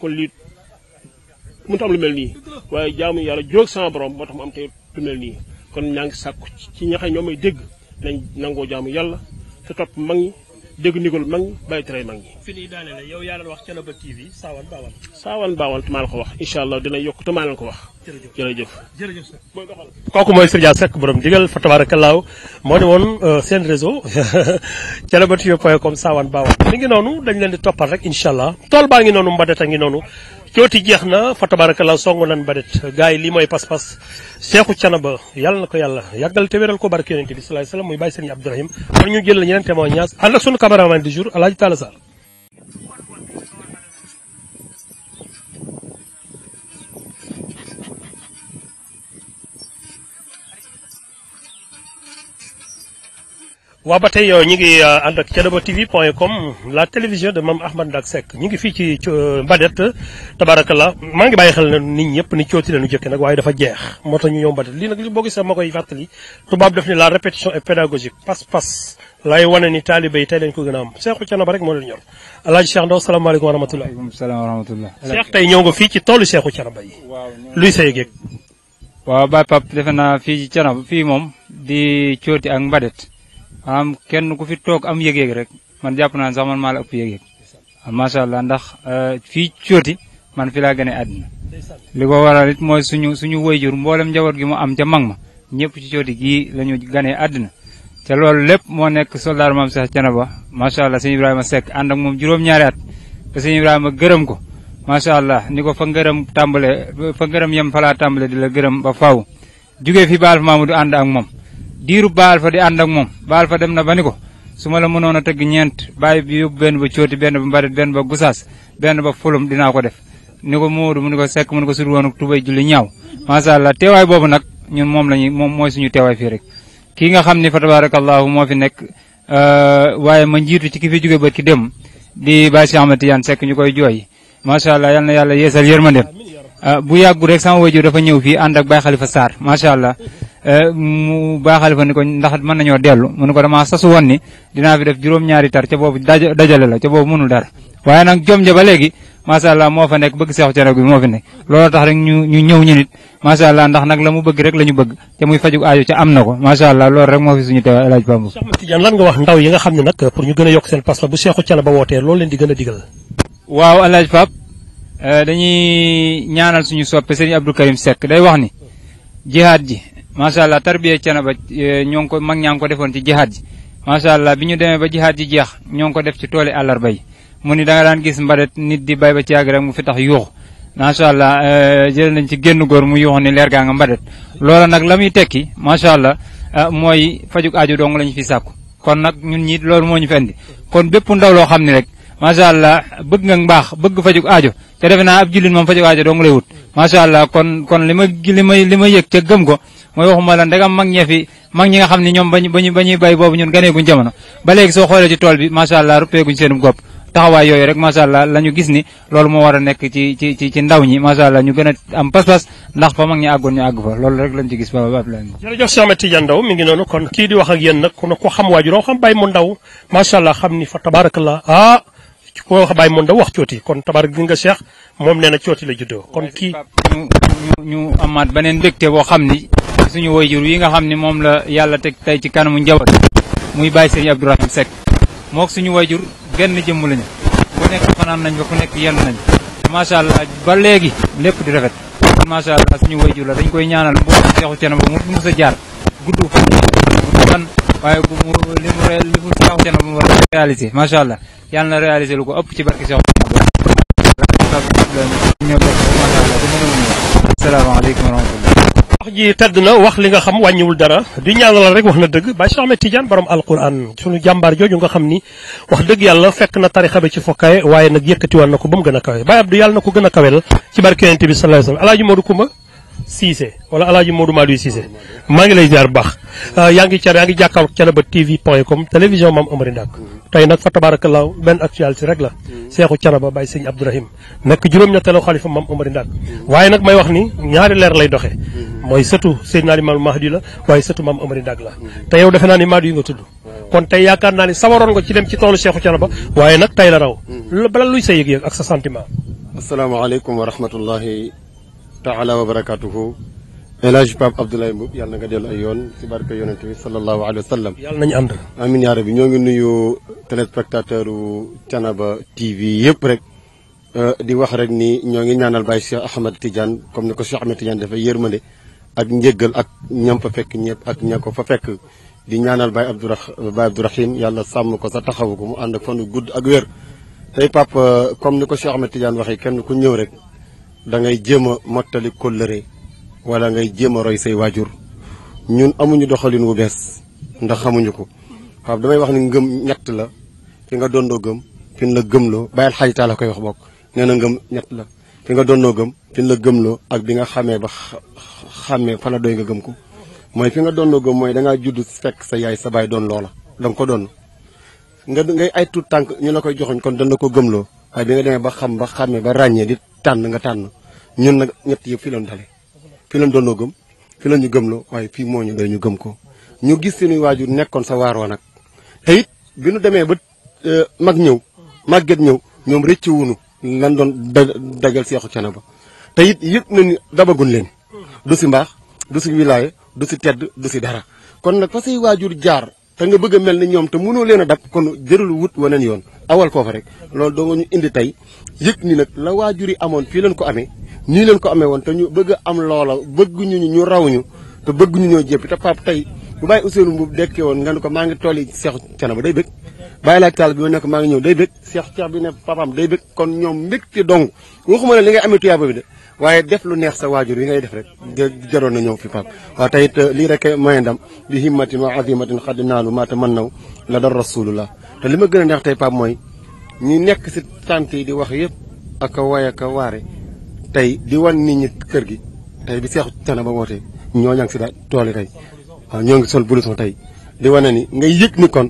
V: mënut am lu mel nii waaye jaamu yàlla jóg sama borom moo tax mu am tey lu mel nii kon ñaa ngi sàkku ci ñaxe ñoom may dégg nañ nangoo jaamu yàlla te topp mag ñi dégg ndigal mag ñi bàyyi tere mag
B: daaneel yow yaa leen wax Thiénaba TV Saawan Baawaan.
V: Saawan Baawaan te maa la ko wax incha allah dina yokk te maa leen ko wax. jërëjëf jërëjëf. jërëjëf kooku mooy
B: Serigne Seck borom digal a tabaarakallaahu moo ne woon euh, seen réseau Thiénaba TV point com Saawan Baawaan. mi ngi noonu dañ leen di toppal rek incha allah tool baa ngi noonu mbadata ngi noonu cooti jeex na fa tabaarakalla song nan ba det yi lii mooy pas-pas Seexu Canaba yàlla na ko yàlla yàggal te wéral ko barke yonente bi salaay salaam muy bàyyi sëriñ Abdourahim kon ñu jël la ñeneen témoignage ànd ak sunu cameraman du jour Alaaji Talla Sall waa ba tey euh, ñu ngi euh, ànd ak Thiénaba TV comme la télévision de Mame Ahmed Ndack Seck ñu ngi fii ci euh, Mbadet tabarakallah maa ngi bàyyi xel na nit ñëpp ni cooti la ñu jëkke nag waaye dafa jeex moo tax ñu ñëw Mbadet lii nag li boo gisee ma koy fàttali la répétition est pédagogique pas-pas lay wane ni taalibe yi tey ko gën a am Seexu Thiénaba rek moo leen ñor alaaji Cheikh Ndaw salaamaaleykum wa rahmatullah waaleykum tey ñëw nga fii ci toolu Seexu Thiénaba yi luy sa yëg-yëg
D: waaw Baay defe naa fii ci Thiénaba fii moom di cooti ak Mbadet am kenn ku fi toog am yëg-yëg rek man jàpp naa sax man maa la yëg-yëg macha allah ndax euh, fii cooti man fi laa gën a àddina li ko waral it mooy suñu suñu wayjur mboolem njaboot gi mu am ca mag ma ñëpp ci cooti gii la ñu gane àddina te loolu lépp moo nekk soldaar maam Cheikh Thiénaba macha allah sëñ Ibrahima Seck ànd ak moom juróom-ñaari at te sëñ Ibrahima gërëm ko macha allah ni ko fa ngërëm tàmbale fa ngërëm yem falaa tàmbale di la gërëm ba faw jugee fi baal Mamadou moom diiru baal fa di ànd ak moom baal fa dem na ba ni ko su ma la mënoon a tëgg ñeent baay bi yóbbu benn ba cooti benn ba mbarit benn ba gusaas benn ba fulum dinaa ko def ni ko Moodu mu ni ko sekk mun ko sud woon ak tubay julli ñaaw macha allah teewaay boobu nag ñun moom la lañuy moom mooy suñu teewaay fii rek kii nga xam ni fa tabarakallahu moo fi nekk euh, waaye ma njiitu ci ki fi jóge bët ki dem di Baye Cheikh Ahmed Tidiane Seck ñu koy jooy macha allah yal na yàlla yeesal yërmandem euh, bu yàggu rek sama wajur dafa ñëw fii ànd ak Baye Khalifa Sarr macha allah Eh, mu baaxale fa ni ko ndax mën nañoo dellu mu ne ko damaa sasu woon ni dinaa fi def juróom-ñaari tar ca boobu dajale la ca boobu mënul dara waaye nag jom ja ba léegi macha allah moo fa nekk bëgg seexu cere moo fi nekk looloo tax rek ñu ñu ñëw ñu nit macha allah ndax nag la mu bëgg rek la ñu bëgg te muy faju aajo ca am na moo fi suñu teewaay laaj Pambu. soxna Tidiane lan nga wax
B: ndaw yi nga xam a yokk la bu seexu cere ba wootee loolu leen di gën a digal.
D: waaw El Hadj eh, dañuy ñaanal suñu soppe Serigne Abdou Karim Seck day wax ni jihaad ji macha allah tarbiya Thiénaba eh, ñoo ngi ko mag ñaa ngi ko defoon ci jihaad ji macha allah bi ñu demee ba jihaad ji jeex ñoo ngi ko def ci tooli àllarba yi mu ni da nga daan gis mbadet nit di bay ba ci yàgg rek mu fi tax yuux macha allah eh, jël nañ ci génn góor mu yuux ni leer gaa nga mbadet loola nag lam muy tekki macha allah eh, mooy fajuk aju dong lañ fi sàkku kon nag ñun ñi loolu moo ñu fi kon bépp ndaw loo xam ne rek macha allah bëgg nga mbaax bëgg faju ajo te defe naa ab jullit moom fajuk aajo dong lay wut macha allah kon kon li ma li ma li yëg ca gëm ko mooy waxuma la ndegam mag ñee fi mag ñi nga xam ne ñoom ba ñuy bay boobu ñun ganeeguñ jamono ba léegi soo xoolee ci tool bi macha allah ruppeeguñ seenum gopp taxawaay yooyu rek macha allah la ñu gis ni loolu moo war a nekk ci ci ndaw ñi macha allah ñu gën am pas-pas ndax fa mag ñi àggoon fa loolu rek lañ ci gis baba baab lañ
B: jërëjëf Cheikh ndaw macha allah xam ni fa tabarakallah ah ko wax moom Mounda wax cooti kon tabar gi nga Cheikh moom nee na cooti la juddoo kon
D: kii. ñu ñu amaat beneen mbégte boo xam ni suñu woyjur yi nga xam ni moom la yàlla teg tey ci kanamu njaboot muy Baye Serigne Abdourahim Seck mook suñu woyjur genn jëmm lañu ku nekk fanaan nañ ba ku nekk yenn nañ macha allah ba léegi lépp di rafet macha allah suñu woyjur la dañ koy ñaanal mboolem seexu canam ba mu mës a jaar gudd fan man waaye bu li mu li mu taxu seen yàlla na réalisé lu ko ëpp ci barke Cheikh ñoo bokk macha
B: na wax li nga xam wàññiwul dara di ñaanal rek wax na dëgg Baye Cheikh Ahmed Tidiane borom alquran sunu jàmbaar jooju nga xam ni wax dëgg yàlla fekk na tarixa bi ci fokkaay waaye nag yëkkatiwaan na ko ba mu gën a kawe Baye Abdou yàlla na ko gën kawe kawel ci barke yonent bi sallallahu alayhi wa sallam Cissé wala El Hadj Modou Maliou Cissé maa ngi lay jaar bu baax ah, yaa ngi ca yaa ngi jàkkaarloog Thiénaba TV point com télévision Mame Omar Ndak tey nag fa tabaarakallaa benn actualité rek la seexu Thiénaba Baye Sëñ Abdourahim nekk juróom-ñetteelu xalifa Mame Omar Ndak waaye nag may wax ni ñaari leer lay doxee mooy setu sëtu Seydina Limaamu Mahdi la waaye sëtu Mame Omar Ndak la te yow defe naa ni Mahdi yi nga tudd kon tey yaakaar naa ni sawaroon nga ci dem ci toolu seexu Thiénaba waaye nag tey la raw luy sa yëg-yëg ak sa sentiment
W: asalaamaaleykum wa rahmatullahi taala wa barakaatuhu El Hadj Pape Abdoulaye Mboup nga dellu ay yoon si barke yonente bi sallallahu alayhi wa sallam. yàlla nañu ànd. amiin yaa rabbi ñoo ngi nuyu téléspectateur u Thiénaba TV yëpp rek. Eh, di wax rek ni ñoo ngi ñaanal Baye Cheikh Ahmed Tidiane comme ni ko Cheikh Ahmed Tidiane dafay yërmande ak njëggal ak ñam fa fekk ñëpp ak ñako fa fekk. di ñaanal Baye Abdourahim Baye Abdourahim yàlla sàmm ko sa taxawu ko mu ànd ak fanu gudd ak wér. tey Pape eh, comme ni ko Cheikh Ahmed Tidiane kenn ku ñëw rek. da ngay jéem a mottali kóllëre wala ngay jéem a roy say waajur ñun amuñu doxalin wu bees ndax xamuñu ko waaw damay wax ni ngëm ñett la fi nga doondoo gëm fi la gëmloo bàyyil xajitaa la koy wax bokk nee na ngëm ñett la fi nga doondoo gëm fi la gëmloo ak bi nga xamee ba xamee fa la doy gëm ko mooy fi nga doondoo gëm mooy dangaa juddu fekk sa yaay sa baay doon loola da nga ko doon nga ngay ay tuut tànk ñu la koy joxoñ kon dan la ko gëmloo waaye bi nga demee ba xam ba xamee ba ràññee dit tànn nga tànn ñun nag ñett yëpp fi lañ dale fi doon doonoo gëm fi la ñu gëmloo waaye fii moo ñu doy ñu gëm ko ñu gis suñuy waajur nekkoon sa waaroo nag te bi nu demee ba eh, mag ñëw màgget ñëw ñoom rëcc wunu lan doon dagal seexu cana ba te it yëg na ni dabagun leen du si mbaax du si wilaaye du si tedd du si dara kon nag fa say waajur jaar te nga bëgg a mel ni ñoom te mënoo leen a dab kon jërul wut waneen yoon awal foofa rek loolu doo ñu indi tey yëg ni nag la waajur yi amoon fii leen ko amee nii leen ko amee woon te ñu bëgg am loola bëgguñu ñu raw ñu te bëgguñu ñoo jéppi te pap tey bu bàyyi Ousseynou Mbuub dekkee woon nga ne ko maa ngi tool yi Seex Canaba day bëgg bàyyi laaj taal bi ma ne ko maa ngi ñëw day bëgg Seex Seex bi ne papam day bëgg kon ñoom mbégte dong waxuma ne li ngay ame tuyaaba bi de waaye def lu neex sa waajur yi ngay def rek jaroon na ñëw fi pap waaw te it lii rek may ndam bi himmatin wa azimatin xad naalu man naw la dal rasulullah te li ma gën a neex tey pap mooy ñi nekk si sant yi di wax yëpp ak way ak waare tey di wan nit ñi kër gi tey bi seexu cana ba wootee ñoo ñangi si da tool yi tey waaw ñoo ngi sol blouson tey di wane ni ngay yëg ni kon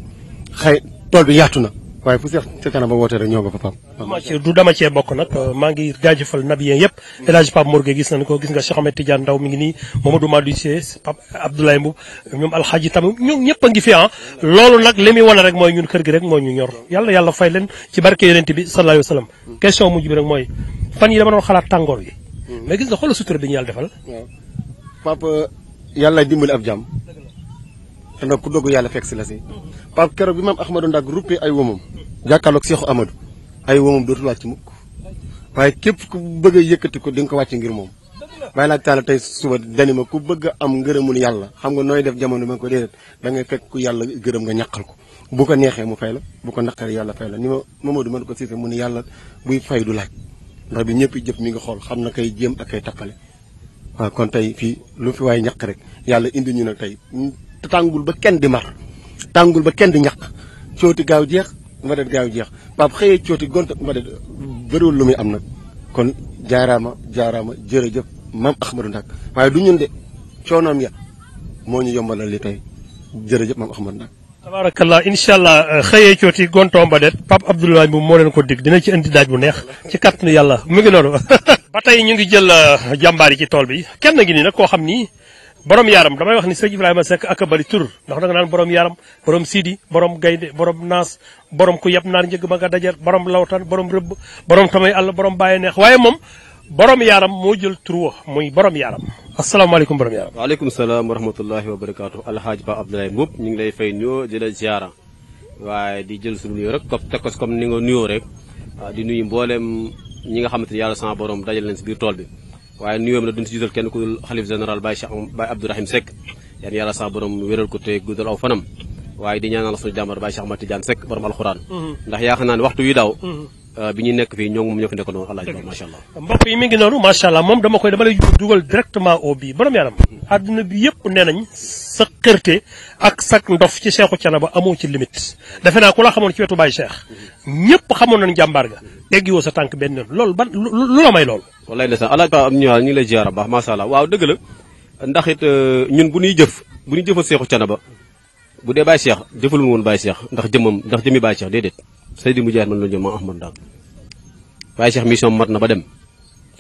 W: xëy tool bi yaatu na waaye fu seex ca kanam ba woote rek ñoo nga fa Pape.
B: ma ci du dama cee bokk nag maa ngi jaajëfal nabiyen yëpp mm. El Hadj Pape Morgue gis nañu ko gis nga Cheikh Ahmed Ndaw mi ngi nii Mamadou Madou Cissé Pape Abdoulaye Mboub ñoom alxaaji tam ñoom ñëpp a ngi fi ah loolu nag li muy wane rek mooy ñun kër gi rek moo ñu ñor yalla yàlla fay leen ci barke yonent bi sallallahu alayhi wa mm. question mujj bi rek mooy fan yi dama doon xalaat tàngoor bi mm. mais gis nga xoolal sutura bi ñu yàlla defal
W: Pape yàlla dimbali ab jàmm te nag si la si par keroog bi maam Ahmadou Ndak ruppee ay womam jàkkaarloog Seexu Amadou ay womam dootul wàcc mukk waaye képp ku bëgg a yëkkati ko di nga ko wàcc ngir moom waaye nag taala tey suba dani ma ku bëgg a am ngërëmul yàlla xam nga nooy def jamono ma ko déedéet da ngay fekk ku yàlla gërëm nga ñaqal ko bu ko neexee mu fay la bu ko naqaree yàlla fay la ni ma Mamadou man ko siise mu ne yàlla buy fay du laaj ndax bi ñëpp jëf mi nga xool xam na kay jéem a kay tappale waaw kon tey fii lu fi waaye ñaq rek yàlla indi ñu nag tey tàngul ba kenn di mar tàngul ba kenn di ñaq cooti gaaw jeex nga det gaaw jeex Pape xëyee cooti gont nga det bëriwul lu muy am nag kon jaaraama jaaraama jërëjëf maam Ahmadou Ndak waaye du ñun de coonoom ya moo ñu yombalal li tey jërëjëf maam Ahmadou Ndak
B: tabarakallah incha allah euh, xëyee cooti gontoom ba det Pape Abdoulaye moom moo leen ko dig dina ci indi daaj bu neex ci kàttanu yàlla mu ngi noonu ba tey ñu ngi jël euh, jàmbaar yi ci tool bi kenn ngi nii nag koo xam nii borom yaaram damay wax ni sëñ Ibrahima Seck ak bari tur ndax da nga naan borom yaaram borom Sidi borom gaynde borom naas borom ku yab naar njëgg ba nga dajal borom lawtan borom rëbb borom tamay àll borom bàyyi neex waaye moom borom yaaram moo jël tur wa muy borom yaaram asalaamaaleykum borom
X: yaaram. waaleykum salaam wa rahmatullahi wa barakaatu Alhaaj Ba Abdoulaye Mboup lay fay nuyoo di la ziara waaye di jël suñu nuyoo rek comme ko comme ni nga nuyoo rek ah, di nuyu mboolem ñi nga xamante ni yàlla sama borom dajal leen si biir tool bi. waaye nuyoom na duñ si jiital kenn ku xalif général Baye Cheikh Baye Abdourahim Seck yan yàlla sax borom wéral ko te guddal aw fanam waaye di ñaanal suñu jàmbar Baye Cheikh Matidiane Seck borom alxuraan mm-hmm. ndax yaakaar naa ne waxtu wi daaw mm-hmm. Euh, bi ñu nekk fii ñoo moom ñoo fi nekkoon alaaj ba macha allah
B: mi ngi noonu macha allah moom dama koy dama lay dugal directement au bii borom àdduna bi yëpp nee nañ sa xërte ak sa ndof ci Seexu Canaba amoo ci limite defe naa ku la xamoon ci wetu Baye Cheikh ñëpp xamoon nañ jàmbaar ga teggiwoo sa benn loolu ban lu la may loolu
X: wallaay ndeysaan alaaj ba am ñu ngi lay ziar baax macha allah waaw dëgg la ndax it euh, ñun bu ñuy jëf bu ñuy jëfal Seexu Canaba bu dee Baye Cheikh jëfalul woon Baye Cheikh ndax jëmam ndax jëmi Baye Cheikh déedéet Seydi Mujahid ma la jël moom Ahmadou Ndaw waaye Cheikh mission mat na ba dem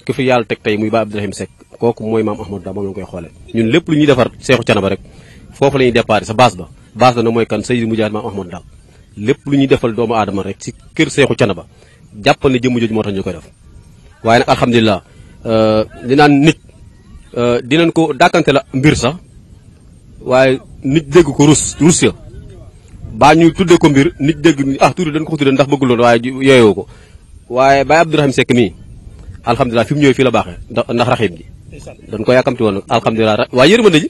X: ki fi yàlla teg tey muy ba Abdourahim Seck kooku mooy maam Ahmadou Ndaw moom la koy xoolee ñun lépp lu ñuy defar Seexu Canaba rek foofu la ñuy déparé sa baas ba base ba na mooy kan Seydi Mujahid maam Ahmadou Ndaw lépp lu ñuy defal doomu aadama rek ci kër Seexu Canaba jàppal ne jëmm jooju moo tax ñu ko def waaye nag alhamdulilah dinaa euh, naan nit euh, dinañ ko dàkkante mbir sax waaye nit dégg ko rus baa ñu tuddee ko mbir nit dégg ah tuuti dañ ko tuddee ndax bëgguloon waaye yooyoo ko waaye Baye Abdourahim Seck mii alhamdulilah fi mu ñëwee fii la baaxee ndax ndax raxiim ji dañ ko yàkkamti woon nag alhamdulilah waaye yërmande ji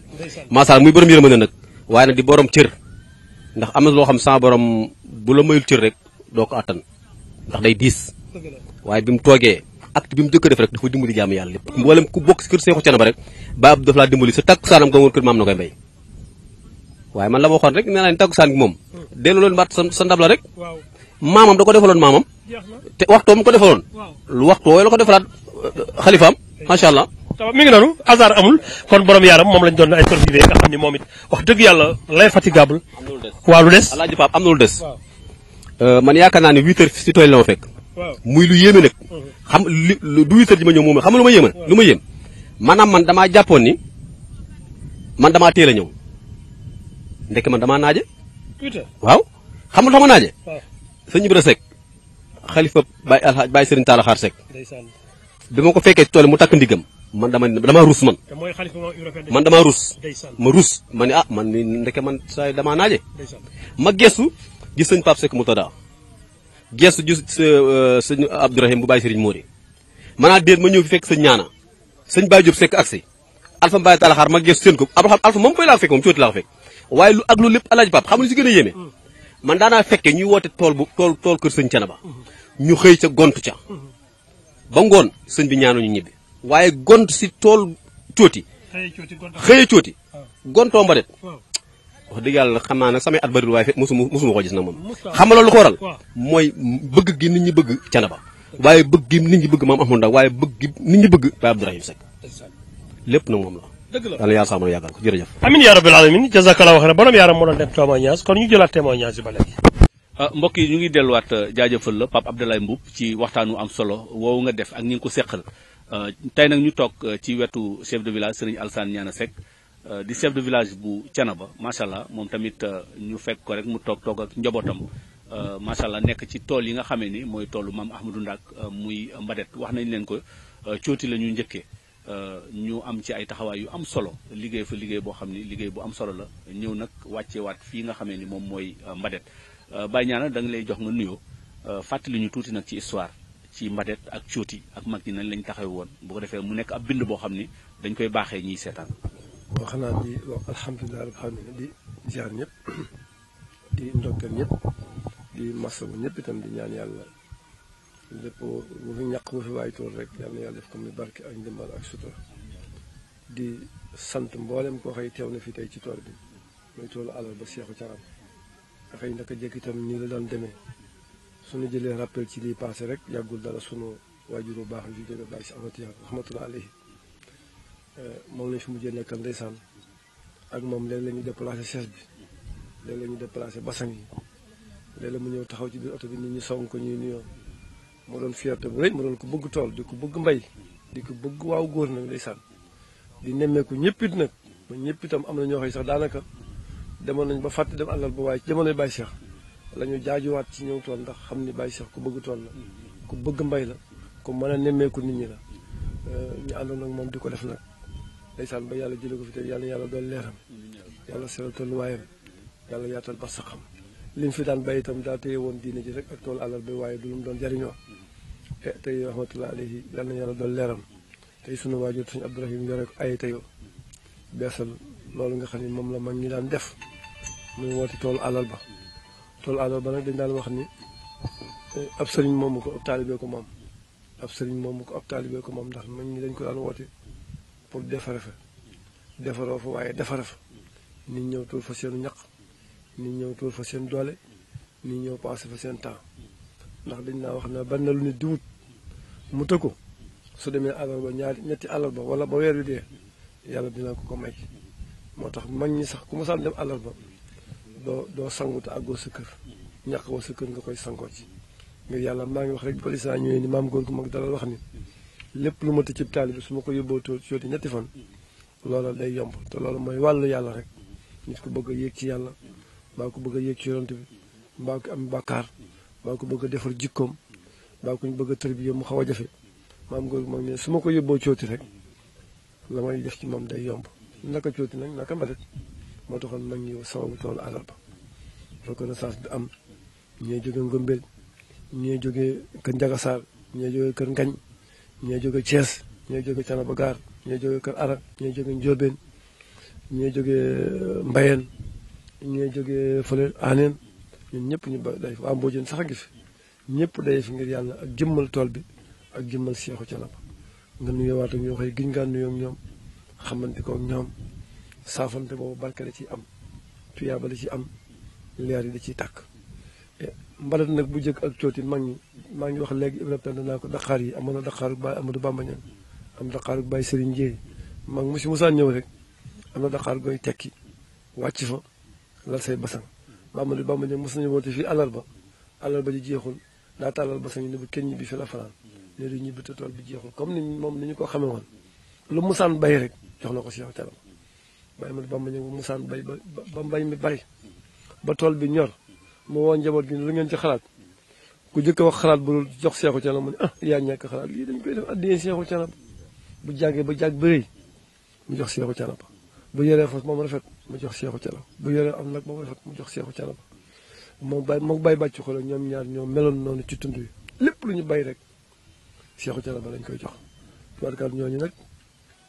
X: maasal muy borom yërmande nag waaye nag di borom cër ndax am na loo xam sans borom bu la mayul cër rek doo ko attan ndax day diis waaye bi mu toogee acte bi mu jëkk def rek dafa dimbali jaamu yàlla lépp mboolem ku bokk si kër Seexu Canaba rek Baye Abdou dafa laa dimbali sa tàkk saanam nga woon na koy mbay waaye man la ma waxoon rek nee naa leen tàggu saan gi moom hmm. dellu loon baat sa ndab la rek maamam da ko defaloon maamam te waxtoo mu ko defaloon
B: lu waxtoo la ko defalaat euh, xalifaam macha allah mi ngi noonu hasard amul kon borom yaaram moom lañ doon ay interviewé nga xam ni moom it wax dëgg yàlla l'infatigable
P: waaw lu des
X: alaaji am na lu des euh, man yaakaar naa ne huit heures si tool la ma muy lu yéeme nag hmm. xam lu du huit heures ma ñëw moom xam nga lu ma yéeme lu ma yéem maanaam man damaa jàppoon ni man damaa teel a ñëw ndekki man damaa naaje. waaw xam nga dama naaje. waaw sëñ Ibra Seck xalifa baay Alxaaj Baye Serigne Talla Xaar Seck. bi ma ko fekkee ci tool mu takk ndigam man dama damaa ruus man.
B: man damaa ruus. ma ruus ma ne ah,
X: man mi ndeke man saa yi damaa naaje. ma gestu gis sëñ Pape Seck Moutada gestu gis euh, sëñ Abdourahim bu Baye Serigne Mori maanaam déet ma ñëw fi fekk sëñ ñaana sëñ Baye Diop Seck agsi alfa Baye Talla Xaar ma gestu seen ko alfa moom koy laa fekk moom cooti laa fekk. waaye lu ak lu lépp alaaj pap xam nga si gën a yéeme man daanaa fekkee ñuy woote tool bu tool tool kër sëñ Thiénaba ñu xëy ca gont ca ba ngoon sëñ bi ñaanu ñu ñibbi waaye gont si tool cooti xëye cooti gontoo ba wax dëgg yàlla xam naa nag samay at bariwul waaye mosuma mosuma ko gis na moom xam nga loolu ko waral mooy bëgg gi nit ñi bëgg Thiénaba waaye
B: bëgg gi nit ñi bëgg maam Ahmadou Ndaw waaye bëgg gi nit ñi bëgg Baye Abdourahim Seck lépp na moom la dëgg la yàlla yàlla yàggal ko jërëjëf amin yaa rabbil alamin jazakallahu xayran borom yaaram moo doon dem témoignage kon ñu jëlaat témoignage yi ba léegi
A: ah, mbokk yi ñu ngi delluwaat euh, jaajëfal la Pape Abdoulaye Mboup ci waxtaanu am solo woowu nga def ak ñi nga ko seqal euh, tey nag ñu toog euh, ci wetu chef de village alsaan Alassane Niane Seck di chef de village bu Thiénaba macha allah moom tamit ñu fekk ko rek mu toog toog ak njabootam macha allah nekk ci tool yi nga xamee ni mooy toolu maam Ahmadou muy Mbadet wax nañ leen ko cooti la ñu njëkkee Euh, ñu am ci ay taxawaay yu am solo liggéey fa liggéey boo xam ni liggéey bu am solo la ñëw nag wàcceewaat fii nga xamee ni moom mooy euh, Mbadet euh, Baye Niang da lay jox nga nuyoo fàttali ñu tuuti nag ci histoire ci Mbadet ak cuuti ak mag ñi nañ lañ taxaw woon bu ko defee mu nekk ab bind boo xam ni dañ koy baaxee ñiy seetaan.
Y: waaw xanaa di wax alhamdulilah di ziar ñëpp di ndokkeel ñëpp di masawu ñëpp itam di ñaan yàlla. lépp mu fi ñàq mu fi waay tool rek yal na yàlla def ko ni barke ak ndimbal ak sutur di sant mboolem koo xëy teew na fi tey ci tool bi muy toolu alal ba seexu caram dafay naka jëkk itam nii la daan demee suñu jëlee rappel ci lii passé rek yàggul dara sunu waajur bu baax bi fi jóge bàyyi si amatiya rahmatullah alayhi moom lañ fi mujjee nekkal ndeysaan ak moom léeg la ñu déplacé chaise bi léeg la ñu déplacé basang yi léeg la mu ñëw taxaw ci biir oto bi nit ñi song ñuy nuyoo moo doon fierté bu rëy mu doon ko bëgg tool di ko bëgg mbay di ko bëgg waaw góor nag ndeysaan di nemmeeku ñëppit nag ba ñëpp itam am na ñoo xëy sax daanaka demoon nañ ba fàtte dem àllal ba waaye jamonoy Baye Cheikh la ñu jaajuwaat ci ñëw tool ndax xam ni Baye Cheikh ku bëgg tool la ku bëgg mbay la ko mën a nemmeeku nit ñi la ñu àndoon ak moom di ko def nag ndeysaan ba yàlla jële ko fi te yàlla yàlla doon leeram yàlla seral tolluwaayam yàlla yaatal ba saxam liñ fi daan bay itam daa téye woon diine ji rek ak tool alal bi waaye du lu mu doon jariñoo te eh, tey rahmatullah alayhi yal na yàlla doon leeram tey suñu waajur sëñ Abdourahim yore ko ay teyoo beesal loolu nga xam ne moom la mag ñi daan def muy woote toolu alal ba toolu alal ba nag dañ daan wax ni eh, ab sëriñ moomu ko ko moom ab sëriñ moomu ko ab taalibee ko moom ndax mag ñi dañ ko daan woote pour defare fa defaroo fa waaye defare fa nit ñëw tuur fa seenu ñaq ni ñëw tuur fa seen doole ni ñëw passé fa seen temps ndax dañ naa wax na ban na lu nit di wut mu tëkku su demee ba ñaari ñetti àllarba wala ba weer wi dee yàlla dina ko ko may moo tax mag ñi sax ku ma saan dem àllarba doo doo sangut àggoo sa kër ñàkk woo sa kër nga koy sangoo ci ngir yàlla maa ngi wax rek polisan ñëwee ni maam góor gu mag dalal wax ni lépp lu ma tëj ci taalibi su ma ko yóbboo tóoti ñetti fan loola day yomb te loolu mooy wàllu yàlla rek bëgg yéeg ci yàlla mbaa ko bëgg a yéeg ci yonante bi mbaa ko am bakkaar mbaa ko bëgg a defar jikkoom mbaa ko bëgg a tër tërbiya mu xaw a jafe maam góor moom ne su ma ko yóbboo cooti rek la may def ci moom day yomb naka cooti nag naka mbalit moo taxoon mag ñi sababu toolu àllarba fa connaissance bi am ñee jóge Ngombel ñee jóge kër Njagasaar ñee jóge kër Ngañ ñee jóge Thiès ñee jóge Canaba Gaar ñee kër Arak ñee jóge Njóobeen ñee jóge euh, Mbayeen ñooy jógee fële aaneen ñëpp ñu day waa Mbodiène sax a ngi fi ñëpp day fi ngir yàlla ak jëmmal tool bi ak jëmmal seexu ca la nga nuyoowaat ak ñoo xëy giñ ngaa nuyoom ak ñoom xamante ko ak ñoom saafante boobu barke da ciy am tuyaaba da ciy am leer yi da ciy tàkk eh, mbalat nag bu jëkk ak cooti mag ñi maa ngi wax léegi ibraptan naa ko daqaar yi amoon na daqaaru baay Amadou Bamba Ñaan am daqaaru baay Serigne Ndiaye mag mu si musaan ñëw rek am na daqaar gooy tekki wàcc fa lal say basan bamba di bamba ñëw mos nañu woote fii àllarba àllarba ji jeexul daa tàllal basan yi ne bu kenn ñibbi fi la fanaan ne du ñibbi te tool bi jeexul comme ni moom ni ñu ko xamee woon lu musaan bay rek jox na ko Cheikh Thiénaba bàyyi ma di bamba ñëw musaan bay ba ba mbay mi bari ba tool bi ñor mu woo njaboot gi lu ngeen ci xalaat ku jëkk wax xalaat bu jox Cheikh Thiénaba mu ne ah yaa ñàkk xalaat lii dañ koy def addiyee Cheikh Thiénaba bu jàggee ba jàgg bëri mu jox Cheikh Thiénaba bu yoree fas moom rafet mu jox Seexu Canaba bu yoree am nag ba mu jox Seexu Canaba moom bay moom bay bàcc xolo ñoom ñaar ñoom meloon noonu ci tund bi lépp lu ñu bay rek Seexu ba lañ koy jox tubaarkaal ñooñu nag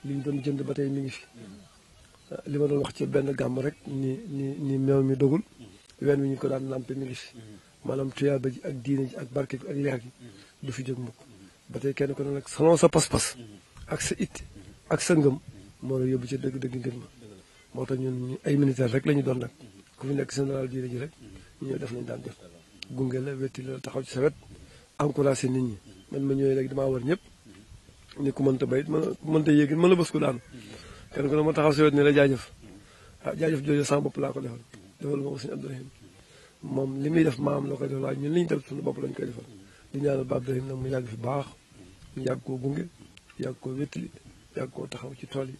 Y: li ñu doon jënd ba tey mi ngi fi ah, li ma doon wax ci benn gàmm rek nii nii nii meew mi dogul wenn wi ñu ko daan nàmpe mi ngi fi maanaam tuyaaba ji ak diine ji ak barke bi ak leer gi du fi jóg mukk ba tey kenn ko ne nag selon sa pas-pas ak sa it ak sa ngëm moo la yóbbu ci dëgg moo tax ñun ñu ay militaire rek la ñu doon nag ku fi nekk général diine ji rek ñu ñëw def nañ daan def gunge la wetti la taxaw ci sa wet encouragé nit ñi man ma ñëwee rek damaa war ñëpp ni ku mënta béy ma ku mënta yéegin mën la bës ko daanu kenn ku taxaw sa wet ni la jaajëf ah jaajëf jooju sama bopp laa ko defal defal ma ko moom li muy def maam la koy defal waaye ñun li ñu def suñu bopp lañ koy defal di ñaanal ba Abdourahim nag mu yàgg fi baax mu yàgg koo gunge yàgg koo wéttali yàgg koo taxaw ci tool yi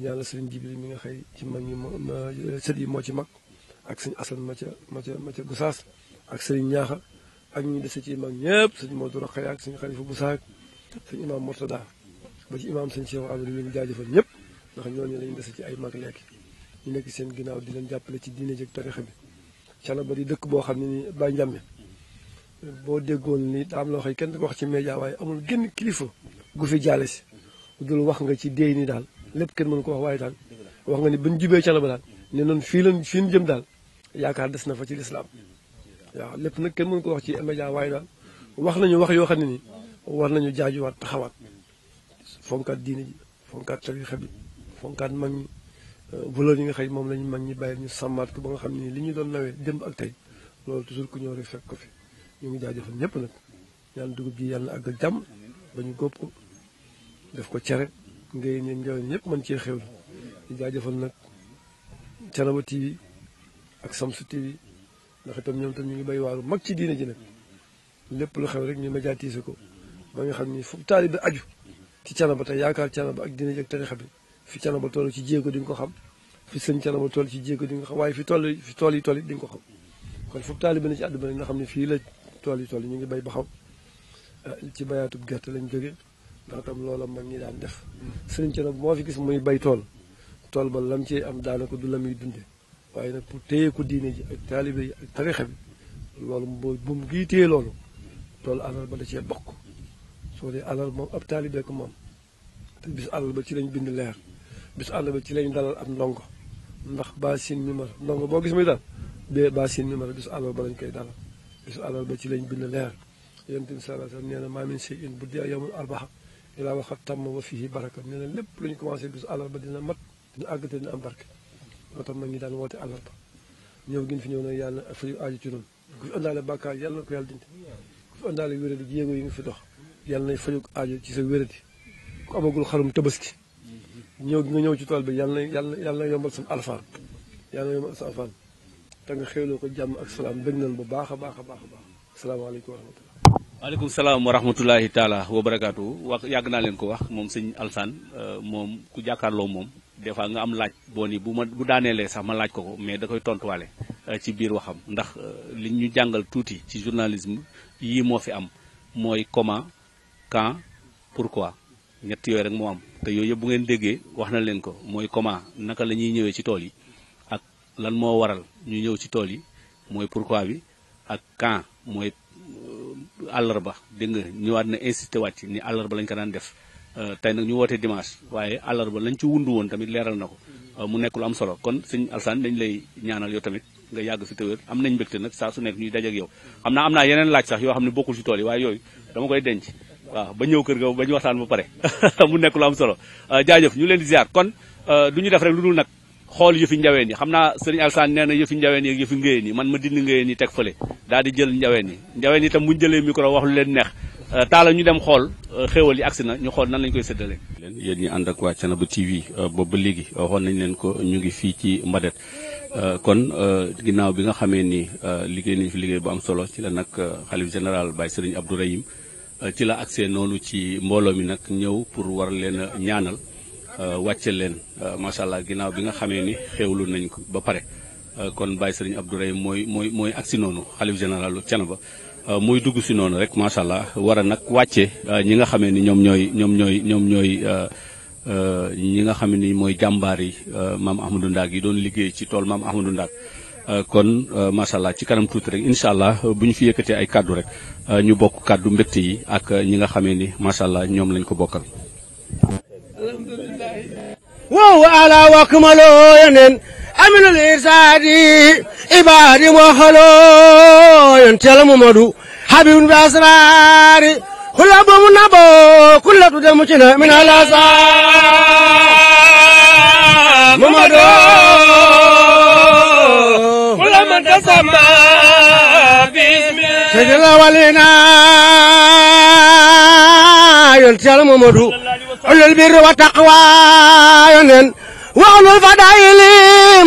Y: ñaanal sëriñ Jibril mi nga xëy ci mag ñi sët yi moo ci mag ak sëñ Asan ma ca ma ca ma ak sëriñ Ñaaxa ak ñu dese ci mag ñëpp sëñ Modou Rokhaya ak sëñ Xalifa Busaak sëñ imaam Mortada ba ci imaam sëñ Cheikh Abdou ñu jaajëfal ñëpp ndax ñooñu lañu dese ci ay mag lekk ñu nekk seen ginnaaw di leen jàppale ci diine jëg tarixa bi cana ba dëkk boo xam ne ni Baye Ndiamé boo déggoon ni daa am loo xam kenn du ko wax ci média waaye amul génn kilifa gu fi jaale si dul wax nga ci déy ni daal lépp kenn mënu ko wax waaye daal wax nga ni buñ jubee ca la ba daal ne noonu fii lañ fii ñu jëm daal yaakaar des na fa ci lislaam waaw lépp nag kenn mënu ko wax ci média waaye daal wax nañu wax yoo xam ne ni war nañu jaajuwaat taxawaat fonkaat diine ji fonkaat tariixa yi fonkaat mag ñi euh, valeur yi nga xam moom lañu mag ñi bàyyi ñu sàmmaat ko ba nga xam ne li ñu doon nawee dem ak tey loolu toujours ku ñëw rek fekk ko fi ñu ngi jaajëfal ñëpp nag dugub ji yàlla na àgg jàmm ko cere ngay ngelaw ñëpp man cee xew di jaajëfal nag Thiénaba TV ak Shamsu TV ndax itam ñoom tam ñu ngi bay waaru mag ci diina ji nag lépp lu xew rek ñu médiatiser ko ba nga xam ni fu taalibe aju ci Thiénaba te yaakaar Thiénaba ak diina ji ak tarixa bi fi Thiénaba toll ci jéego di nga ko xam fi sëñ Thiénaba tool ci jéego di nga ko xam waaye fi toll fi tool yi tool yi di nga ko xam kon fu taalibe na ci àdduna rek nga xam ne fii la tool yi toll ñu ngi bay ba xaw eh, ci bayaatub gerte lañ jógee ndax tam loola mag ñi daan def sëriñ Thiénaba moo fi gis muy bay tool tool ba lam ci am daanaka du la muy dunde waaye nag pour téye ko diine ji ak taalibe ak tarixa bi loolu mu bu mu ngi téye loolu toolu alal ba da cee bokk soo dee alal moom ab ko moom te bis alal ba ci lañ bind leer bis alal ba ci lañ dalal ab ndongo ndax baa sin mi mar boo gis muy dal bee baa sin mi mar ba lañ koy dalal bis alal ci lañ bind leer yonent bi sallallahu alayhi wa sallam nee na maa min shay'in ilaa wax ak tàmm wa fii baraka nee na lépp lu ñu commencé bis àllarba dina mat dina àgg te dina am barke moo tax mag ñi daan woote àllarba ñëw gin fi ñëw nag yàlla na faju aaju ci noonu yàlla na ko yàlla dindi ku fi yi nga fi dox yàlla na faju aaju ci sa wéradi ku amagul xarum tabaski ñëw gi nga ñëw ci tool bi yàlla na yàlla yàlla na yombal sam alfaan yàlla na yombal sa alfaan te nga xéewloo ko jàmm ak salaam bëgg nañ bu baax a baax a baax a baax asalaamaaleykum wa rahmatullah
A: waaleykum salaam wa rahmatulahi taala wa barakaatu wax yàgg naa leen ko wax moom sëñ Alsaan euh, moom ku jàkkaarloo moom des fois nga am laaj boo nii bu ma bu daaneelee sax ma laaj ko ko mais da koy tontuwaale euh, ci biir waxam ndax euh, li ñu jàngal tuuti ci journalisme yii moo fi am mooy comment quand pourquoi ñett yooyu rek moo am te yooyu yëpp bu ngeen déggee wax na leen ko mooy comment naka la ñuy ñëwee ci tool yi ak lan moo waral ñu ñëw ci tool yi mooy pourquoi bi ak quand mooy àllarba dégg nga ñëwaat na insisté waat ci ni àllarba lañ ko daan def euh, tey nag ñu woote dimanche waaye àllarba lañ ci wundu woon tamit leeral na ko euh, mu nekk lu am solo kon su nekk ñuy dajeek yow xam naa am naa yeneen laaj sax yoo xam ne bokkul ci tool yi waaye yooyu dama koy denc waaw ba ñëw kër ga ba waxtaan ba pare mu nekk lu am solo euh, jaajëf ñu leen di kon du ñu def rek lu dul nag xool yëfi njaween yi xam naa sëriñ Alsaan nee na yëfi njaween yi ak yëfi ngéyeen yi man ma dindi ngéyeen yi teg fële daal di jël njaween yi njaween yi itam buñ jëlee micro wax lu leen neex euh, taala ñu dem xool euh, xéewal yi agsi na ñu xool nan lañ koy séddale leen yéen ñi ànd ak waa Thiénaba TV euh, boobu ba léegi waxoon nañ leen ko ñu ngi fii ci Mbadet kon ginnaaw bi nga xamee nii liggéey nañ fi liggéey bu am solo ci la nag xalif général Baye Sëriñ Abdou Rahim ci la agsee noonu ci mbooloo mi nag ñëw pour war leen ñaanal Euh, wàcce leen euh, macha allah ginnaaw bi nga xamee ni xéewlu nañ ko ba pare euh, kon Baye Serigne Abdou Reye mooy mooy mooy agsi noonu xalif généralu Thiénaba mooy dugg si noonu rek macha allah war a nag wàcce ñi nga xamee ni ñoom ñooy ñoom ñooy ñoom ñooy ñi nga xam ni mooy jàmbaar yi maam Ahmadou ndaag yi doon liggéey ci tool maam Ahmadou Ndaak kon macha allah ci kanam tuuti rek incha allah bu ñu fi yëkkatee ay kàddu rek ñu bokk kàddu mbégte yi ak ñi nga xamee ni macha allah ñoom lañ ko bokkal.
G: وعلى وكملو ينن أمن الإرساد إبادي وخلو ينتل ممدو حبيب بأسرار كل أبو منبو كل تدمتنا من الأسار
T: ممدو كل من
B: تسمى
P: باسم
T: سيد الأولين
G: ينتل ممدو ulul birri wa taqwa yonen wa ulul fadaili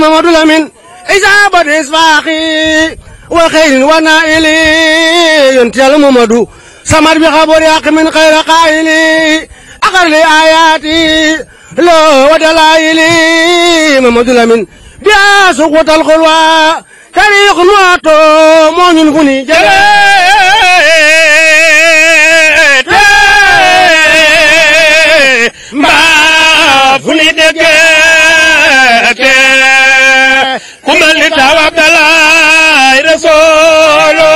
G: Mamadou Lamine isaabat isfaaxi wa xeyrin wa naili yonent Yàlla Mamadou samad bi xabori aq min xayra qaili axar li ayaati loo wa dalaili Mamadou Lamine biya suqutal xulwa tarixun waato mooñun fu ni jëlee
D: nekkete ku mel ni taaw Abdalaay Rasuulu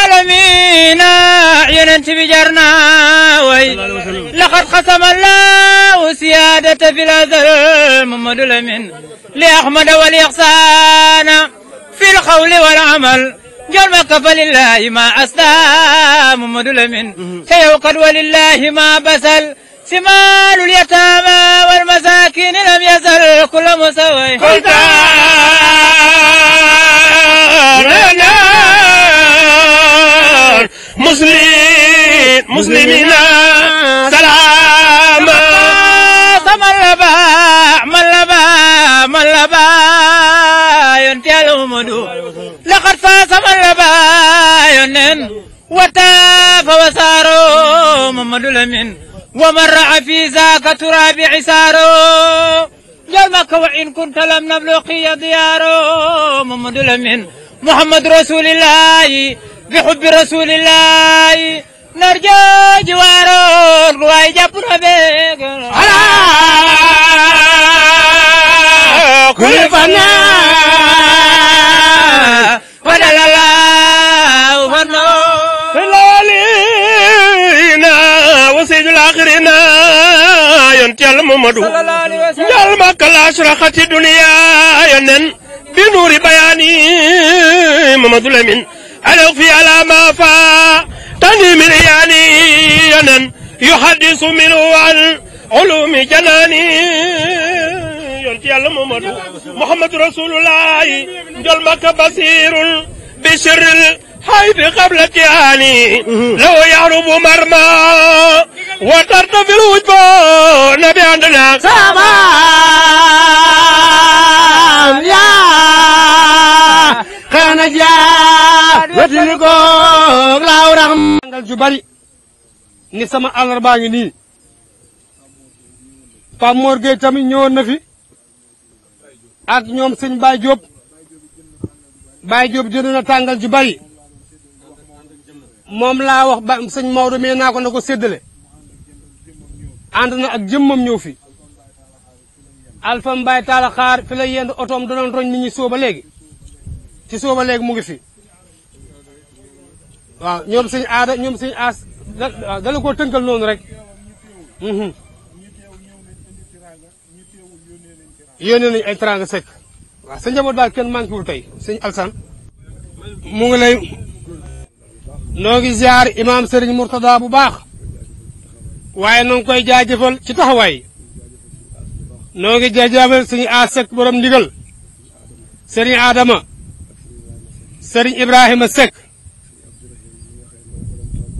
D: alamiina yonent bi jar na way laqad xasama laahu siyaadata fil azal Mamadu Lamin
K: li Ahmada wal
D: ixsaana fil xawli wal amal jol ma kafa lillahi ma asta Mamadu Lamin mm-hmm. te yow kat walillahi ma basal شمال اليتامى والمساكين لم يزل كل مسوي كل دار
B: مسلمين مسلمين
D: سلام سمر لبا من لبا من لبا ينتهي الأمد لقد فاز من لبا ينن وتاف وساروا محمد لمن ومن رأى في ذاك تراب عساره جرمك وإن كنت لم نبلغي دياره محمد الأمين محمد رسول الله بحب رسول الله نرجى
N: جواره
J: القواي جبنا بك على
P: كل فنان
B: yonent yàlla Mamadu njal ma kalaas raxati duniyaa ya nen bi nuuri bayaani Mamadu Lamin alew fi ala ma faa tani miriyaani ya nen yu haddisu minu an ulumi janaani yonent yàlla Mamadu Muhammadu Rasulullaahi njal ma ka basiirun bi sirril حيث قبل الجهاني لو يعرب مرمى وترتفي الوجبان بعندنا سلام
G: يا خنجا
A: وتلقو لا ورحم
G: الجبري ni sama àllar baa ngi nii Pape Mor Gueye tamit ñëwoon na fi ak ñoom sëñ Baye Diop Baye na tàngal ju bari moom laa wax ba sëñ Maodo mee naa ko na ko séddale ànd na ak jëmmam ñëw fi Alpha Mbaye taala xaar fi la yend otoom doon roñ nit ñi sóoba léegi ci sóoba léegi mu ngi fi waaw ñoom sëñ aada ñoom sëñ aas da dala koo tënkal noonu rek yónnee nañu ay teraanga sekk waaw sa daal kenn manqué wul tey sëñ Alsan mu ngi lay noo ngi ziar imaam Serigne Mourtada bu baax waaye noo koy jaajëfal ci taxawaay noo ngi jaajëfal suñu Asek borom ndigal Serigne Adama Serigne Ibrahima Seck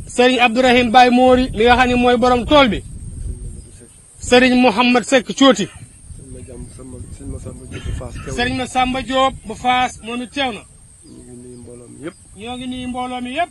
G: Serigne Abdourahim Baye Mori mi nga xam mooy borom tool bi Serigne Mouhamad Seck Cooti Serigne Massamba Diop bu Faas moom it teew na ñoo ngi nuyu mi yëpp.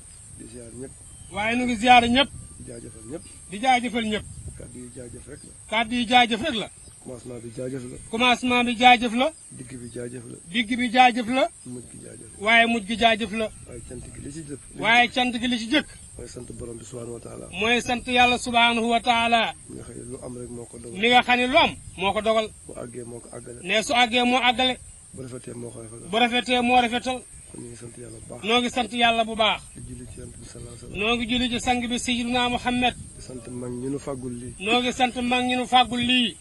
G: waaye nu ngi ziyaare ñëpp. di jaajëfal ñëpp. di jaajëfal ñëpp. kàddu yi jaajëf rek la. kàddu la.
Y: commencement bi jaajëf la.
G: commencement bi jaajëf la.
Y: digg bi jaajëf la.
G: digg bi jaajëf la. mujj gi la. waaye mujj gi jaajëf la.
Y: waaye cant gi li ci jëkk. waaye
G: cant gi li ci jëkk.
Y: mooy sant borom bi subhaanahu wa taala. mooy
G: sant yàlla subhaanahu wa mi nga
Y: xam lu am rek moo ko dogal. mi nga xam ne
G: am moo ko dogal.
Y: bu àggee moo ko àggale. ne
G: su àggee moo àggale.
Y: bu rafetee moo ko rafetal. bu rafetee moo rafetal. kon ñu ngi sant yàlla bu baax
G: noo ngi sant yàlla bu baax.
Y: di julli ci yant bi sallallahu alayhi wasallam.
G: noo ngi julli ci sang Muhammad. di
Y: sant mag ñu nu fàggul lii.
G: noo ngi sant mag ñu nu fàggul lii.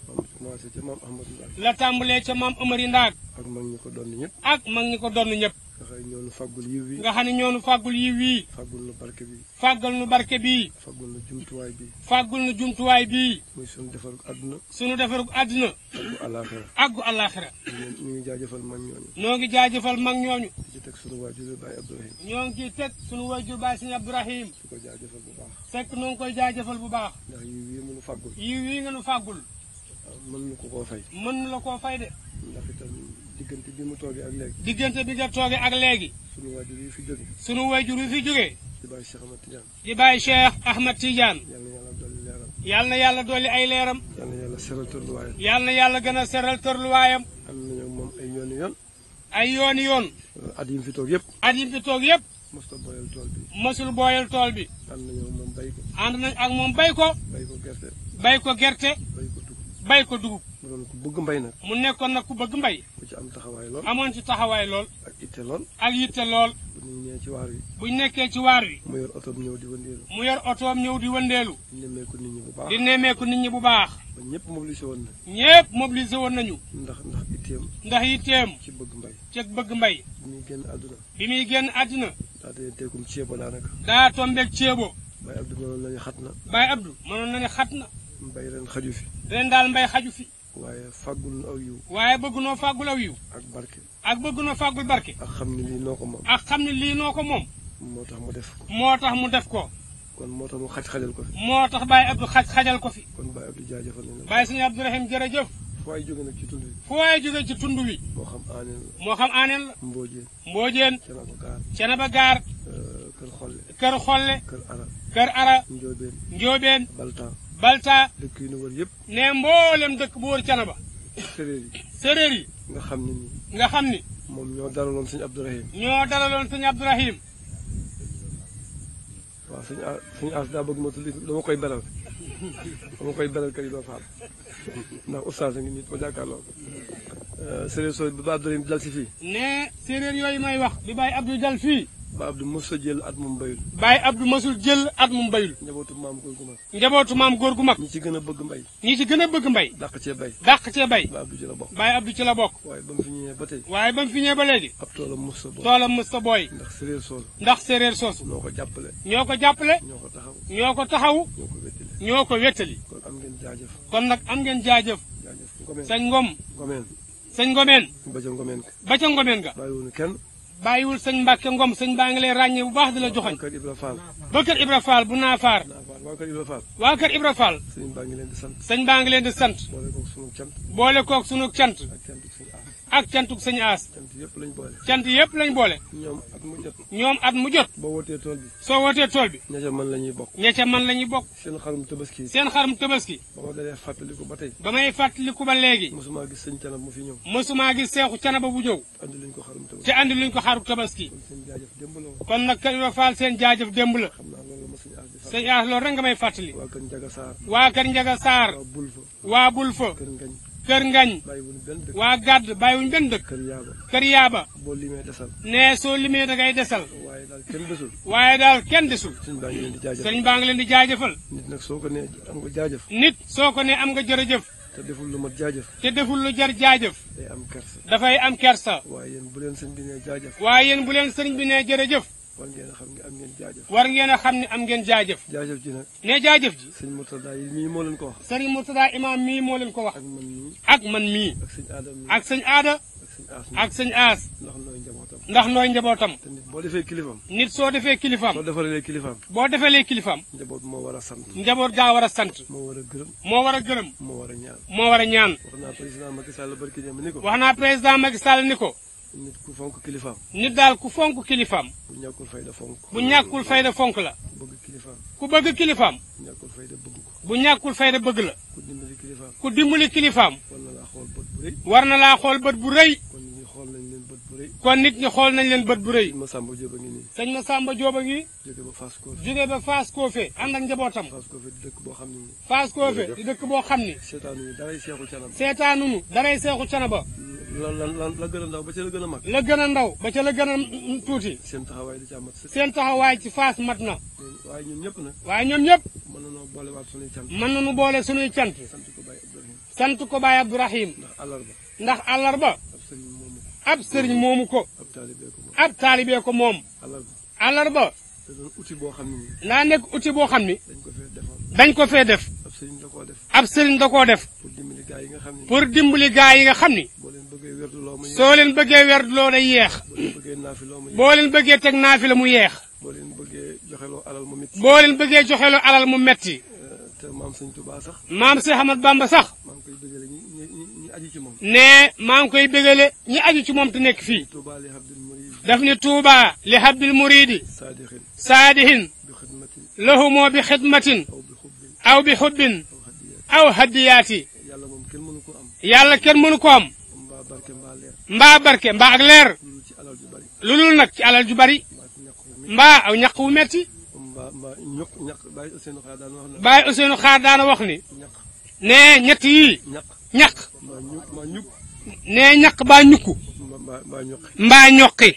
Y: la tàmbalee ca
G: maam Amari Ndaak. ak mag ñi
Y: ko doon ñëpp. ak mag ñi ko doon ñëpp. nga xam ne ñoonu fàggul yiw wi.
G: nga xam ne nu fàggul yiw wi.
Y: fàggul nu barke bi.
G: fàggal nu barke bi.
Y: fàggul nu jumtuwaay
G: bi. fàggul nu jumtuwaay bi.
Y: muy sunu defarug àdduna.
G: sunu defarug àdduna. àggu àllaaxira. àggu àllaaxira. ñu ngi jaajëfal ñoo ngi jaajëfal mag ñooñu. di ci teg sunu ñoo ngi ciy teg sunu waajur baay sëñ Abdourahim. di
Y: ko jaajëfal bu baax.
G: fekk noo ngi koy jaajëfal bu baax. ndax yiw yi nga nu fàggul.
Y: mën nu ko koo fay.
G: mën nu la koo fay de.
Y: diggante bi mu toogee ak
G: léegi. diggante bi nga toogee ak léegi. sunu waajur yi fi jógee. sunu waajur yi fi jógee. di bàyyi Cheikh Ahmad Tidiane. di
Y: bàyyi Cheikh Ahmad
G: Tidiane. yàlla na yàlla dolli ay leeram.
Y: yàlla na yàlla seral tërluwaayam.
G: yàlla na yàlla gën a seral tërluwaayam. am nañu moom ay yoon i yoon. ay yoon yoon. at yi mu fi toog yëpp. at yi mu fi toog tool bi. masul booyal tool bi.
Y: ànd nañu ak moom bay ko. ànd nañu ak ko. bay gerte.
G: bay ko gerte. bay ko dugub.
Y: mu doon ku bëgg mbay nag.
G: mu nekkoon nag ku bëgg mbay. ci am taxawaay lool. amoon ci taxawaay lool. ak yitte lool. ak yitte lool. bu ñu ñëwee ci waar wi. bu ñu nekkee ci waar wi.
Y: mu yor otoom ñëw di wëndeelu.
G: mu yor otoom ñëw di wëndeelu.
Y: di nemmeeku nit ñi bu
G: baax. di nemmeeku nit ñi bu baax. ba ñëpp mobilisé woon na. ñëpp mobilisé woon nañu. ndax ndax itteem. ndax itteem. ci bëgg mbay. ci bëgg mbay. bi muy génn àdduna. bi muy génn àdduna.
Y: daa dee teekum ceebo daanaka.
G: daa tombeeg ceebo.
Y: Baye Abdou mënoon nañu xat na.
G: Baye Abdou mënoon nañu xat na.
Y: mbay ren xaju fi
G: ren daal mbay xaju fi.
Y: waaye fàggul nu
G: waaye bëgg noo fàggul aw yiw. ak barke. ak bëgg noo fàggul barke. ak xam ne lii noo ko moom. ak xam ne lii noo ko moom. moo tax mu def ko. moo tax mu def ko.
Y: kon moo tax mu xaj xajal ko
G: fi. moo tax Baye Abdou xaj xajal ko fi. kon Baye Abdou jaajëfal nañ la. Baye sëñ Abdourahim jërëjëf. fu waay jóge nag ci tund wi. fu waay jóge ci tund wi. moo xam aaneen la. moo xam aaneen la. Mbodjeen. Mbodjeen. Cenaba Gaar. Cenaba Gaar.
Y: Euh, kër Xolle. Kër Xolle. Ara. Kër Ara. Njóobeen.
G: Njóobeen. Balta. dëkk yu nu wër yëpp. ne mboolem dëkk bu wër Canaba.
Y: séeréer yi. nga xam ni. nga xam ni. moom ñoo dara dalaloon sëñ Abdourahim.
G: ñoo dalaloon sëñ Abdourahim.
Y: waaw sëñ as sëñ as daa bëgg ma tudd koy beral koy beral kër yi doon faal ndax oustaz a ngi nit ma jàkkaarloo euh, séeréer sooy bi ba Abdourahim dal si fii.
G: ne séeréer yooyu may wax bi bàyyi Abdou dal fii. ba Abdou mos a jël at moom bayul bàyyi Abdou mosul jël at moom bayul
Y: njabootu maam góor gu mag
G: njabootu maam góor gu mag ñi ci gën a bëgg mbay ñi ci gën a bëgg mbay dàq cee bay dàq cee bay ba Abdou ci la bokk bàyyi Abdou ci la bokk
Y: waaye ba mu fi ñëwee
G: ba tey waaye ba mu fi ñëwee ba léegi ab toolam mos a booy toolam mos a booy
Y: ndax séréer soosu
G: ndax séréer soosu
Y: ñoo ko jàppale
G: ñoo ko jàppale ñoo ko taxaw ñoo ko taxaw ñoo ko wéttali
Y: kon am ngeen jaajëf
G: kon nag am ngeen jaajëf sañ ngom ngomeen sañ ngomeen ba ca ngomeen ba ca ngomeen nga bàyyiwuñu kenn bàyyiwul sëñ Mbàkke Ngom sëñ baa ngi lay ràññee bu baax di la joxoñ. Kër Ibra Fall. bu Naafaar. waa Kër Ibra Fall. waa Kër Ibra Fall. sëñ baa ngi leen di sant. sëñ baa ngi leen di sant.
Y: boole koog sunu cant.
G: boole koog sunu cant. ak cantuk sëñ yëpp lañ boole. cant yëpp lañ boole. ñoom at mu jot. ñoom at mu jot. boo wootee tool bi. soo wootee tool bi. ña ca man la ñuy bokk. ña man la ñuy bokk. seen xarum tabaski. seen xarum tabaski. ba ma dalee fàttaliku ba tey. ba may fàttaliku ba léegi. mosumaa gis sëñ canaba mu fi ñëw. mosumaa gis seexu canaba bu ñëw.
Y: te andi luñ ko xarum tabaski. te
G: andi luñ ko xarum tabaski. kon nag Kajoor Faal seen jaajëf démb la. sëñ As loolu rek nga may fàttali. waa kër Njaga Saar. waa Bulfa. waa Bulfa. kër kër ngañ waa gàdd bàyyiwuñ benn dëkk kër yaaba nee soo limee da ngay desal waaye daal kenn desul sëriñ baa ngi leen di jaajëfal nit soo ko nee am nga jaajëf nit soo ko nee am nga jërëjëf te deful lu mat jaajëf te deful lu jar jaajëf
Y: day am kersa dafay am kersa waaye yéen bu leen sëriñ bi nee jaajëf
G: waaye yéen bu leen sëriñ bi nee jërëjëf
Y: war ngeen a xam ne am ngeen jaajëf
G: war ngeen a xam ne am ngeen jaajëf jaajëf ji nag ne jaajëf ji sëñ
Y: Murtada yi mii moo leen ko wax
G: sëriñ Murtada imaam mii moo leen ko wax ak man mii ak man
Y: mii ak sëñ aada ak sëñ aada ak sëñ aas ndax nooy njabootam ndax nooy njabootam boo defee kilifam
G: nit soo defee kilifam soo defalee kilifaam boo defalee kilifaam
Y: njaboot moo war a sant
G: njaboot daa war a sant moo war gërëm moo war a gërëm moo war a ñaan moo war a ñaan
Y: wax naa président Macky Sall barki dem ni ko wax naa président
G: Macky Sall ni ko
Y: nit ku fonk kilifaam.
G: nit daal ku fonk kilifaam.
Y: bu ñàkkul fayda fonk. bu ñàkkul
G: fayda fonk la. ku bëgg kilifaam. ku bëgg kilifaam. bu
Y: ñàkkul fayda bëgg ko.
G: bu ñàkkul fayda bëgg la.
Y: ku dimbali kilifaam.
G: ku dimbali kilifaam. war xool war na laa xool bët bu rëy. kon nit ñi xool nañ leen bët bu rëy. kon nit ñi xool nañ leen bët bu rëy. sëñ Masamba ba a ngi nii. sëñ Masamba Diop ngi.
Y: jóge ba Fass Kofé.
G: jóge ba Fass Kofé ànd ak njabootam. Fass Kofé di dëkk boo xam ne. Fass Kofé di dëkk boo xam ne. seetaanuñu
Y: daray seexu canaba.
G: seetaanuñu daray seexu canaba
Y: la la la gën a ndaw ba ca la gën a mag. la gën a ndaw
G: ba ca la gën a tuuti. seen taxawaay da caa mat sëkk. seen taxawaay ci faas mat na.
Y: waaye ñun ñëpp nag. waaye ñun ñëpp. mën nañoo boolewaat suñuy cant. mën nañu boole suñuy cant.
G: sant ko Baye Abdourahim. sant ko Baye Abdourahim. ndax
Y: àllarba. ndax
G: àllarba. ab sëriñ moomu ko. ab taalibee ko moom. ab taalibee ko moom. àllarba. àllarba.
Y: da doon boo xam ne.
G: naa nekk outil boo xam ne.
Y: dañ ko defoon. dañ ko fee def. ab da koo def.
G: ab sëriñ da koo def. pour dimbali
Y: gaa yi nga xam ne. pour
G: dimbali gaa yi nga xam ne. soo leen bëggee werduloo day yeex boo leen bëggee teg naafi
Y: la mu yeex
H: boo leen bëggee joxeloo alal mu metti boo leen bëggee joxeloo alal mu metti eh,
Y: te maam sëñ Tuba sax maam Cheikh Ahmad Bamba sax maa ngi koy bëggale ñi aju ci moom
H: ne
G: maa ngi koy bëggale ñi aju ci moom te nekk fii daf ni Touba li habdil muridi saadihin lahumoo bi xidmatin aw bi xubbin aw hadiyaati yàlla kenn mënu ko am
Y: mbaa barke mbaa ak leer lu
G: lul nag ci alal ju bari
Y: mbaa aw ñaq wu metti bàyyi Ousseynou Xaar daana wax ni nee ñett yii ñaq
G: nee ñaq baa ñukku
Y: mbaa ñoqi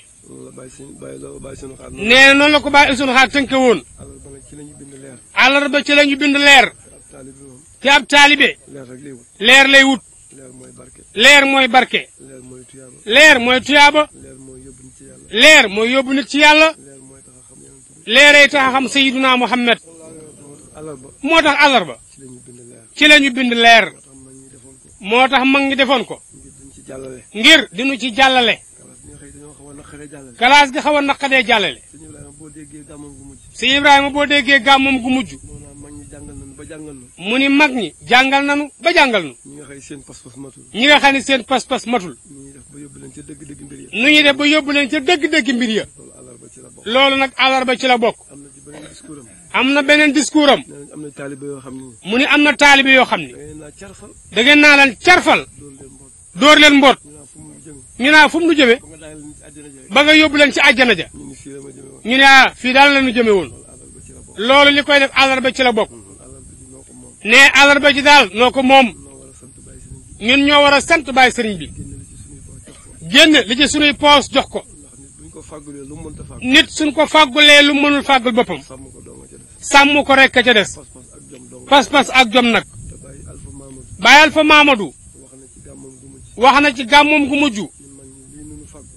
G: nee noonu la ko bàyyi Ousseynou Xaar tënke woon àllarba ci la ñu bind leer ki ab taalibe leer lay wut leer mooy barke. leer mooy tuyaaba. leer mooy tuyaaba. leer mooy yóbbu nit ci yàlla. leeray tax a xam Sayyiduna Muhammad. moo tax àllarba. ci la ñu bind leer. moo tax mag ñi defoon ko. ngir dinu ci jàllale.
Y: kalaas gi xaw a
G: naqadee jàllale. sëñ Ibrahima boo déggee gàmmam gu mujj.
Y: ba jàngal nu. mu ni mag ñi
G: jàngal nanu ba jàngal nu. ñi nga xam nga xam ne seen pas-pas matul. nu ñuy def ba yóbbu leen ca dëgg-dëgg mbir ya. nu ñuy def ba yóbbu leen ca dëgg-dëgg mbir ya. loolu ci la bokk. am na beneen discours am.
Y: am na taalibe yoo xam ne.
G: mu ni am na taalibe yoo xam ne. da ngeen naa leen carfal. dóor leen mboot. ñu naa fu nu jëmee. ba nga yóbbu leen ci àjjana ja. ñu ne ah fii daal la ñu loolu li koy def àllarba ci la bokk. ne àllarba ji daal noo ko moom ñun ñoo war a sant baay sëriñ bi génn li ci sunuy poos jox ko nit suñ ko fàggulee lu mënul fàggul boppam sàmm ko rekk ca des pas-pas ak jom nag Baay Alfa Mamadou wax na ci gàmmam gu mujj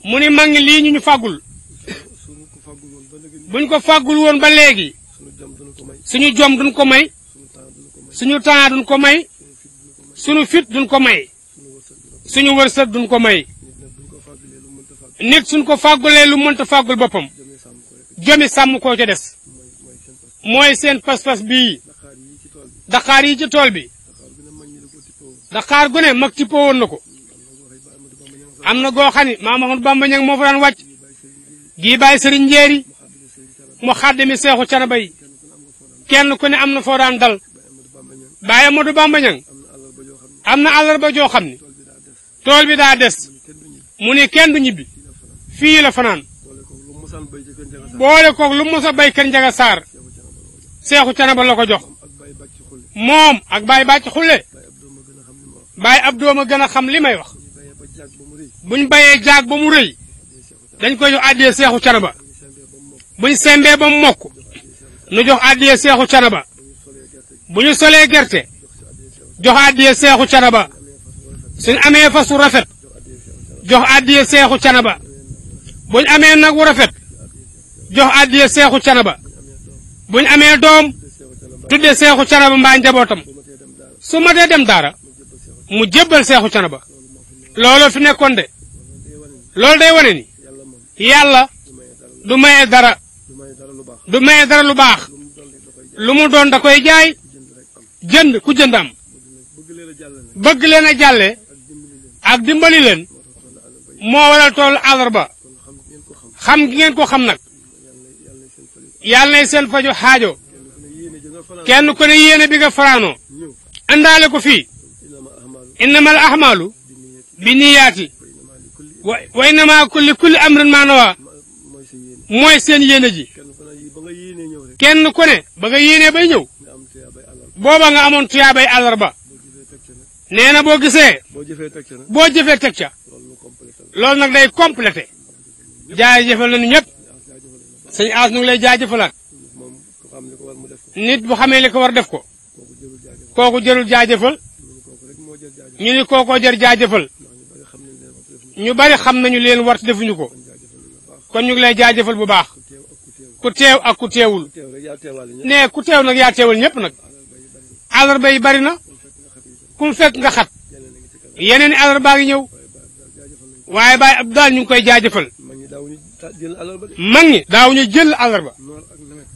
G: mu ni mag ñi lii ñu ñu fàggul buñ ko fàggul woon ba léegi suñu jom duñ ko may suñu temps duñ ko may suñu fit duñ ko may suñu wërsëg duñ ko may nit suñ ko fàggulee lu mënta fàggul boppam jomi sàmm koo ca des mooy seen pas-pas bii daxaar yi ci tool bi daxaar gu ne mag tippoo woon na ko am na goo xam ne maam Ahmadu Bamba ñang moo fa daan wàcc gii bàyyi sëriñ njeeri mu xàddami seexu canaba bay kenn ku ne am na foo daan dal Baye Amadou Bamba Niang am na ba joo xam ni tool bi daa des mu ne kenn du ñibbi fii la fanaan boole koog lu mos a béy Kër Njaga Saar seexu canaba la ko jox moom ak Baye bàcc xulle Baye Abdou ma gën a xam li may wax buñ bayee jaag ba mu rëy dañ koy jox addiyee seexu canaba buñ sembee ba mu mokk nu jox addiyee seexu canaba bu ñu solee gerte jox addiye seexu canaba suñ amee fas wu rafet jox addiye seexu canaba ñu amee nag wu rafet jox addiye seexu canaba ñu amee doom tudde seexu canaba mbaa njabootam su matee dem daara mu jébbal seexu canaba looloo fi nekkoon de loolu day wane ni yàlla du maye dara du maye dara lu baax lu mu doon da koy jënd ku jënd am bëgg leen a jàlle ak dimbali moo waral toolu àllarba xam gi ngeen ko xam nag yàlla nay seen faju xaajo kenn ku ne yéene bi nga faraanoo indaale ko fii innamal ahmaalu bi niyaati wa innamaa kulli kulli amrin maa nawaa mooy seen yéene ji kenn ko ne ba nga yéenee bay ñëw booba nga amoon tuyaabay àllarba nee na boo gisee boo jëfee teg ca loolu nag day complété jaajëfal nañu ñëpp sëñ As nu ngi lay jaajëfalaat nit bu xamee li ko war def ko kooku jërul jaajëfal ñu ni kookoo jër jaajëfal ñu bari xam nañu leen war defuñu ko kon ñu ngi lay jaajëfal bu baax ku teew ak ku teewul nee ku teew nag yaa teewal ñëpp nag. àllarba yi bari na kum fekk nga xat yeneen i àllarbaa ngi ñëw waaye Baye Abdoulaye ñu ngi koy jaajëfal mag ñi daawuñu jël àllarba mag ñi daawuñu jël àllarba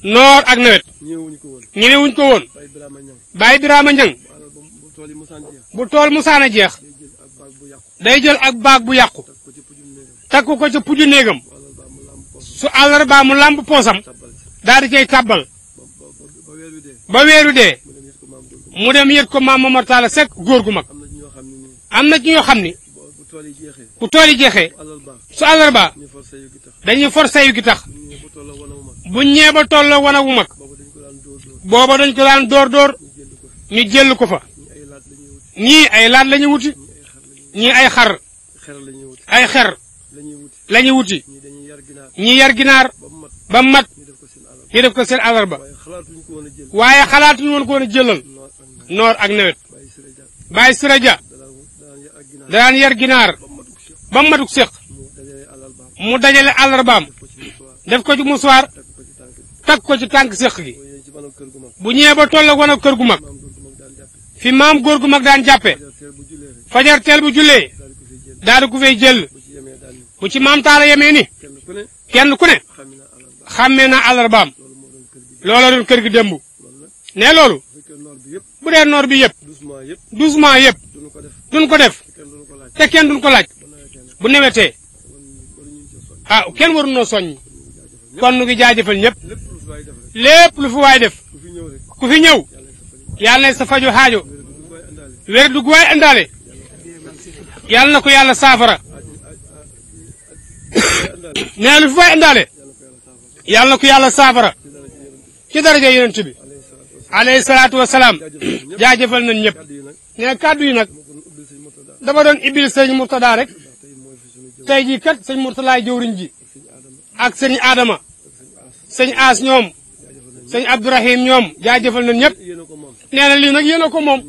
G: noor ak nawet ñenewuñ ko woon Baye Birama Ñang bu tool a jeex day jël ak baag bu yàqu takk ko ca puju néegam su àllarbaa mu làmb poosam daal di cay tàbbal ba weeru dee mu dem yët ko maam Momar Talla Seck góor gu mag am na ci ñoo xam ni bu tool yi jeexee su àllarba dañuy for sayu gi tax bu ñee ba tolloo wana wu mag booba dañ ko daan door door ñu jël ko fa ñii ay laat la ñuy wuti ñii ay xar ay xer la ñuy wuti ñii yar ginaar ba mat ñu def ko seen àllarba waaye xalaatuñu woon ko woon a jëlal noor ak nawet bàyyi siraja danaan yar ginaar ba mu matuk séq mu dajale àllarbaam def ko ci musuwaar takk ko ci tànk séq gi bu ñëwee ba tolloog wan ak kër gu mag fi maam góor gu mag daan jàppe fajar teel bu jullee daal di ko fay jël bu ci maam taala yemee ni kenn ku ne xàmmee na àllarbaam loola doon kër gi démb ne loolu bu dee noor bi yëpp douze mois yëpp duñ ko def te kenn duñ ko laaj bu newetee ah kenn waru noo soññ kon nu ngi jaajëfal ñëpp lépp lu fi waay def ku fi ñëw yàlla na sa fajo xaajo wér du gu waay indaale yàlla na ko yàlla saafara nee lu fi waay indaale yàlla na ko yàlla saafara ci daraja yonent bi alayhi salaatu wa salaam jaajëfal nañ ñëpp nee kàddu yi nag dama doon ibbil sëñ Murtada rek tey jii kat sëñ Murtalaay jëwriñ ji ak sëñ Adama sëñ As ñoom sëñ Abdourahim ñoom jaa jaajëfal nañ ñëpp nee na lii nag yéen a ko moom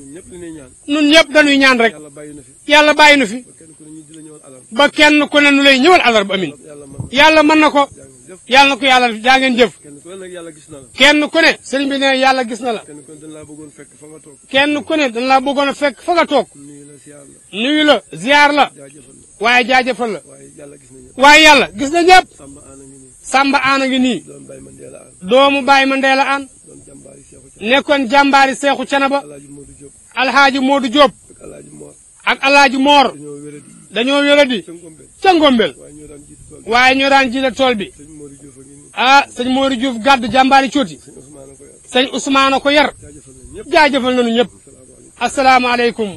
G: ñun ñëpp dañuy ñaan rek yàlla bàyyi na fi ba kenn ko ne nu lay ñëwal alarba amin yàlla mën na ko. yal na ko yàlla jaa ngeen jëf
Y: kenn ku ne sëriñ bi ne yàlla gis na la kenn ku ne dañ laa bëggoon fekk fa nga toog kenn ku
G: ne dañ laa bëggoon fekk fa nga toog nuyu la ziar la waaye jaajëfal la waaye yàlla gis na ñëpp samba aana ngi nii doomu Baye Mandela Aan nekkoon jàmbaari seexu canaba alxaaji Modou Diop ak alaaji Moor dañoo wéradi ca Ngombel waaye ñoo daan jiite tool bi ah sëñ Modou Diouf gàdd jàmbaari cooti sëñ Ousmane ko yar jaajëfal nañu
T: ñëpp
B: asalaamaaleykum.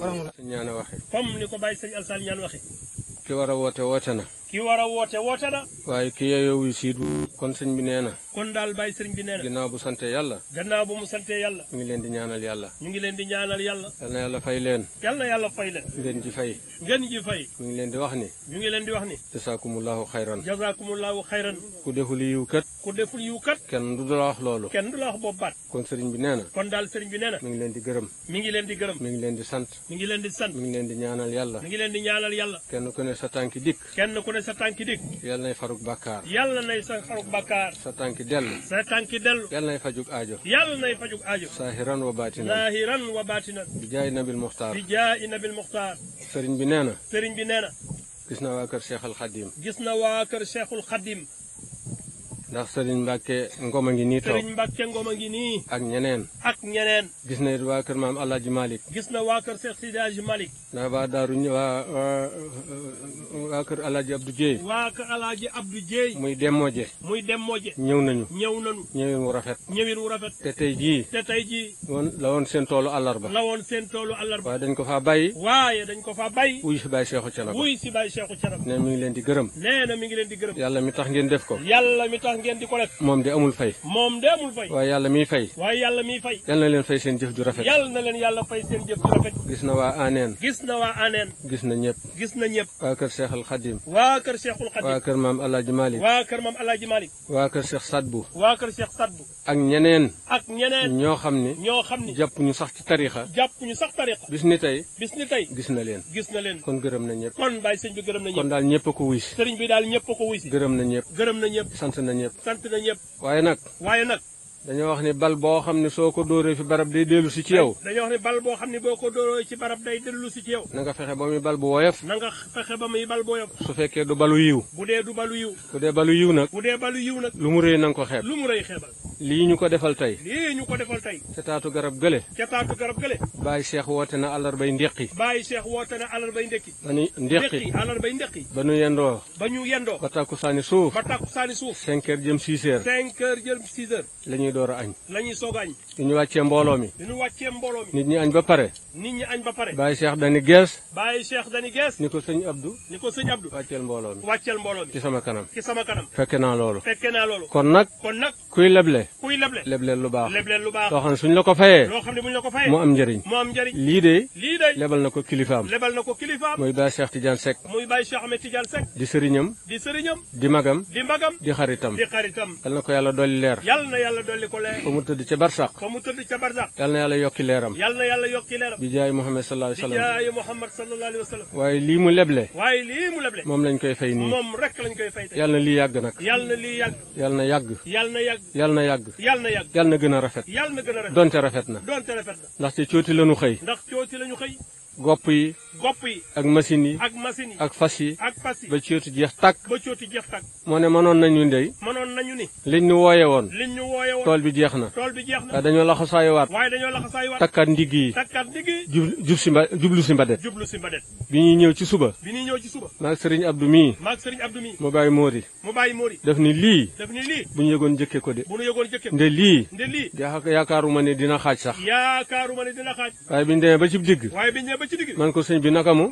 T: wa rahmatulah. ñaan a waxe
B: comme ni ko bàyyi sëñ Alassane ñaan waxe
T: ki war a woote woote na.
B: ki war a woote woote na.
T: bi nee na. kon daal bàyyi sëñ bi nee na. gannaaw bu sante yàlla. gannaaw bu mu sante yàlla. ñu ngi leen di ñaanal yàlla. ñu ngi leen di ñaanal yàlla. yal fay leen. yal na yàlla fay leen. ngeen ji fay. ngeen ji fay. ngi leen di wax ni. ñu ngi leen di wax ni. jasaakumullahu xayran. jasaakumullahu xayran. ku deful yiw kat. ku deful yiw kat. kenn du la wax loolu. kenn du la wax boobu baat. kon sëriñ bi nee na. kon daal sëriñ bi nee na. mi ngi leen di gërëm. mi ngi leen di gërëm. mi ngi leen di sant. mi ngi leen di sant. mi ngi leen di ñaanal yàlla. mi leen di ñaanal yàlla. kenn ku ne sa tànki dikk. kenn ku sa tànki dik yal nay faruk bàkkaar yal nay sa sa tànki dellu sa nay fajug aajo yal nay fajug aajo saahiran wa baatinan saahiran wa baatinan bi jaay nabil muxtaar bi jaay nabil sëriñ bi nee na sëriñ bi nee na gis na waa kër cheikhul xadim
B: gis na waa kër cheikhul xadim
T: ndax Serigne Mbacke Ngom a ngi nii toog Serigne Mbacke Ngom nii. ak ñeneen. ak ñeneen. gis na it waa kër maam El malik Malick. gis na waa kër Cheikh Sidi Hadj Malick. ndax waa Daaru ñu waa waa kër El Hadj Abdou Dieye. waa kër El Hadj Abdou Dieye. muy Demmoje. muy Demmoje. ñëw nañu. ñëw nañu. ñëwin wu rafet. ñëwin wu rafet. te tey jii.
B: te tey jii.
T: woon la woon seen toolu àllarba. la woon seen toolu àllarba. waaye dañ ko faa bàyyi. waaye dañ ko faa bàyyi. wuy si bàyyi Cheikhou Thiénaba. wuy si bàyyi Cheikhou Thiénaba. nee mi ngi leen di gërëm. nee mi ngi leen di gërëm. yàlla mi tax ngeen def ko. tax ngeen di ko def. moom de amul fay. moom de amul fay. waaye yàlla miy fay. waaye yàlla miy fay. yal na leen fay seen jëf ju rafet. yal
B: na leen yàlla fay seen jëf ju rafet.
T: gis na waa aneen. gis na waa aneen. gis na ñëpp. gis na ñëpp. waa kër Cheikhul Khadim.
B: waa kër Cheikhul Khadim. waa
T: kër maam El Hadj Malick. waa
B: kër maam El Hadj Malick.
T: waa kër Cheikh Sadbu.
B: waa kër Cheikh Sadbu.
T: ak ñeneen. ak ñeneen. ñoo xam ni. ñoo xam ni jàpp ñu sax ci tariixa.
B: jàpp ñu sax tariixa.
T: bis ni tey. bis ni tey. gis na leen. gis na leen. kon gërëm na ñëpp.
B: kon bàyyi sëñ bi gërëm na ñëpp. kon
T: daal ñëpp ko wuy. sëriñ bi daal ñëpp ko wuy. gërëm na ñëpp. gërëm na ñëpp. sant na ñëpp. ñëpp. sant na ñëpp. waaye nag. waaye nag. dañoo wax ni bal boo xam ne soo ko dóoree fi barab day dellu si ci yow.
B: dañoo wax ni boo xam ne boo ko dóoree ci barab day dellu si ci yow. na
T: nga fexe ba muy bal bu woyof. na
B: nga fexe ba muy bal bu woyof.
T: su fekkee du balu yiw.
B: bu dee du balu yiw.
T: yiw nag. bu dee balu yiw nag. lu mu rëy na nga ko xeeb. lu mu rëy xeebal. lii ñu ko defal tey.
B: lii ñu ko defal tey.
T: ca garab gële.
B: ca garab gële.
T: bàyyi seex woote na àllarbay ndéqi. bàyyi seex woote na àllarbay bay ba nu ndéqi àllarbay ndéqi. ba nu yendoo. ba ñu yendoo. ba takku saani suuf. ba takku saani suuf. cinq heures jëm six heures. cinq heures jëm six door a añ. la ñuy soog a añ. bi ñu wàccee mbooloo mi. bi
B: ñu wàccee mbooloo mi.
T: nit ñi ko sëñ Abdou. ni ko sëñ Abdou. mbooloo wàcceel mbooloo mi. sama kanam. ci sama fekke naa loolu.
B: fekke naa loolu. kon nag. kon nag
T: kuy leble. kuy lu baax.
B: lebleel lu baax. loo xam
T: suñ la ko fayee. loo
B: xam ne buñ la ko fayee. mu am njëriñ. mu am njëriñ.
T: lii de. lii de lebal na ko kilifaam.
B: lebal na ko kilifaam. muy
T: Baye Cheikh Tidiane Seck.
B: muy Baye Cheikh Ahmed Tidiane Seck.
T: di sëriñam. di sëriñam. di magam. di magam. di xaritam. di xaritam. yal na ko yàlla dolli leer. yal
B: na yàlla dolli fàttali ko lee fa
T: mu tëdd ca barsax
B: fa mu tëdd ca barsax
T: yal na yàlla yokki leeram yal
B: na yàlla yokki leeram
T: bi jaay Muhammad wa sallam bi jaay
B: Muhammad sallallahu wa sallam
T: waaye lii mu leble moom lañ koy fay nii moom
B: rek lañ koy fay
T: yal na lii yàgg nag yal na lii yàgg yal na yàgg yal na yàgg yal na yàgg yal na yàgg na gën a rafet
B: yal a rafet donte
T: rafet na ndax ci cooti lañu xëy
B: ndax cooti lañu xëy gopp yi bopp yi ak machine yi ak machine
T: yi ak fas yi ak fas yi ba cóoti jeex tàkk
B: ba cóoti jeex tàkk
T: moo ne mënoon nañu ndey mënoon nañu ni liñ ñu wooye woon liñ
B: ñu wooye woon tool bi jeex na tool bi jeex na waaye dañoo laxasaayuwaat waaye dañoo laxasaayuwaat takkaat ndigg yi
T: takkaat ndigg yi jub jub si mba jublu si mbadet si mbadet bi ñuy ñëw ci suba bi ñuy ñëw ci suba maag sëriñ Abdou mi
B: maag sëriñ Abdou mii
T: mu bàyyi móori
B: mu bàyyi móori daf ni lii daf ni lii
T: bu ñu yëgoon jëkkee ko de bu ñu
B: yëgoon jëkkee nde lii nde lii
T: yaakaaruma ne dina xaaj sax
B: ne dina xaaj
T: waaye bi ñu demee ba ci digg ba ci man ko sëñ bi naka mu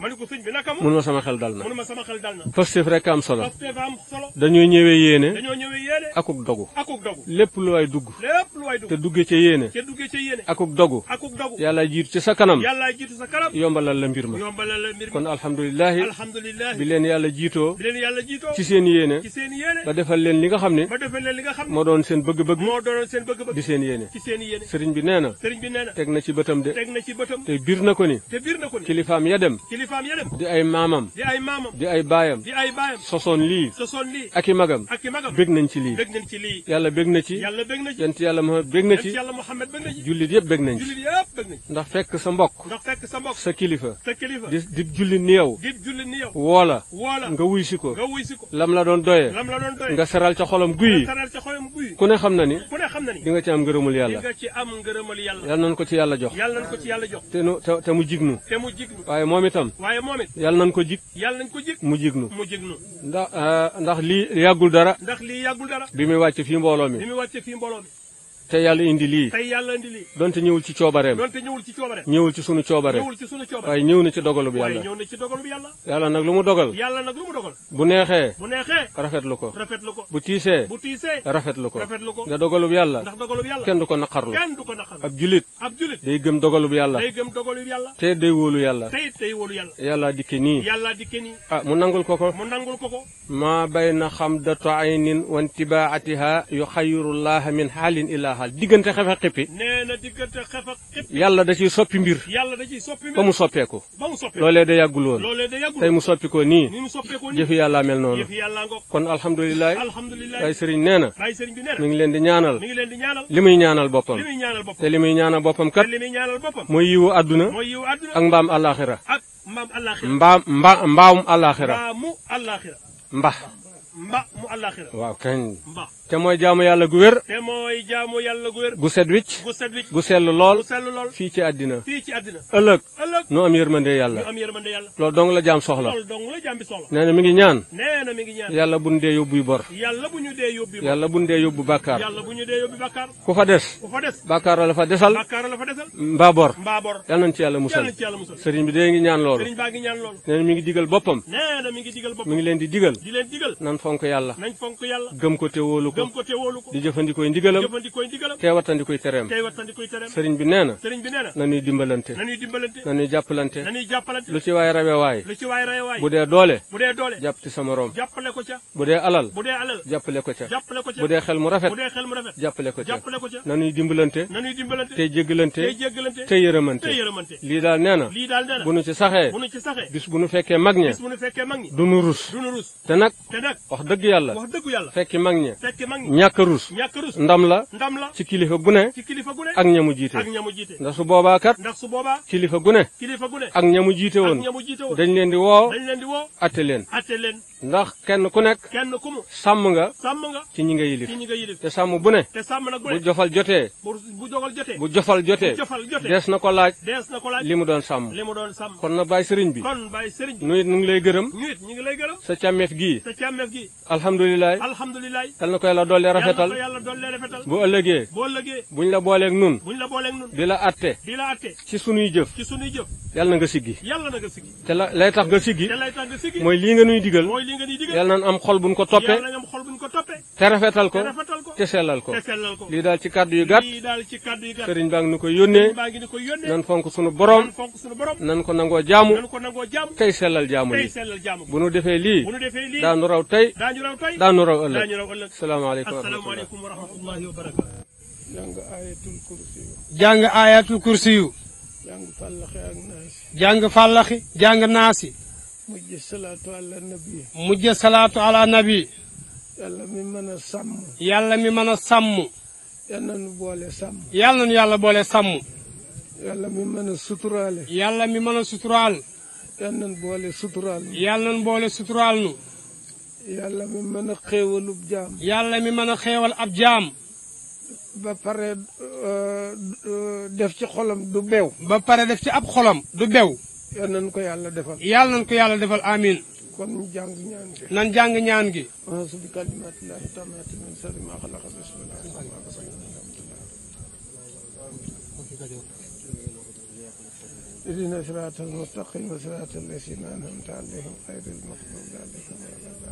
B: mun ma sama xel dal na Pastef
T: rek am solo dañoo ñëwee yéene akuk dogu lépp lu waay dugg te dugge ca yéene akuk dogu yàlla jiitu ci sa kanam yombalal la mbir ma kon alhamdulilahi bi leen yàlla jiitoo
B: ci seen yéene ba
T: defal leen li nga xam ne moo doon seen bëgg-bëgg di seen yéene sëriñ bi nee na teg na ci bëtam de te biir na ko ni kilifaam ya dem. kilifaam ya dem. di ay maamam. di ay maamam. di ay baayam. di ay baayam. sosoon lii.
B: sosoon lii. ak i magam. ak i nañ ci lii. bég nañ ci lii.
T: yàlla bég bég na ci. yonent yàlla Muhammad bég na ci. yonent yàlla Muhammad bég na ci. jullit yëpp bég nañ ci.
B: jullit
T: ndax fekk sa mbok ndax fekk sa mbokk. sa kilifa. sa kilifa di di jullit ni yow. di jullit ni yow. la. woo nga wuy si ko. nga wuy si ko. lam la doon doyee. lam
B: la doon nga seral ca xolam guy. nga seral ca xolam guy. ku ne xam na ni. ku ne xam na di
T: nga ci am ngërëmul yàlla.
B: di am ngërëmul yàlla.
T: yàlla nañ ko ci yàlla jox. yàlla
B: nañ
T: ko te mu jig nu waaye moom itam.
B: waaye moom yàlla
T: nañ ko jig. yàlla ko jig mu jig nu. mu jig nu. ndax euh, ndax lii yàggul dara.
B: ndax lii yàggul dara.
T: bi muy wàcc fii mbooloo mi. bi
B: muy wàcc mbooloo
T: te yàlla indi lii tey yàlla indi lii donte ñëwul ci coobareem donte
B: ñëwul ci coobareem ñëwul ci sunu coobare ñëwul ci sunu coobare waaye ñëw na ci dogalub yàlla ñëw na ci dogalub yàlla
T: yàlla nag lu mu dogal yàlla nag lu bu neexee bu neexee rafetlu ko rafetlu ko bu tiisee bu tiisee rafetlu ko rafetlu ko nga dogalub yàlla ndax
B: dogalub yàlla kenn du
T: ko naqarlu kenn ko naqarlu ab julit ab julit day gëm dogalub yàlla day
B: gëm dogalub yàlla
T: te day wóolu yàlla te
B: day yàlla
T: yàlla dikke nii
B: yàlla dikke nii
T: ah, mu nangul ko ko mu nangul ko ko maa bayna xamdatu aynin wa intibaatiha yuxayirullaha min xaalin ilaa jaaxal diggante xef ak xippi. yàlla da ciy soppi mbir.
B: yàlla da ciy soppi ba mu soppeeku. ba mu soppeeku loolee da yàggul woon. tey mu soppi
T: ko nii. ni mu
B: soppi ko yàlla mel noonu. jëfi yàlla ngoog
T: kon alhamdulilah.
B: alhamdulilah Baye Serigne nee na. Baye Serigne bi mi ngi leen di ñaanal. mi ngi leen di
T: li muy ñaanal boppam. li muy ñaanal boppam te li muy ñaanal boppam kat. te li
B: muy ñaanal boppam. mooy yiwu àdduna. ak mbaam
T: àllaaxira. ak
B: mbaam mbaam mba mbaamu àllaaxira. mba. mba mu àllaaxira.
T: waaw kañ. te mooy jaamu yàlla gu wér.
B: te mooy jaamu yàlla gu wér. gu set wicc. gu set wicc gu sell lool. gu sell lool fii
T: ci àddina. fii nu am yërmande yàlla.
B: yàlla. loolu
T: dong la jaam soxla. loolu
B: dong la jaam bi soxla.
T: nee na mi ngi ñaan.
B: nee na mi ngi ñaan. yàlla
T: bu ñu dee yóbbuy bor.
B: yàlla bu ñu bor. yàlla
T: bu ñu dee yóbbu bàkkaar. ku fa des. ku
B: la fa desal. bàkkaar mbaa bor. yàlla nañ ci yàlla musal.
T: sëriñ bi dee ngi ñaan loolu. sëriñ mi ngi digal boppam. mi ngi leen di digal. nan fonk yàlla. gëm ko te wóolu ko ko di jëfandikooy ndigalam tey wattandikoy tereem
B: sëriñ bi nee na na ñuy
T: dimbalante na ñuy jàppalante lu ci waay rawe waay bu dee doole jàpp ci sa moroom bu dee alal jàppale ko ca bu dee xel mu rafet jàppale ko ca na ñuy dimbalante tey jéggalante
B: tey yërëmante lii daal nee na bu nu ci saxee bis
T: bu nu fekkee mag ña
B: du nu rus
T: te nag wax dëgg yàlla fekki mag ña ñàkk rus
B: ndam la ci kilifa gu ne ak ñamu jiite ndax
T: su boobaa kat kilifa gu ne
B: ak ñamu jiite woon dañ leen di woo
T: atte leen ndax kenn ku nekk sàmm nga ci ñi nga yilif te sàmm bu ne bu jofal jotee
B: bu jofal jotee dees na ko laaj li
T: mu doon sàmm kon na bàyyi sëriñ bi nuy nu ngi lay gërëm sa càmmeef gii
B: alhamdulilaay kal
T: na koy yàlla la dolli rafetal bu ëllëgee buñ la booleeg nun di la atte ci sunuy jëf yàlla na nga siggi te la lay tax nga siggi
B: mooy lii nga nuy digal yàlla nañ am xol buñ ko toppee te rafetal ko te sellal ko lii
T: daal ci kàddu yu gàtt sëriñ baa ngi nu ko yónnee nan fonk sunu borom nan ko nangoo jaamu tey sellal jaamu yi bu nu defee lii
B: daanu raw tey daanu raw ëllëg
T: asalaamaaleykum
P: asalaamaaleykum wa rahmatullahi wa barakaatu. jàng ayatul kursi.
G: jàng ayatul kursi yu. jàng fàllaxi ak naasi. jàng fàllaxi jàng naasi.
P: mujj salaatu ala nabi.
G: mujj salaatu ala nabi.
P: yàlla mi mën a sàmm.
G: yàlla mi mën a sàmm.
P: yal na nu boole sàmm.
G: yal na nu yàlla boole sàmm. yàlla mi mën a suturaale. yàlla mi mën a suturaal. yal na nu boole suturaal. yal na nu boole suturaal nu. yàlla mi mën a xéewalub jaam. yàlla mi mën a xéewal ab jaam.
P: ba pare euh, euh, def ci xolam du
G: bew. ba pare def ci ab xolam du bew. yal nañ ko yàlla defal. yal nañ ko yàlla defal amiin.
P: kon ñu jàng ñaan gi. nan jàng ñaan gi. auzu bi kalimaatillaahi taammaati min sharri maa xalaqa اهدنا صراط المستقيم صراط الذين أنعمت عليهم غير المغضوب عليهم ولا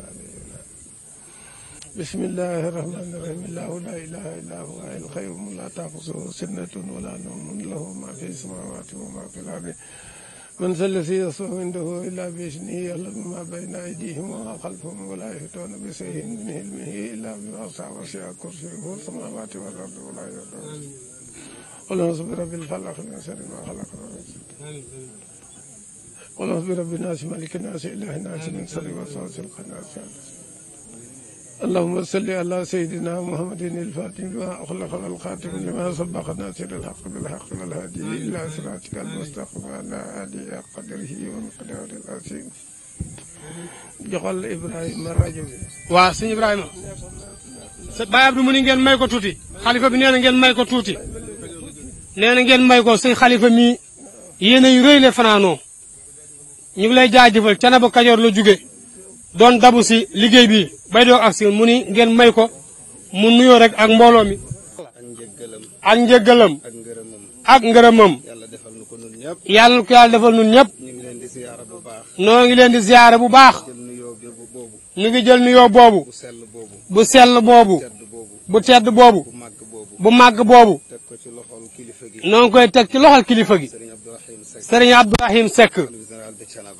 L: bismillahi irahmani irahim illaahu laa ilaha
P: illaa huwa al qayyuum laa taaxuzuhu sinatun walaa nawmun lahu maa fi samaawaati wa maa fi l ardi man zaa lazii yashfau indahu illaa bi iznihi ya'lamu maa bayna aydiihim wa maa xalfahum wa laa yuhiituuna bi shay'in min ilmihi illaa bimaa shaa wa wasi'a kursiyyuhu samaawaati wal ardi wa laa yaduuduhu qul a'uuzu bi rabbil falaq min sharri maa xalaq qul a'uuzu bi rabbin naas malikin naas ilaahin naas min sharri l-waswaasil xannaas اللهم صل على سيدنا محمد الفاتح لما أخلق الخاتم لما سبق ناصر الحق بالحق والهادي إلى صراطك المستقيم على آله قدره ومقداره العظيم joxal Ibrahima rajo bi. waaw sëñ Ibrahima. Baye Abdou
G: mu ni ngeen may ko tuuti. xalifa bi nee ngeen may ko tuuti. nee ngeen may ko sëñ xalifa mii. yéen ay rëy le fanaanoo. ñu ngi lay jaajëfal Thiénaba Kajoor la jóge don dabu si liggéey bi bay doo agsi mu ni ngeen may ko mu nuyoo rek ak mbooloo mi ak njëggalam ak ngërëmam yàlla ko yàlla defal nun ñëpp noo ngi leen di ziyaara bu baax ñu ngi jël nuyoo boobu bu sell boobu bu tedd boobu bu màgg boobu noo ngi koy teg ci loxol kilifa gi sëriñ Abdourahim Seck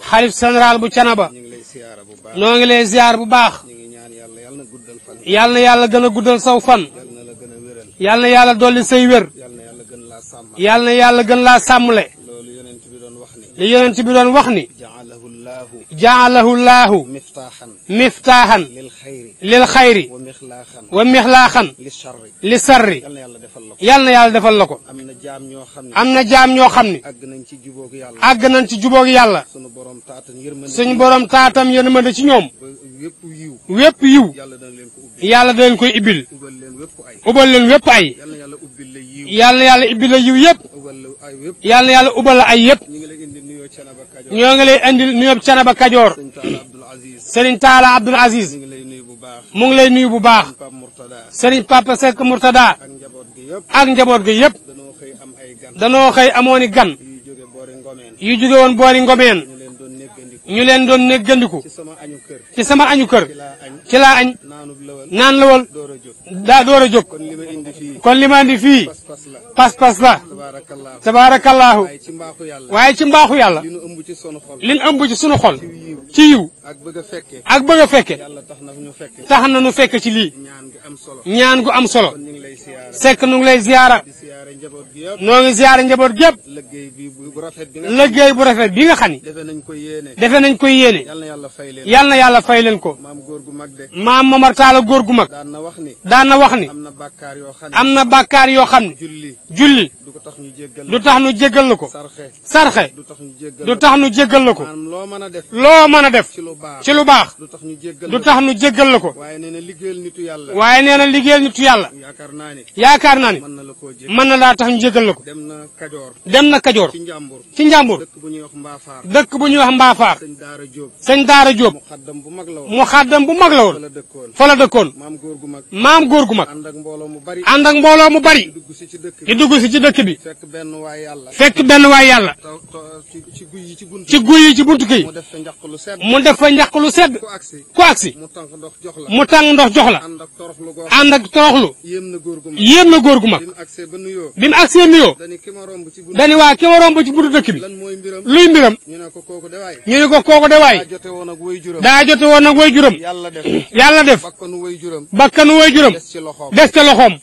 G: xalif général bu Canaba noo ngi lay ziar bu baax yàlla na yàlla gën a guddal saw fan yàlla na yàlla dolli say wér yàlla na yàlla gën laa sàmmle li yonent bi doon wax ni jaalahu laahu miftaaxan lil xayri wa mixlaaxan li sarri yal na yàlla defal la ko am na jaam ñoo xam ne àgg nañ ci jubóog yàlla suñu borom taatam yërmande ci ñoom wépp yiw yàlla da leen koy ibbil ubal leen wépp ay yal na yàlla ibbil la yiw yëpp yal na yàlla ubal la ay yëpp ñoo ngi lay andil nuyoo Canaba Kajoor Serigne Talla Abdoul Aziz mu ngi lay nuyu bu baax Serigne Papa Seck Mourtada ak njaboot gi yëpp danoo xëy amoon i gan yu jóge woon boori Ngomeen ñu leen doon néggandiku ci sama añu kër ci laa añ naan lawal daa door a jóg kon li ma indi fii pas-pas la tabaarakallaahu waaye ci mbaaxu yàlla li nu ëmb ci sunu xol ci yiw ak bëgg a fekke ak bëgg a fekke tax na ñu fekke ci lii ñaan gu am solo sekk nu ngi lay ziyaara noo ngi ziyaara njaboot gépp liggéey bu rafet bi nga xam ni defe nañ ko yéene yal na yàlla fay leen ko maam Momar Talla góor gu mag daan na wax ni am na bàkkaar yoo xam ne julli du tax nu jéggal la ko sarxe du tax nu jéggal la ko loo mën a def ci lu baax du tax nu jéggal la ko waaye nee na liggéeyal nitu yàlla yaakaar naa ni mën na laa tax ñu jéggal la ko dem na Kajoor ci njàmbur dëkk bu ñuy wax Mbaafaar sëñ Daara Jóob mu xàddam bu mag la woon fa la dëkkoon maam góor gu mag
W: ànd ak mbooloo mu
G: bari di dugg si ci dëkk bi bi fekk benn waay yàlla fekk benn waay yàlla ci guy yi ci buntu ci mu def fa njaq lu sedd ku agsi mu tàng ndox jox la mu tàng ndox jox la ànd ak toroxlu yéem na góor gu mag yéem na góor gu mag bi mu ba nuyoo bi mu agsee nuyoo dañu waa ki ma romb ci buntu dëkk bi luy mbiram ñu ko kooku de waay ñu ne ko kooku de waay daa jote woon ak way juram daa jote woon ak way juram yàlla def bakkanu way juram bakkanu way juram des ci loxoom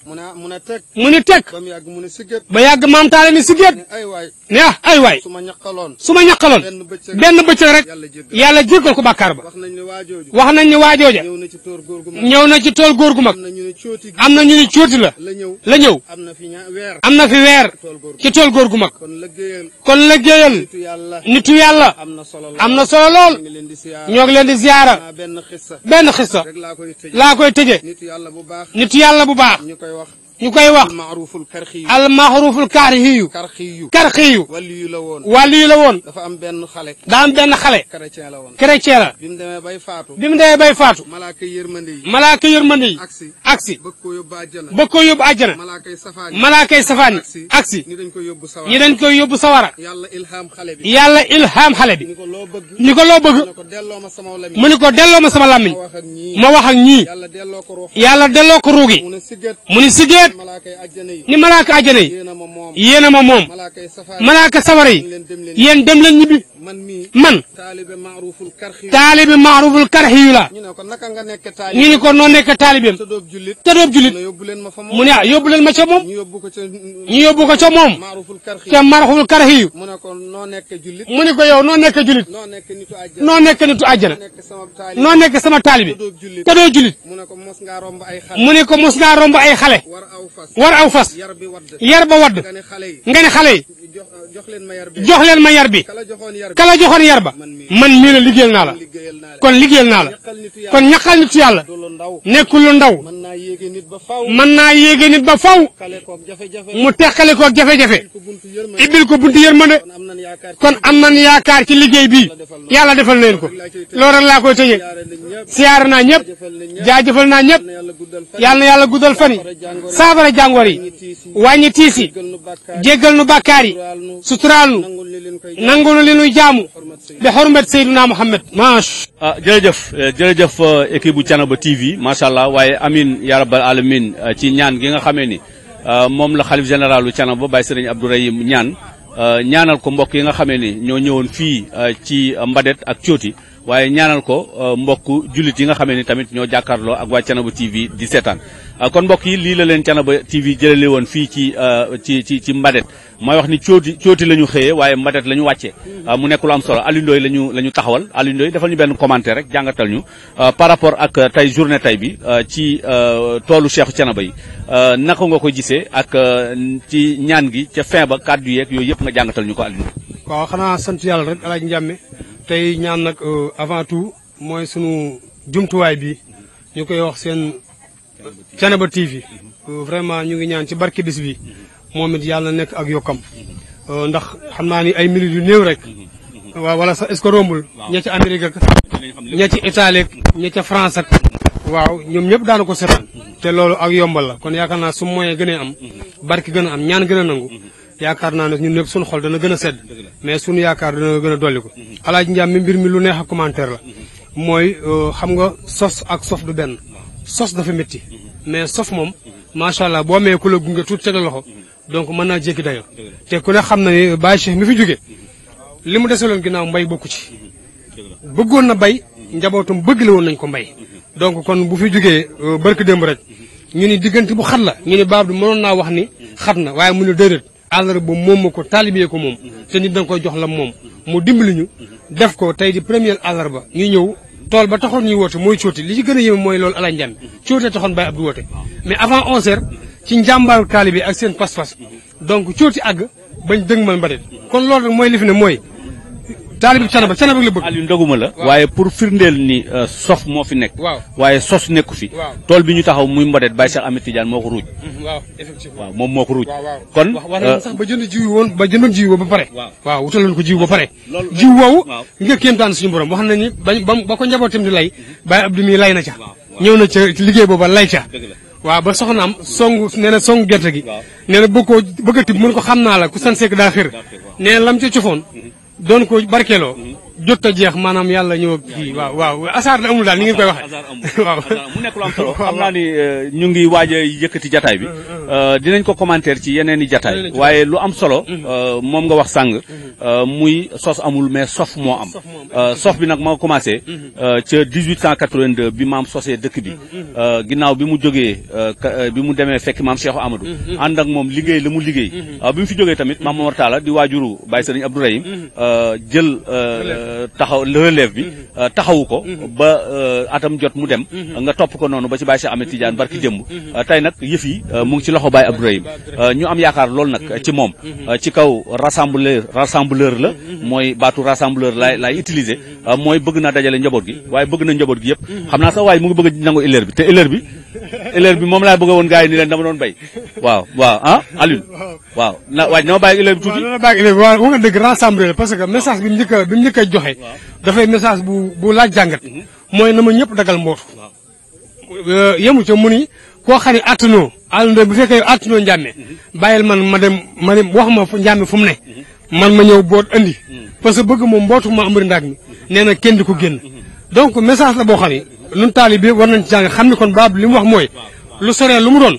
G: mu ne teg ba yàgg yàgg maam taale ni sigéet ne ah ay waay su ma ñaqaloon benn bëccëg rek yàlla jéggal ko bàkkaar ba wax nañ ne waajooja ñëw na ci tool góor gu mag am na ñu ni cóoti la la ñëw am na fi weer ci tool góor gu mag kon lëggéeyal nitu yàlla am na solo lool ñoo ngi leen di ziyaara benn xista laa koy tëje nitu yàlla bu baax ñu koy wax almaxruful karxiyu karxiyu wàlliyu la woon dafa am benn xale daa am benn xale chrétien la bi mu demee bay faatu bi mu demee bay faatu malaaka yërmande yi malaaka yërmande yi aksi bëgg koo yóbbu àjjana malaakay safaan yi aksi ñi dañ koy yóbbu sawara yàlla ilhaam xale bi ni ko loo bëgg mu ni ko delloo ma sama làmmiñ ma wax ak ñii yàlla delloo ko ruugi mu ni sigéet nag ni malaaka ajjana yi yéen a ma moom malaaka safara yi yéen dem leen ñibbi man taalibe maaruful karxi yu la ñu ne ko noo nekk taalibeem te doob julit mu ne ah yóbbu leen ma ca moom ñu yóbbu ko ca mm, moom te maaruful karxi yu mu ne ko yow noo nekk julit noo nekk nitu àjjana noo nekk sama taalibe te doo julit mu ne ko mos ngaa romb ay xale war aw fas yar ba wadd nga ne xale yi jox leen ma yar bi kala joxoon yar ba man mii a liggéeyal naa la kon liggéeyal naa la kon ñaqal nitu yàlla nekkul lu ndaw mën naa yéege nit ba faw mu teqale koog jafe-jafe ibbil ko bunti yërmande kon am nan yaakaar ci liggéey bii yàlla defal nañu ko loolu rek laa koy tëjee siyaare naa ñëpp jaajëfal naa ñëpp yàlla na yàlla guddal fan yi saafara jàngoor yi wàññi tiis yi jéggal nu bàkkaar yi suturaal nu nangulu li nuy jaamu bi xormat Seydina Muhammad maash
A: ah jërëjëf eh, jërëjëf eh, équipe bu Thiénaba TV macha allah waaye amin ya rabbal alamin eh, ci ñaan gi nga xamee ni moom la xalif général bu Thiénaba Baye Serigne Abdourahim ñaan ñaanal ko mbokk yi nga xamee ni ñoo ñëwoon fii ci Mbadet ak Cooti waaye ñaanal ko mbokk jullit yi nga xamee ni tamit ñoo jàkkaarloo ak waa Thiénaba TV di seetaan Euh, kon mbokk yi lii la leen Thiénaba TV jëlale woon fii ci euh, ci ci ci Mbadet mooy wax ni cooti cooti la ñu xëyee waaye Mbadet la ñu wàccee euh, mu nekk lu am solo Aliou lañu la ñu la ñu taxawal Aliou defal ñu benn commentaire rek jàngatal ñu par rapport ak tey journée tey bi ci toolu Cheikhu Thiénaba yi naka nga ko gisee ak ci ñaan gi ca fin ba kàddu yeeg yooyu yëpp nga jàngatal ñu ko Aliou
G: Ndoye waaw xanaa sant yàlla rek El Hadj Ndiame tey ñaan nag avant tout mooy sunu jumtuwaay bi Thiénaba TV euh, vraiment ñu ngi ñaan ci barke bis bi moom it yàlla nekk ak yokkam euh, ndax xam naa ni ay minutes yu néew rek waaw wala sax est-ce que rombul ña ca Amérique ak ña ca Italie ak ña ca France ak waaw ñoom ñëpp daana ko seetaan te loolu ak yombal la kon yaakaar naa su moyen gën a am barke gën a am ñaan gën a nangu yaakaar naa ne ñun ñëpp suñu xol dana gën a sedd mais suñu yaakaar dana gën a dolli ko alaaji Njaam mi mbir mi lu neex a commentaire la mooy euh, xam nga sos ak sof du benn sos dafa métti mais sof moom macha allah boo amee ku la gunge tuuti teg la loxo donc mën naa jéggi dayo te ku ne xam na ne Baye Cheikh fi jóge li mu desee desaloon ginnaaw mbay bokku ci bëggoon na bay njabootum bëgg la woon nañ ko mbay donc kon bu fi jógee euh, barki démb rek ñu ni diggante bu xat la ñu ni baab du mënoon naa wax ni xat na waaye mu ne déedéet àllarba bu moom ma ko taalibee ko moom te nit da nga koy jox la moom mu dimbali ñu def ko tey di première àllarba ñu ñëw tool ba taxoon ñuy woote mooy cóoti li ci gën a yéeme mooy loolu alaaj njàmbi cóoti la taxoon bàyyi abdu woote mais avant onze heures ci njàmbaaru taalibe bi ak seen pas-pas donc cóoti àgg bañ dëgmal mbalit
A: kon loolu mooy li fi ne mooy taalib canaba canaba la bëgg Aliou ndoguma la waaye pour firndeel ni euh, sof moo fi nekk waaye sos nekku fi tool bi ñu taxaw muy mbodet Baye Cheikh Ahmed Tidiane moo ko ruuj
G: mm-hmm. waaw moom moo ko ruuj kon euh, ba jënd jiw woon
A: ba jëndoon jiw ba
G: pare waaw wutaloon ko jiw ba pare jiw woowu nga kéemtaan suñu borom wax nañu ba ba ko njabootam di lay mm-hmm. Baye Abdou mi lay na ca ñëw na ca liggéey booba lay ca waaw ba soxnaam songu nee na songu gerte gi nee na bëgg koo bëgg a tib mën ko xam naa la ku san seek doon ko barkeeloo jot a jeex maanaam yàlla ñëw kii waaw waaw asaar da amul daal ni ngeen koy waxee. waaw mu
A: nekk lu am solo xam naa ni euh, ñu ngi waaj a yëkkati jataay bi. Euh, dinañ ko commentaire ci yeneen i jataay. waaye lu am solo. Mm-hmm. Euh, moom nga wax sàng mm-hmm. muy sos amul mais sof moo am. sof bi nag moo commencé. Mm-hmm. ca 1882 bi maam sosee dëkk bi. ginnaaw bi mu jógee bi mu demee fekk maam Cheikh Amadou. ànd ak moom liggéey la mu liggéey. bi mu fi jógee tamit maam Mor Talla di waajuru Baye Serigne Abdourahim jël. Euh, taxaw relève bi euh, taxawu ko ba euh, atam jot mu dem nga topp ko noonu ba ci Baye Cheikh Ahmed Tidiane barki démb tey nag yëf yi mu ngi ci loxo Baye Abdourahim ñu am yaakaar loolu nag ci moom ci kaw rassembleur la mooy baatu rassembleur laay laay utiliser mooy bëgg naa dajale njaboot gi waaye bëgg na njaboot gi yëpp xam naa sax waaye mu ngi bëgg nangu élève bi te élève bi élève bi moom laa bëgg woon gars yi ni leen dama doon béy waaw waaw ah waaw na waaj dama bàyyi élève bi tuuti dama bàyyi élève bi waaw
G: nga dëgg rassembleur parce que message bi mu a a joxe. dafay message bu bu laaj jàngat. Mhm. mooy na ma ñëpp dagal mbootu. Euh, yemu ca mu ni koo xam ne attanoo àll bu fekkee attanoo njàmme mhm. bàyyil man ma dem ma dem wax ma njàmme fu mu ne mhm. man ma ñëw boot andi parce bëgg moom mbootu ma amari ndaag mi nee na di ko génn donc message la boo xam ne nun taali bi war nañ ci xam ne kon baab li mu wax mooy lu soree lu mu doon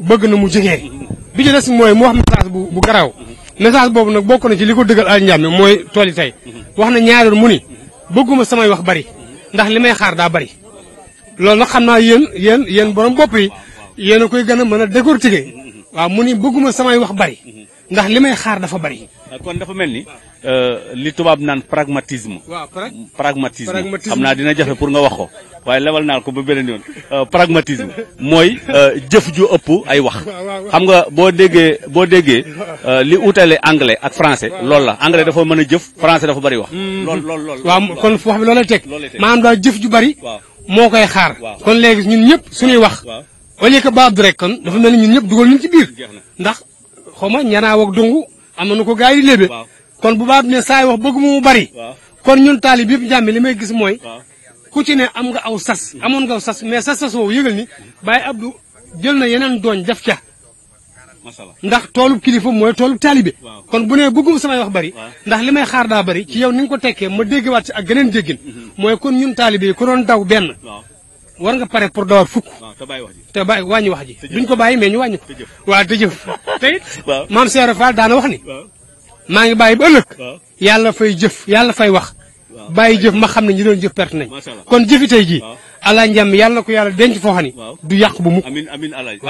G: bëgg na mu jegee bi ci des mooy mu wax message bu bu message boobu nag bokk na ci li ko dëggal Aliou Ndiame mooy tool yi tey wax na ñaari yoon mu ni bëgguma samay wax bari ndax li may xaar daa bari loolu nag xam naa yéen yéen yéen borom bopp yi yéen koy gën a mën a décortiquer waaw mu ni bëgguma samay wax bari ndax li may xaar dafa bari.
A: Ah, kon dafa mel ni euh, li tubaab naan pragmatisme. waaw pragmatisme xam naa dina jafe pour nga wax ko waaye lewal naa ko ba beneen yoon euh, pragmatisme mooy euh, jëf ju ëpp ay wax. xam nga boo déggee boo déggee li utale anglais ak français loolu la anglais dafa mën a jëf français dafa bari wax. Mm-hmm. lool lool lool waaw kon wax bi loolay teg maanaam daal jëf ju bari. moo koy xaar. kon léegi
G: ñun ñëpp suñuy wax. au lieu que baab rek kon dafa mel ni ñun ñëpp dugal ñu ci biir ndax. xaw ma ñanaaw ak dungu am na nu ko gars yi lébe kon bu baax ne saay wax bëgg mu bari kon ñun taalib yëpp njàmbi li may gis mooy ku ci ne am nga aw sas amoon nga aw sas mais sas sas woowu yëgal ni Baye Abdou jël na yeneen dooñ def ca ndax toolub kilifa mooy toolu toolub taalibe kon bu nee bëggum samay wax bari ndax li may xaar daa bari ci yow ni nga ko tekkee ma déggewaat ci ak geneen jéggin mm-hmm. mooy kon ñun taalibe konoon ku doon daw benn war nga pare pour dawar fukk. te bàyyi wax ji te bàyyi wàññi wax ji. duñ ko bàyyi mais ñu wàññi ko. waaw te jëf te it. maam Seere Fall daana wax ni. maa ngi bàyyi ba ëllëg. yàlla fay jëf yàlla fay wax. bàyyi jëf ma xam ne ñi doon jëf perte nañ. kon jëfi tey jii. ala njam yàlla ko yàlla denc foo xam ni du yàq bu mukk
A: amin amin alaaji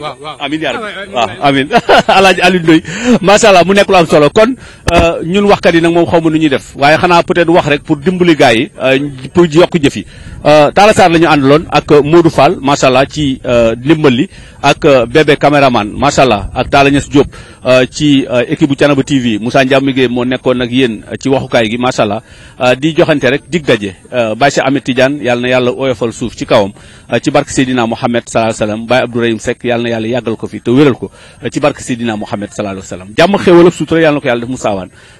A: waaw waaw amin yaa rabbi waaw amin alaaji Aliou Ndoye macha allah mu nekk lu am solo kon euh, ñun waxkat yi nag moom xaw ma nu ñuy def waaye xanaa peut-être wax rek pour dimbali gars yi euh, pour yokk jëf yi Euh, Talla Sarr la ñu àndaloon ak euh, Modou faal macha ci euh, ndimbal li ak bébé caméraman macha allah ak Talla Niass Diop ci équipe bu Thiénaba TV Moussa Ndiame Gueye moo nekkoon ak yéen ci waxukaay gi macha di joxante rek dig daje Baye Cheikh Ahmed Tidiane yàlla yàlla oyofal suuf ci kawam ci barke Seydina Mohamed salaahu alayhi wa salaam Baye Abdourahim Seck yàlla na yàlla yàggal ko fi te wéral ko ci barke Seydina Mohamed salaahu alayhi wa salaam jàmm xéwal ak sutura yàlla ko yàlla def mu